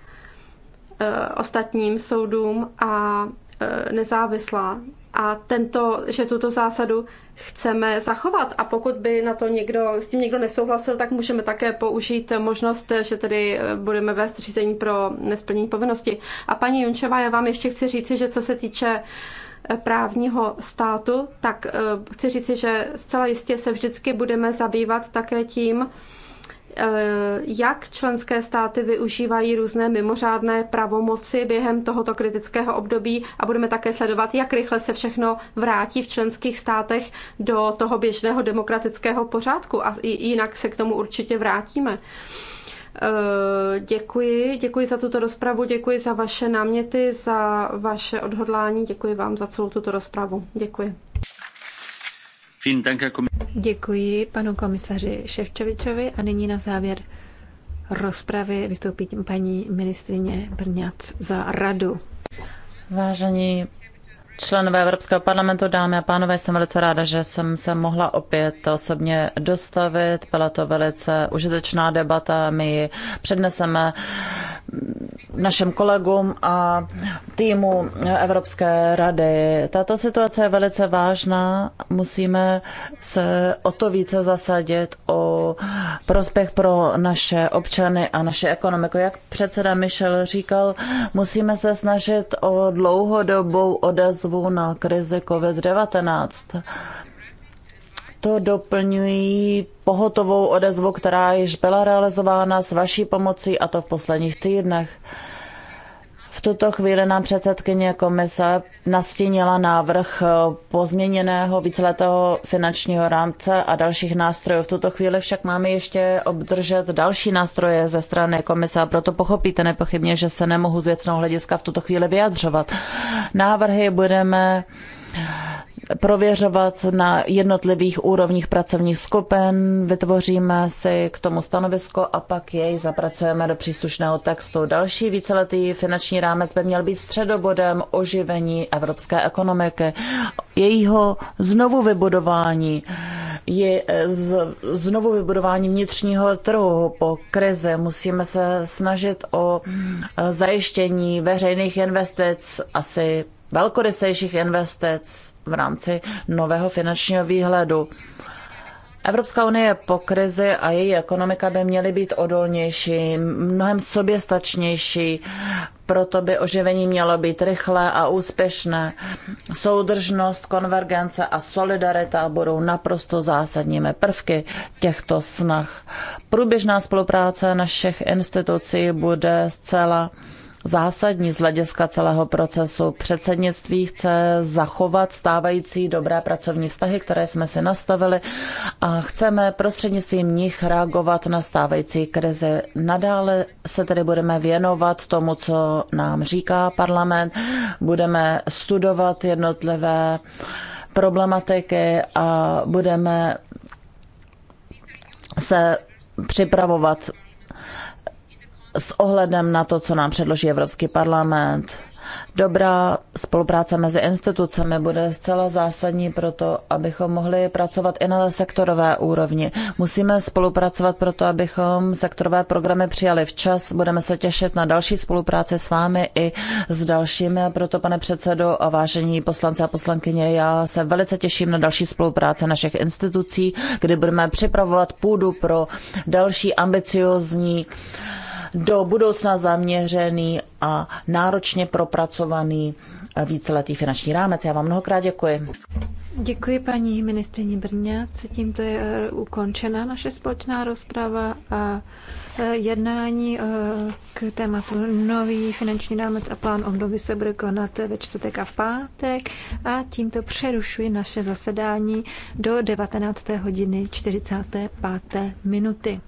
eh, ostatním soudům a eh, nezávislá. A tento, že tuto zásadu chceme zachovat. A pokud by na to někdo, s tím někdo nesouhlasil, tak můžeme také použít možnost, že tedy eh, budeme vést řízení pro nesplnění povinnosti. A paní Junčová, já vám ještě chci říci, že co se týče uh, právního státu, tak eh, chci říci, že zcela jistě se vždycky budeme zabývat také tím, eh, jak členské státy využívají různé mimořádné pravomoci během tohoto kritického období a budeme také sledovat, jak rychle se všechno vrátí v členských státech do toho běžného demokratického pořádku a jinak se k tomu určitě vrátíme. Eh, děkuji, děkuji za tuto rozpravu, děkuji za vaše náměty, za vaše odhodlání, děkuji vám za celou tuto rozpravu. Děkuji. Děkuji panu komisaři Ševčovičovi a nyní na závěr rozpravy vystoupí paní ministrině Brňac za radu. Vážení členové Evropského parlamentu, dámy a pánové, jsem velice ráda, že jsem se mohla opět osobně dostavit. Byla to velice užitečná debata, my ji předneseme našim kolegům a týmu Evropské rady. Tato situace je velice vážná, musíme se o to více zasadit o prospěch pro naše občany a naše ekonomiku. Jak předseda Michel říkal, musíme se snažit o dlouhodobou odezvu vlivu na krizi COVID-19. To doplňují pohotovou odezvu, která již byla realizována s vaší pomocí a to v posledních týdnech tuto chvíli nám předsedkyně komise nastínila návrh eh, pozměněného víceletého finančního rámce a dalších nástrojů. V tuto chvíli však máme ještě obdržet další nástroje ze strany komise a proto pochopíte nepochybně, že se nemohu z věcného hlediska v tuto chvíli vyjadřovat. Návrhy budeme prověřovat na jednotlivých úrovních pracovních skupin, vytvoříme si k tomu stanovisko a pak jej zapracujeme do příslušného textu. Další víceletý finanční rámec by měl být středobodem oživení evropské ekonomiky, jejího znovu vybudování, je z, znovu vybudování vnitřního trhu po krizi. Musíme se snažit o e, zajištění veřejných investic asi velkorysejších investic v rámci nového finančního výhledu. Evropská unie po krizi a její ekonomika by měly být odolnější, mnohem soběstačnější, proto by oživení mělo být rychlé a úspěšné. Soudržnost, konvergence a solidarita budou naprosto zásadními prvky těchto snah. Průběžná spolupráce našich institucí bude zcela zásadní z hlediska celého procesu. Předsednictví chce zachovat stávající dobré pracovní vztahy, které jsme si nastavili a chceme prostřednictvím nich reagovat na stávající krizi. Nadále se tedy budeme věnovat tomu, co nám říká parlament, budeme studovat jednotlivé problematiky a budeme se připravovat s ohledem na to, co nám předloží Evropský parlament. Dobrá spolupráce mezi institucemi bude zcela zásadní pro to, abychom mohli pracovat i na sektorové úrovni. Musíme spolupracovat pro to, abychom sektorové programy přijali včas. Budeme se těšit na další spolupráci s vámi i s dalšími. A proto, pane předsedo a vážení poslanci a poslankyně, já se velice těším na další spolupráce našich institucí, kdy budeme připravovat půdu pro další ambiciozní do budoucna zaměřený a náročně propracovaný víceletý finanční rámec. Já vám mnohokrát děkuji. Děkuji paní ministrině Brňac. Tímto je eh, ukončena naše společná rozprava a eh, jednání eh, k tématu nový finanční rámec a plán obnovy se bude konat ve čtvrtek a v pátek a tímto přerušuji naše zasedání do 19. hodiny 45. minuty.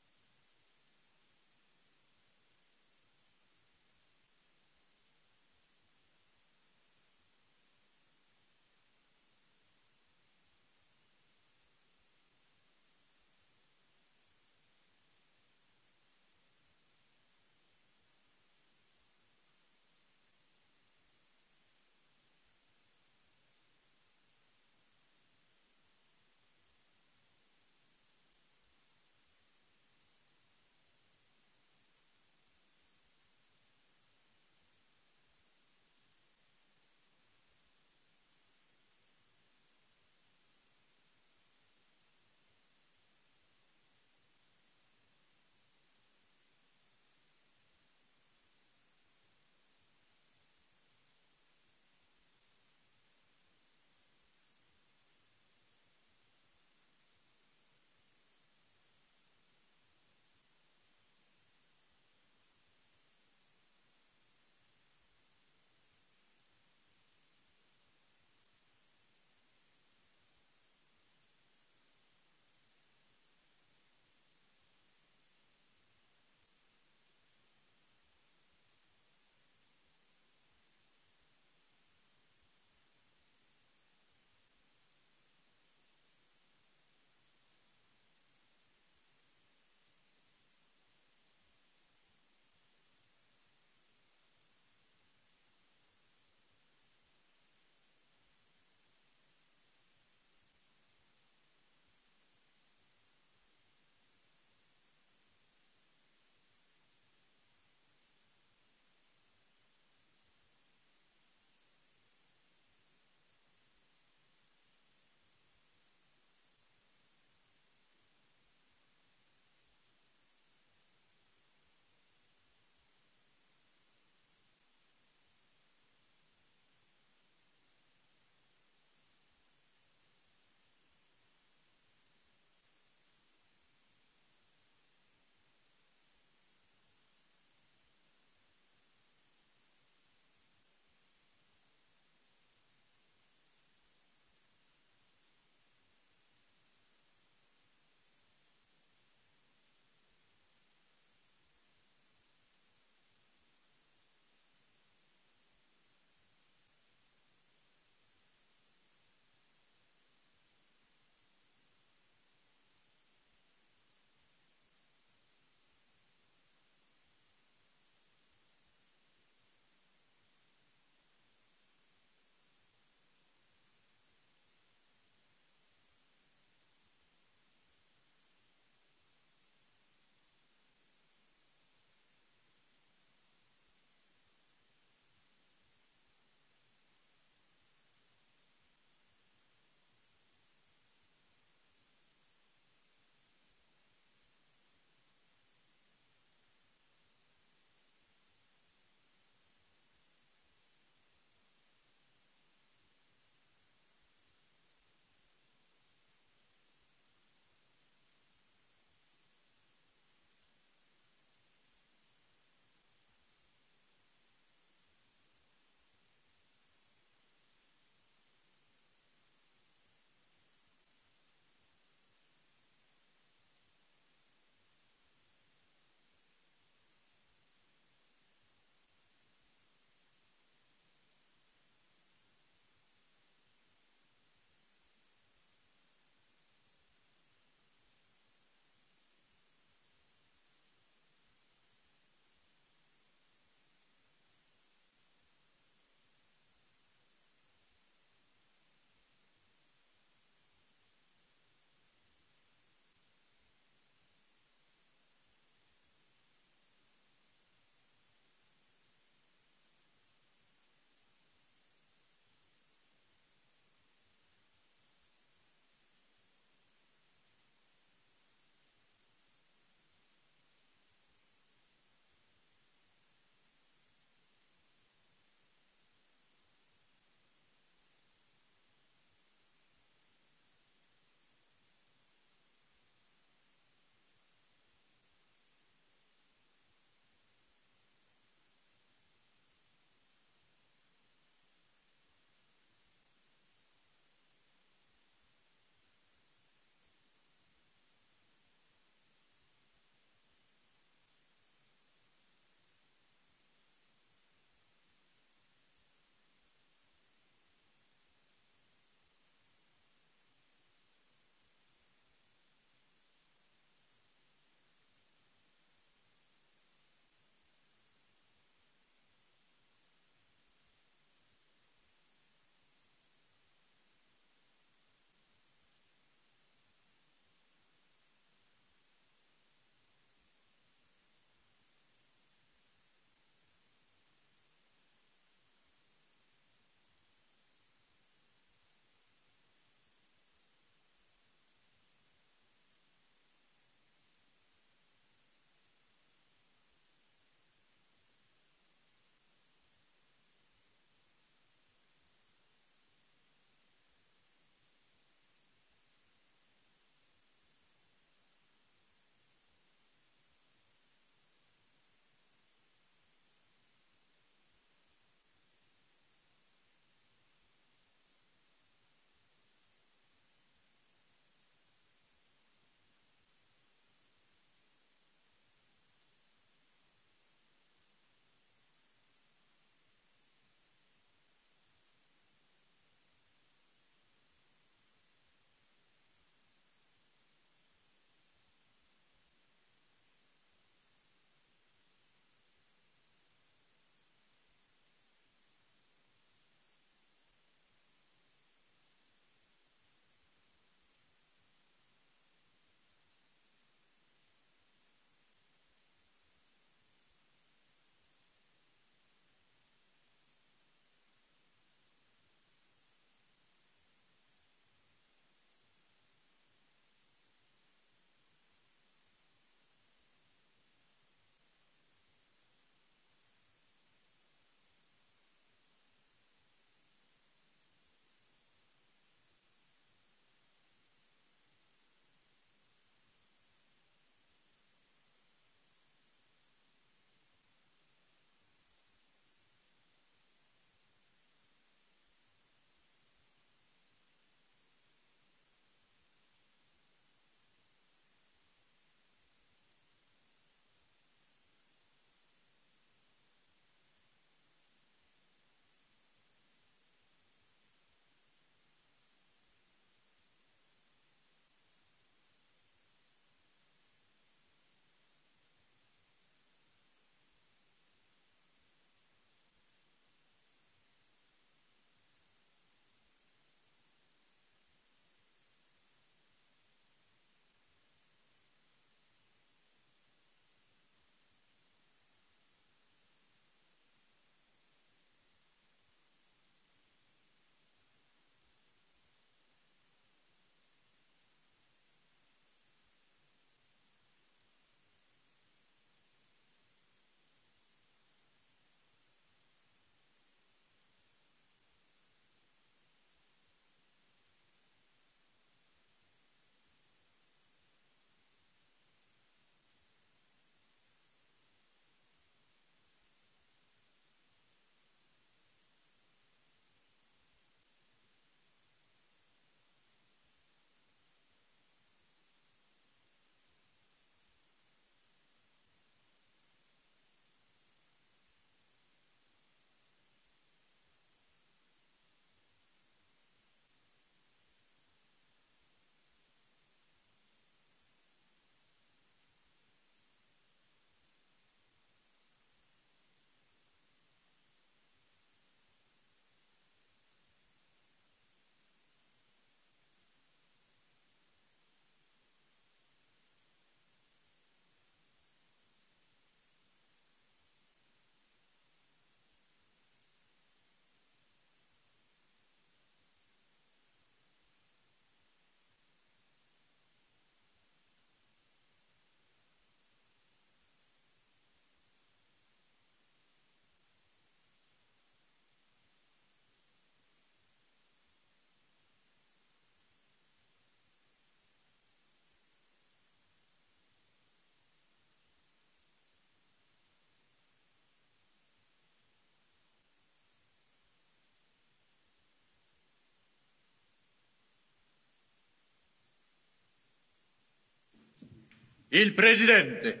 Il presidente.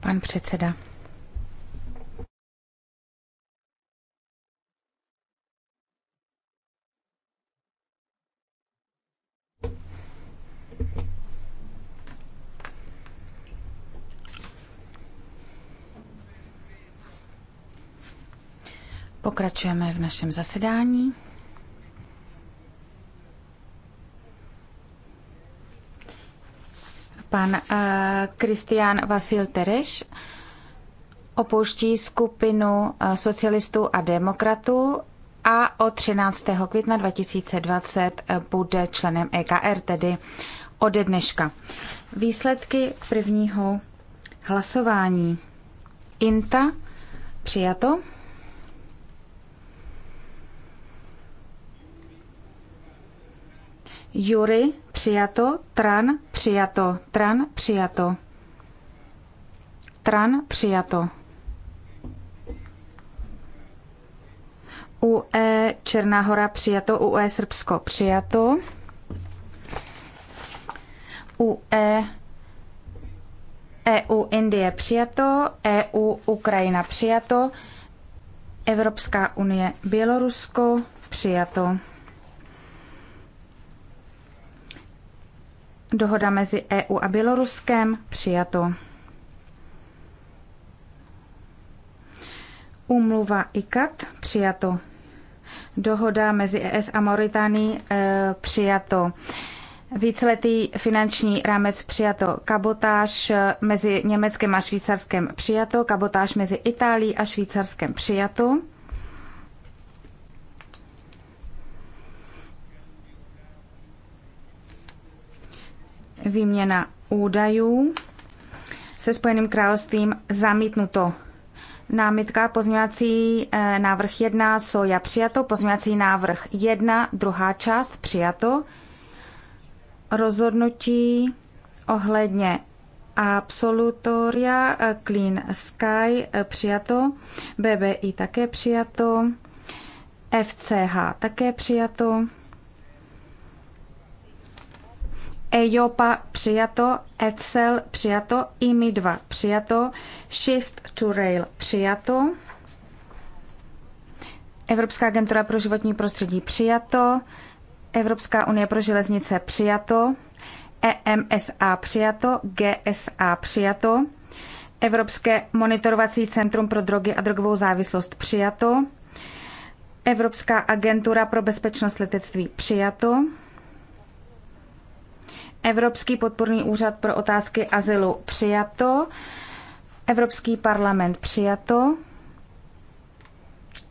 Pan předseda. Pokračujeme v našem zasedání. Pan eh, Kristián Vasil Tereš opouští skupinu eh, socialistů a demokratů a od 13. května 2020 eh, bude členem EKR, tedy ode dneška. Výsledky prvního hlasování. INTA přijato. Jury přijato, Tran přijato, Tran přijato. Tran přijato. UE Černá hora přijato, UE Srbsko přijato. UE EU Indie přijato, EU Ukrajina přijato, Evropská unie Bělorusko přijato. Dohoda mezi EU a Běloruskem přijato. Úmluva ICAT přijato. Dohoda mezi ES a Mauritánií e, přijato. Víceletý finanční rámec přijato. Kabotáž e, mezi Německem a Švýcarskem přijato. Kabotáž mezi Itálií a Švýcarskem přijato. výměna údajů se Spojeným královstvím zamítnuto. Námitka pozměňovací eh, návrh 1 soja přijato, pozměňovací návrh 1 druhá část přijato. Rozhodnutí ohledně absolutoria eh, Clean Sky eh, přijato, BBI také přijato, FCH také přijato. EIOPA přijato, ECEL přijato, IMI 2 přijato, Shift to Rail přijato, Evropská agentura pro životní prostředí přijato, Evropská unie pro železnice přijato, EMSA přijato, GSA přijato, Evropské monitorovací centrum pro drogy a drogovou závislost přijato, Evropská agentura pro bezpečnost letectví přijato, Evropský podporný úřad pro otázky azylu přijato. Evropský parlament přijato.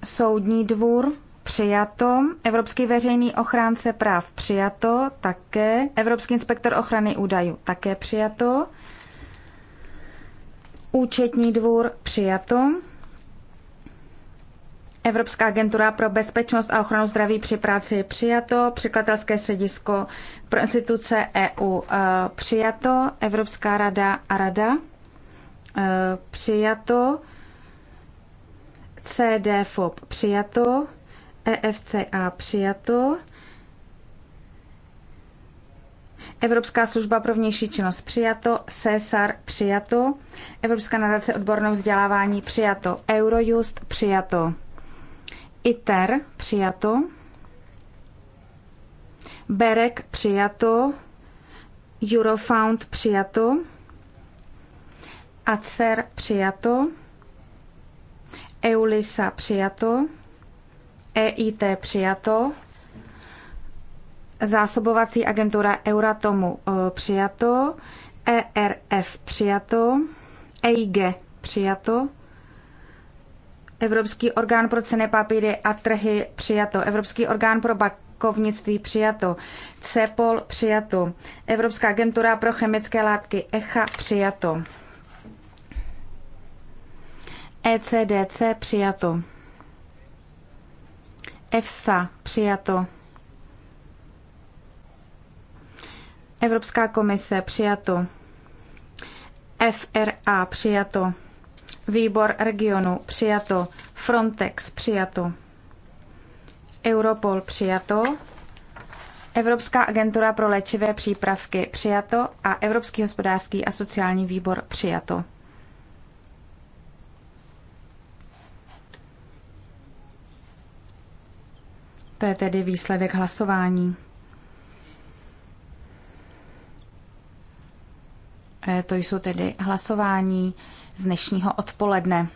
Soudní dvůr přijato. Evropský veřejný ochránce práv přijato také. Evropský inspektor ochrany údajů také přijato. Účetní dvůr přijato. Evropská agentura pro bezpečnost a ochranu zdraví při práci přijato, překladatelské středisko pro instituce EU eh, přijato, Evropská rada a rada eh, přijato, CDFOP přijato, EFCA přijato, Evropská služba pro vnější činnost přijato, CESAR přijato, Evropská nadace odborného vzdělávání přijato, Eurojust přijato. ITER přijato. Berek přijato. Eurofound přijato. ACER přijato. EULISA přijato. EIT přijato. Zásobovací agentura Euratomu e, přijato. ERF přijato. EIG přijato. Evropský orgán pro ceny papíry a trhy přijato. Evropský orgán pro bankovnictví přijato. CEPOL přijato. Evropská agentura pro chemické látky ECHA přijato. ECDC přijato. EFSA přijato. Evropská komise přijato. FRA přijato. Výbor regionu přijato. Frontex přijato. Europol přijato. Evropská agentura pro léčivé přípravky přijato a Evropský hospodářský a sociální výbor přijato. To je tedy výsledek hlasování. E, to jsou tedy hlasování z dnešního odpoledne.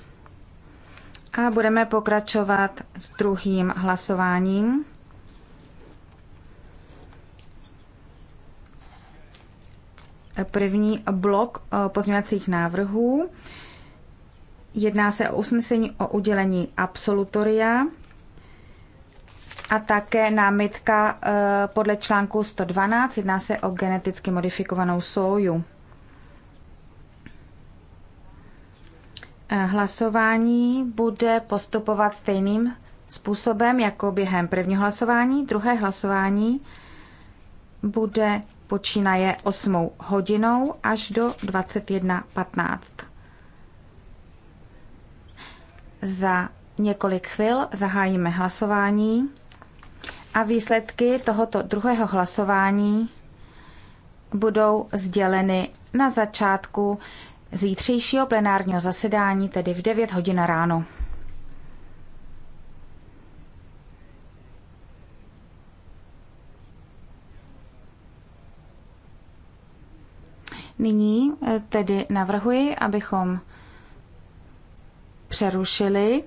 A budeme pokračovat s druhým hlasováním. První blok eh, pozměňovacích návrhů. Jedná se o usnesení o udělení absolutoria a také námitka eh, podle článku 112. Jedná se o geneticky modifikovanou soju. Eh, hlasování bude postupovat stejným způsobem jako během prvního hlasování. Druhé hlasování bude počínaje 8 hodinou až do 21.15. Za několik chvil zahájíme hlasování a výsledky tohoto druhého hlasování budou sděleny na začátku zítřejšího plenárního zasedání, tedy v 9 hodin ráno. Nyní eh, tedy navrhuji, abychom přerušili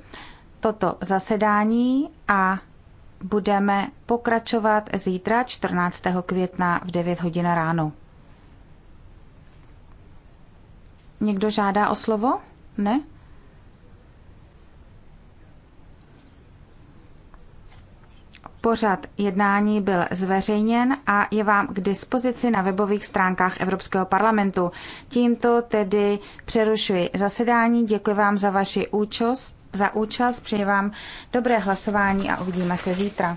toto zasedání a budeme pokračovat zítra 14. května v 9 hodin ráno. Někdo žádá o slovo? Ne? Pořad jednání byl zveřejněn a je vám k dispozici na webových stránkách Evropského parlamentu. Tímto tedy přerušuji zasedání. Děkuji vám za vaši účast, za účast, přeji vám dobré hlasování a uvidíme se zítra.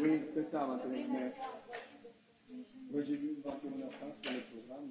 Oui, c'est ça, maintenant. Moi, j'ai vu 21h15 sur le programme.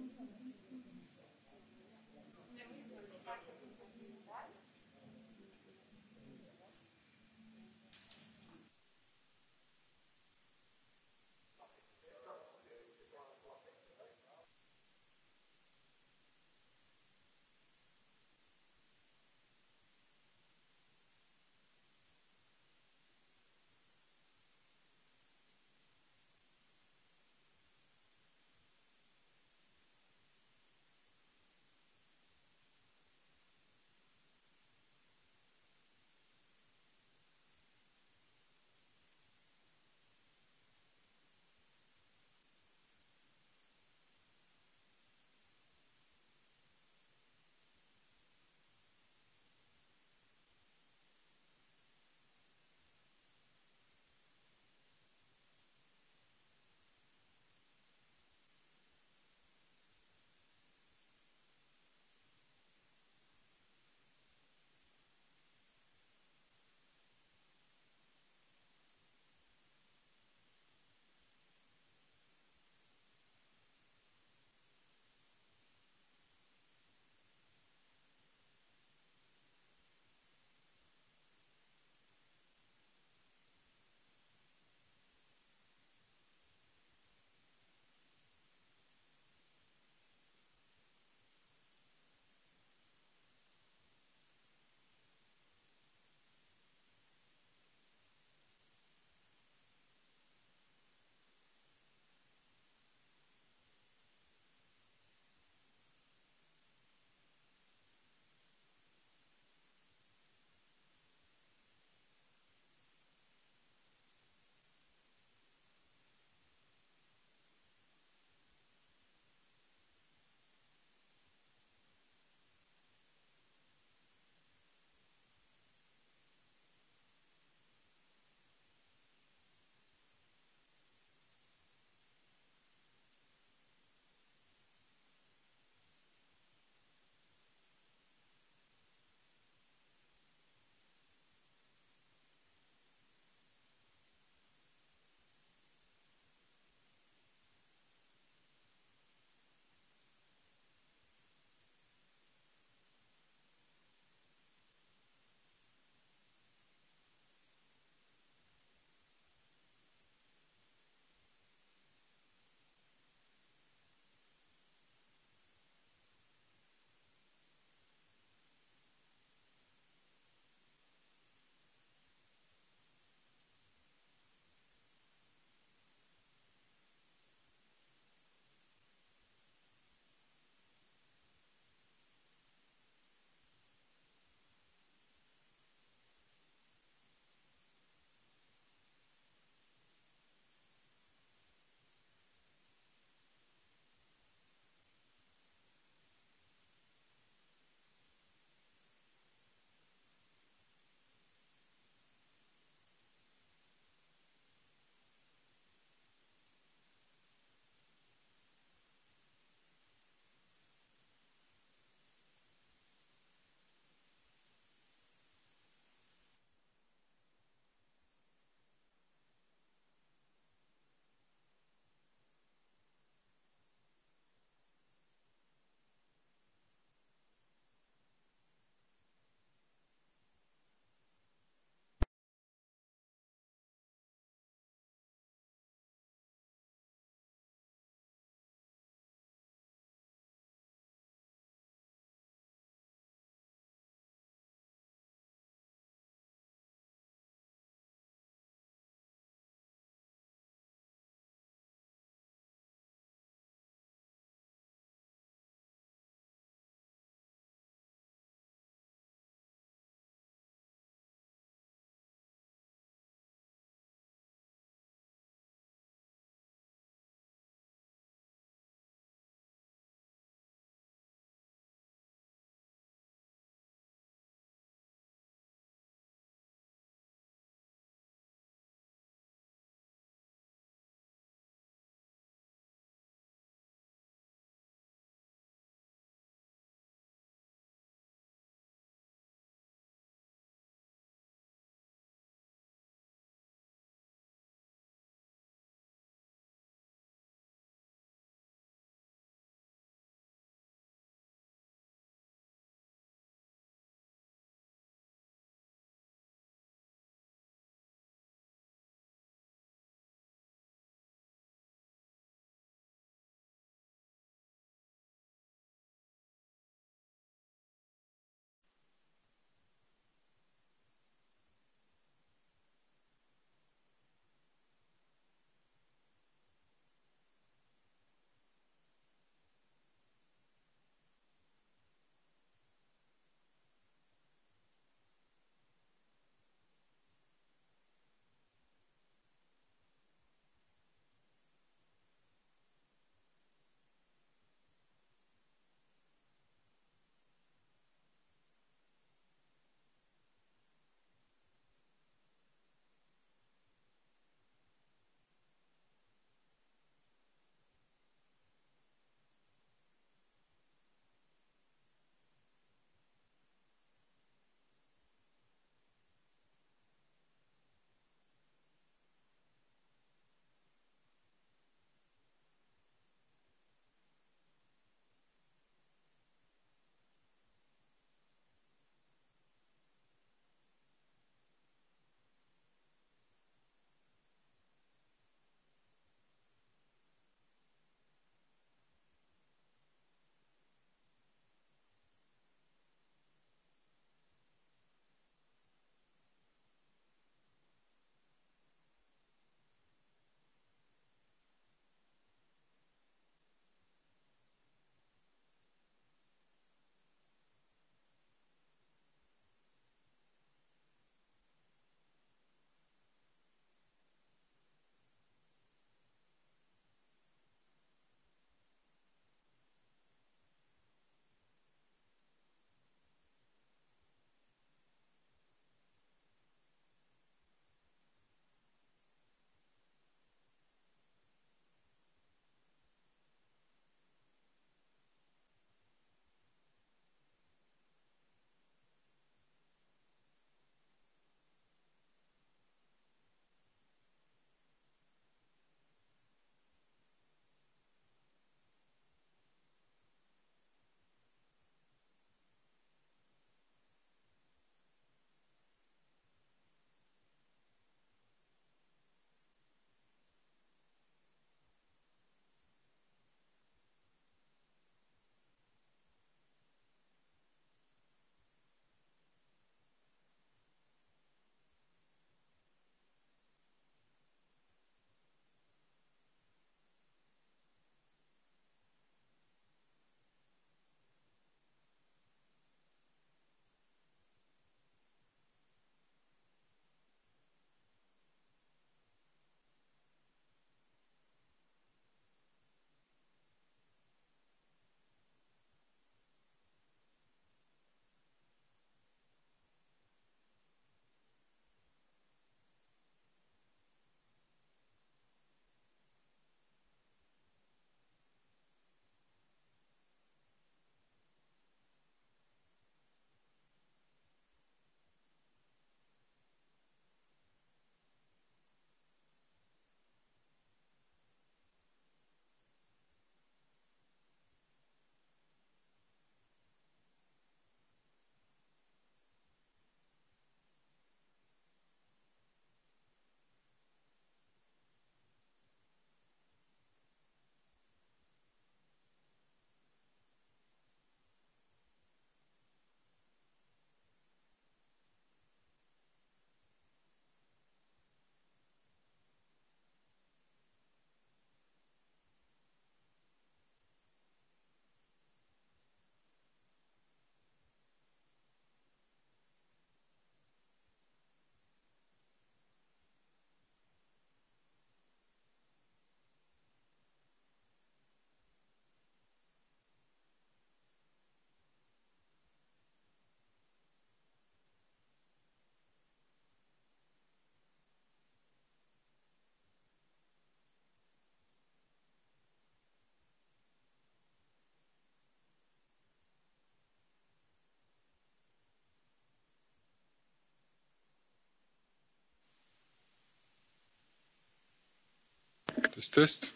das test.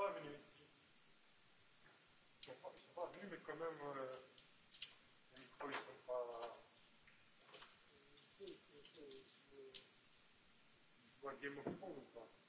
pas venus ici. Ils sont sont pas venus, mais quand même, euh, les micros, ils sont pas. Game of Thrones ou pas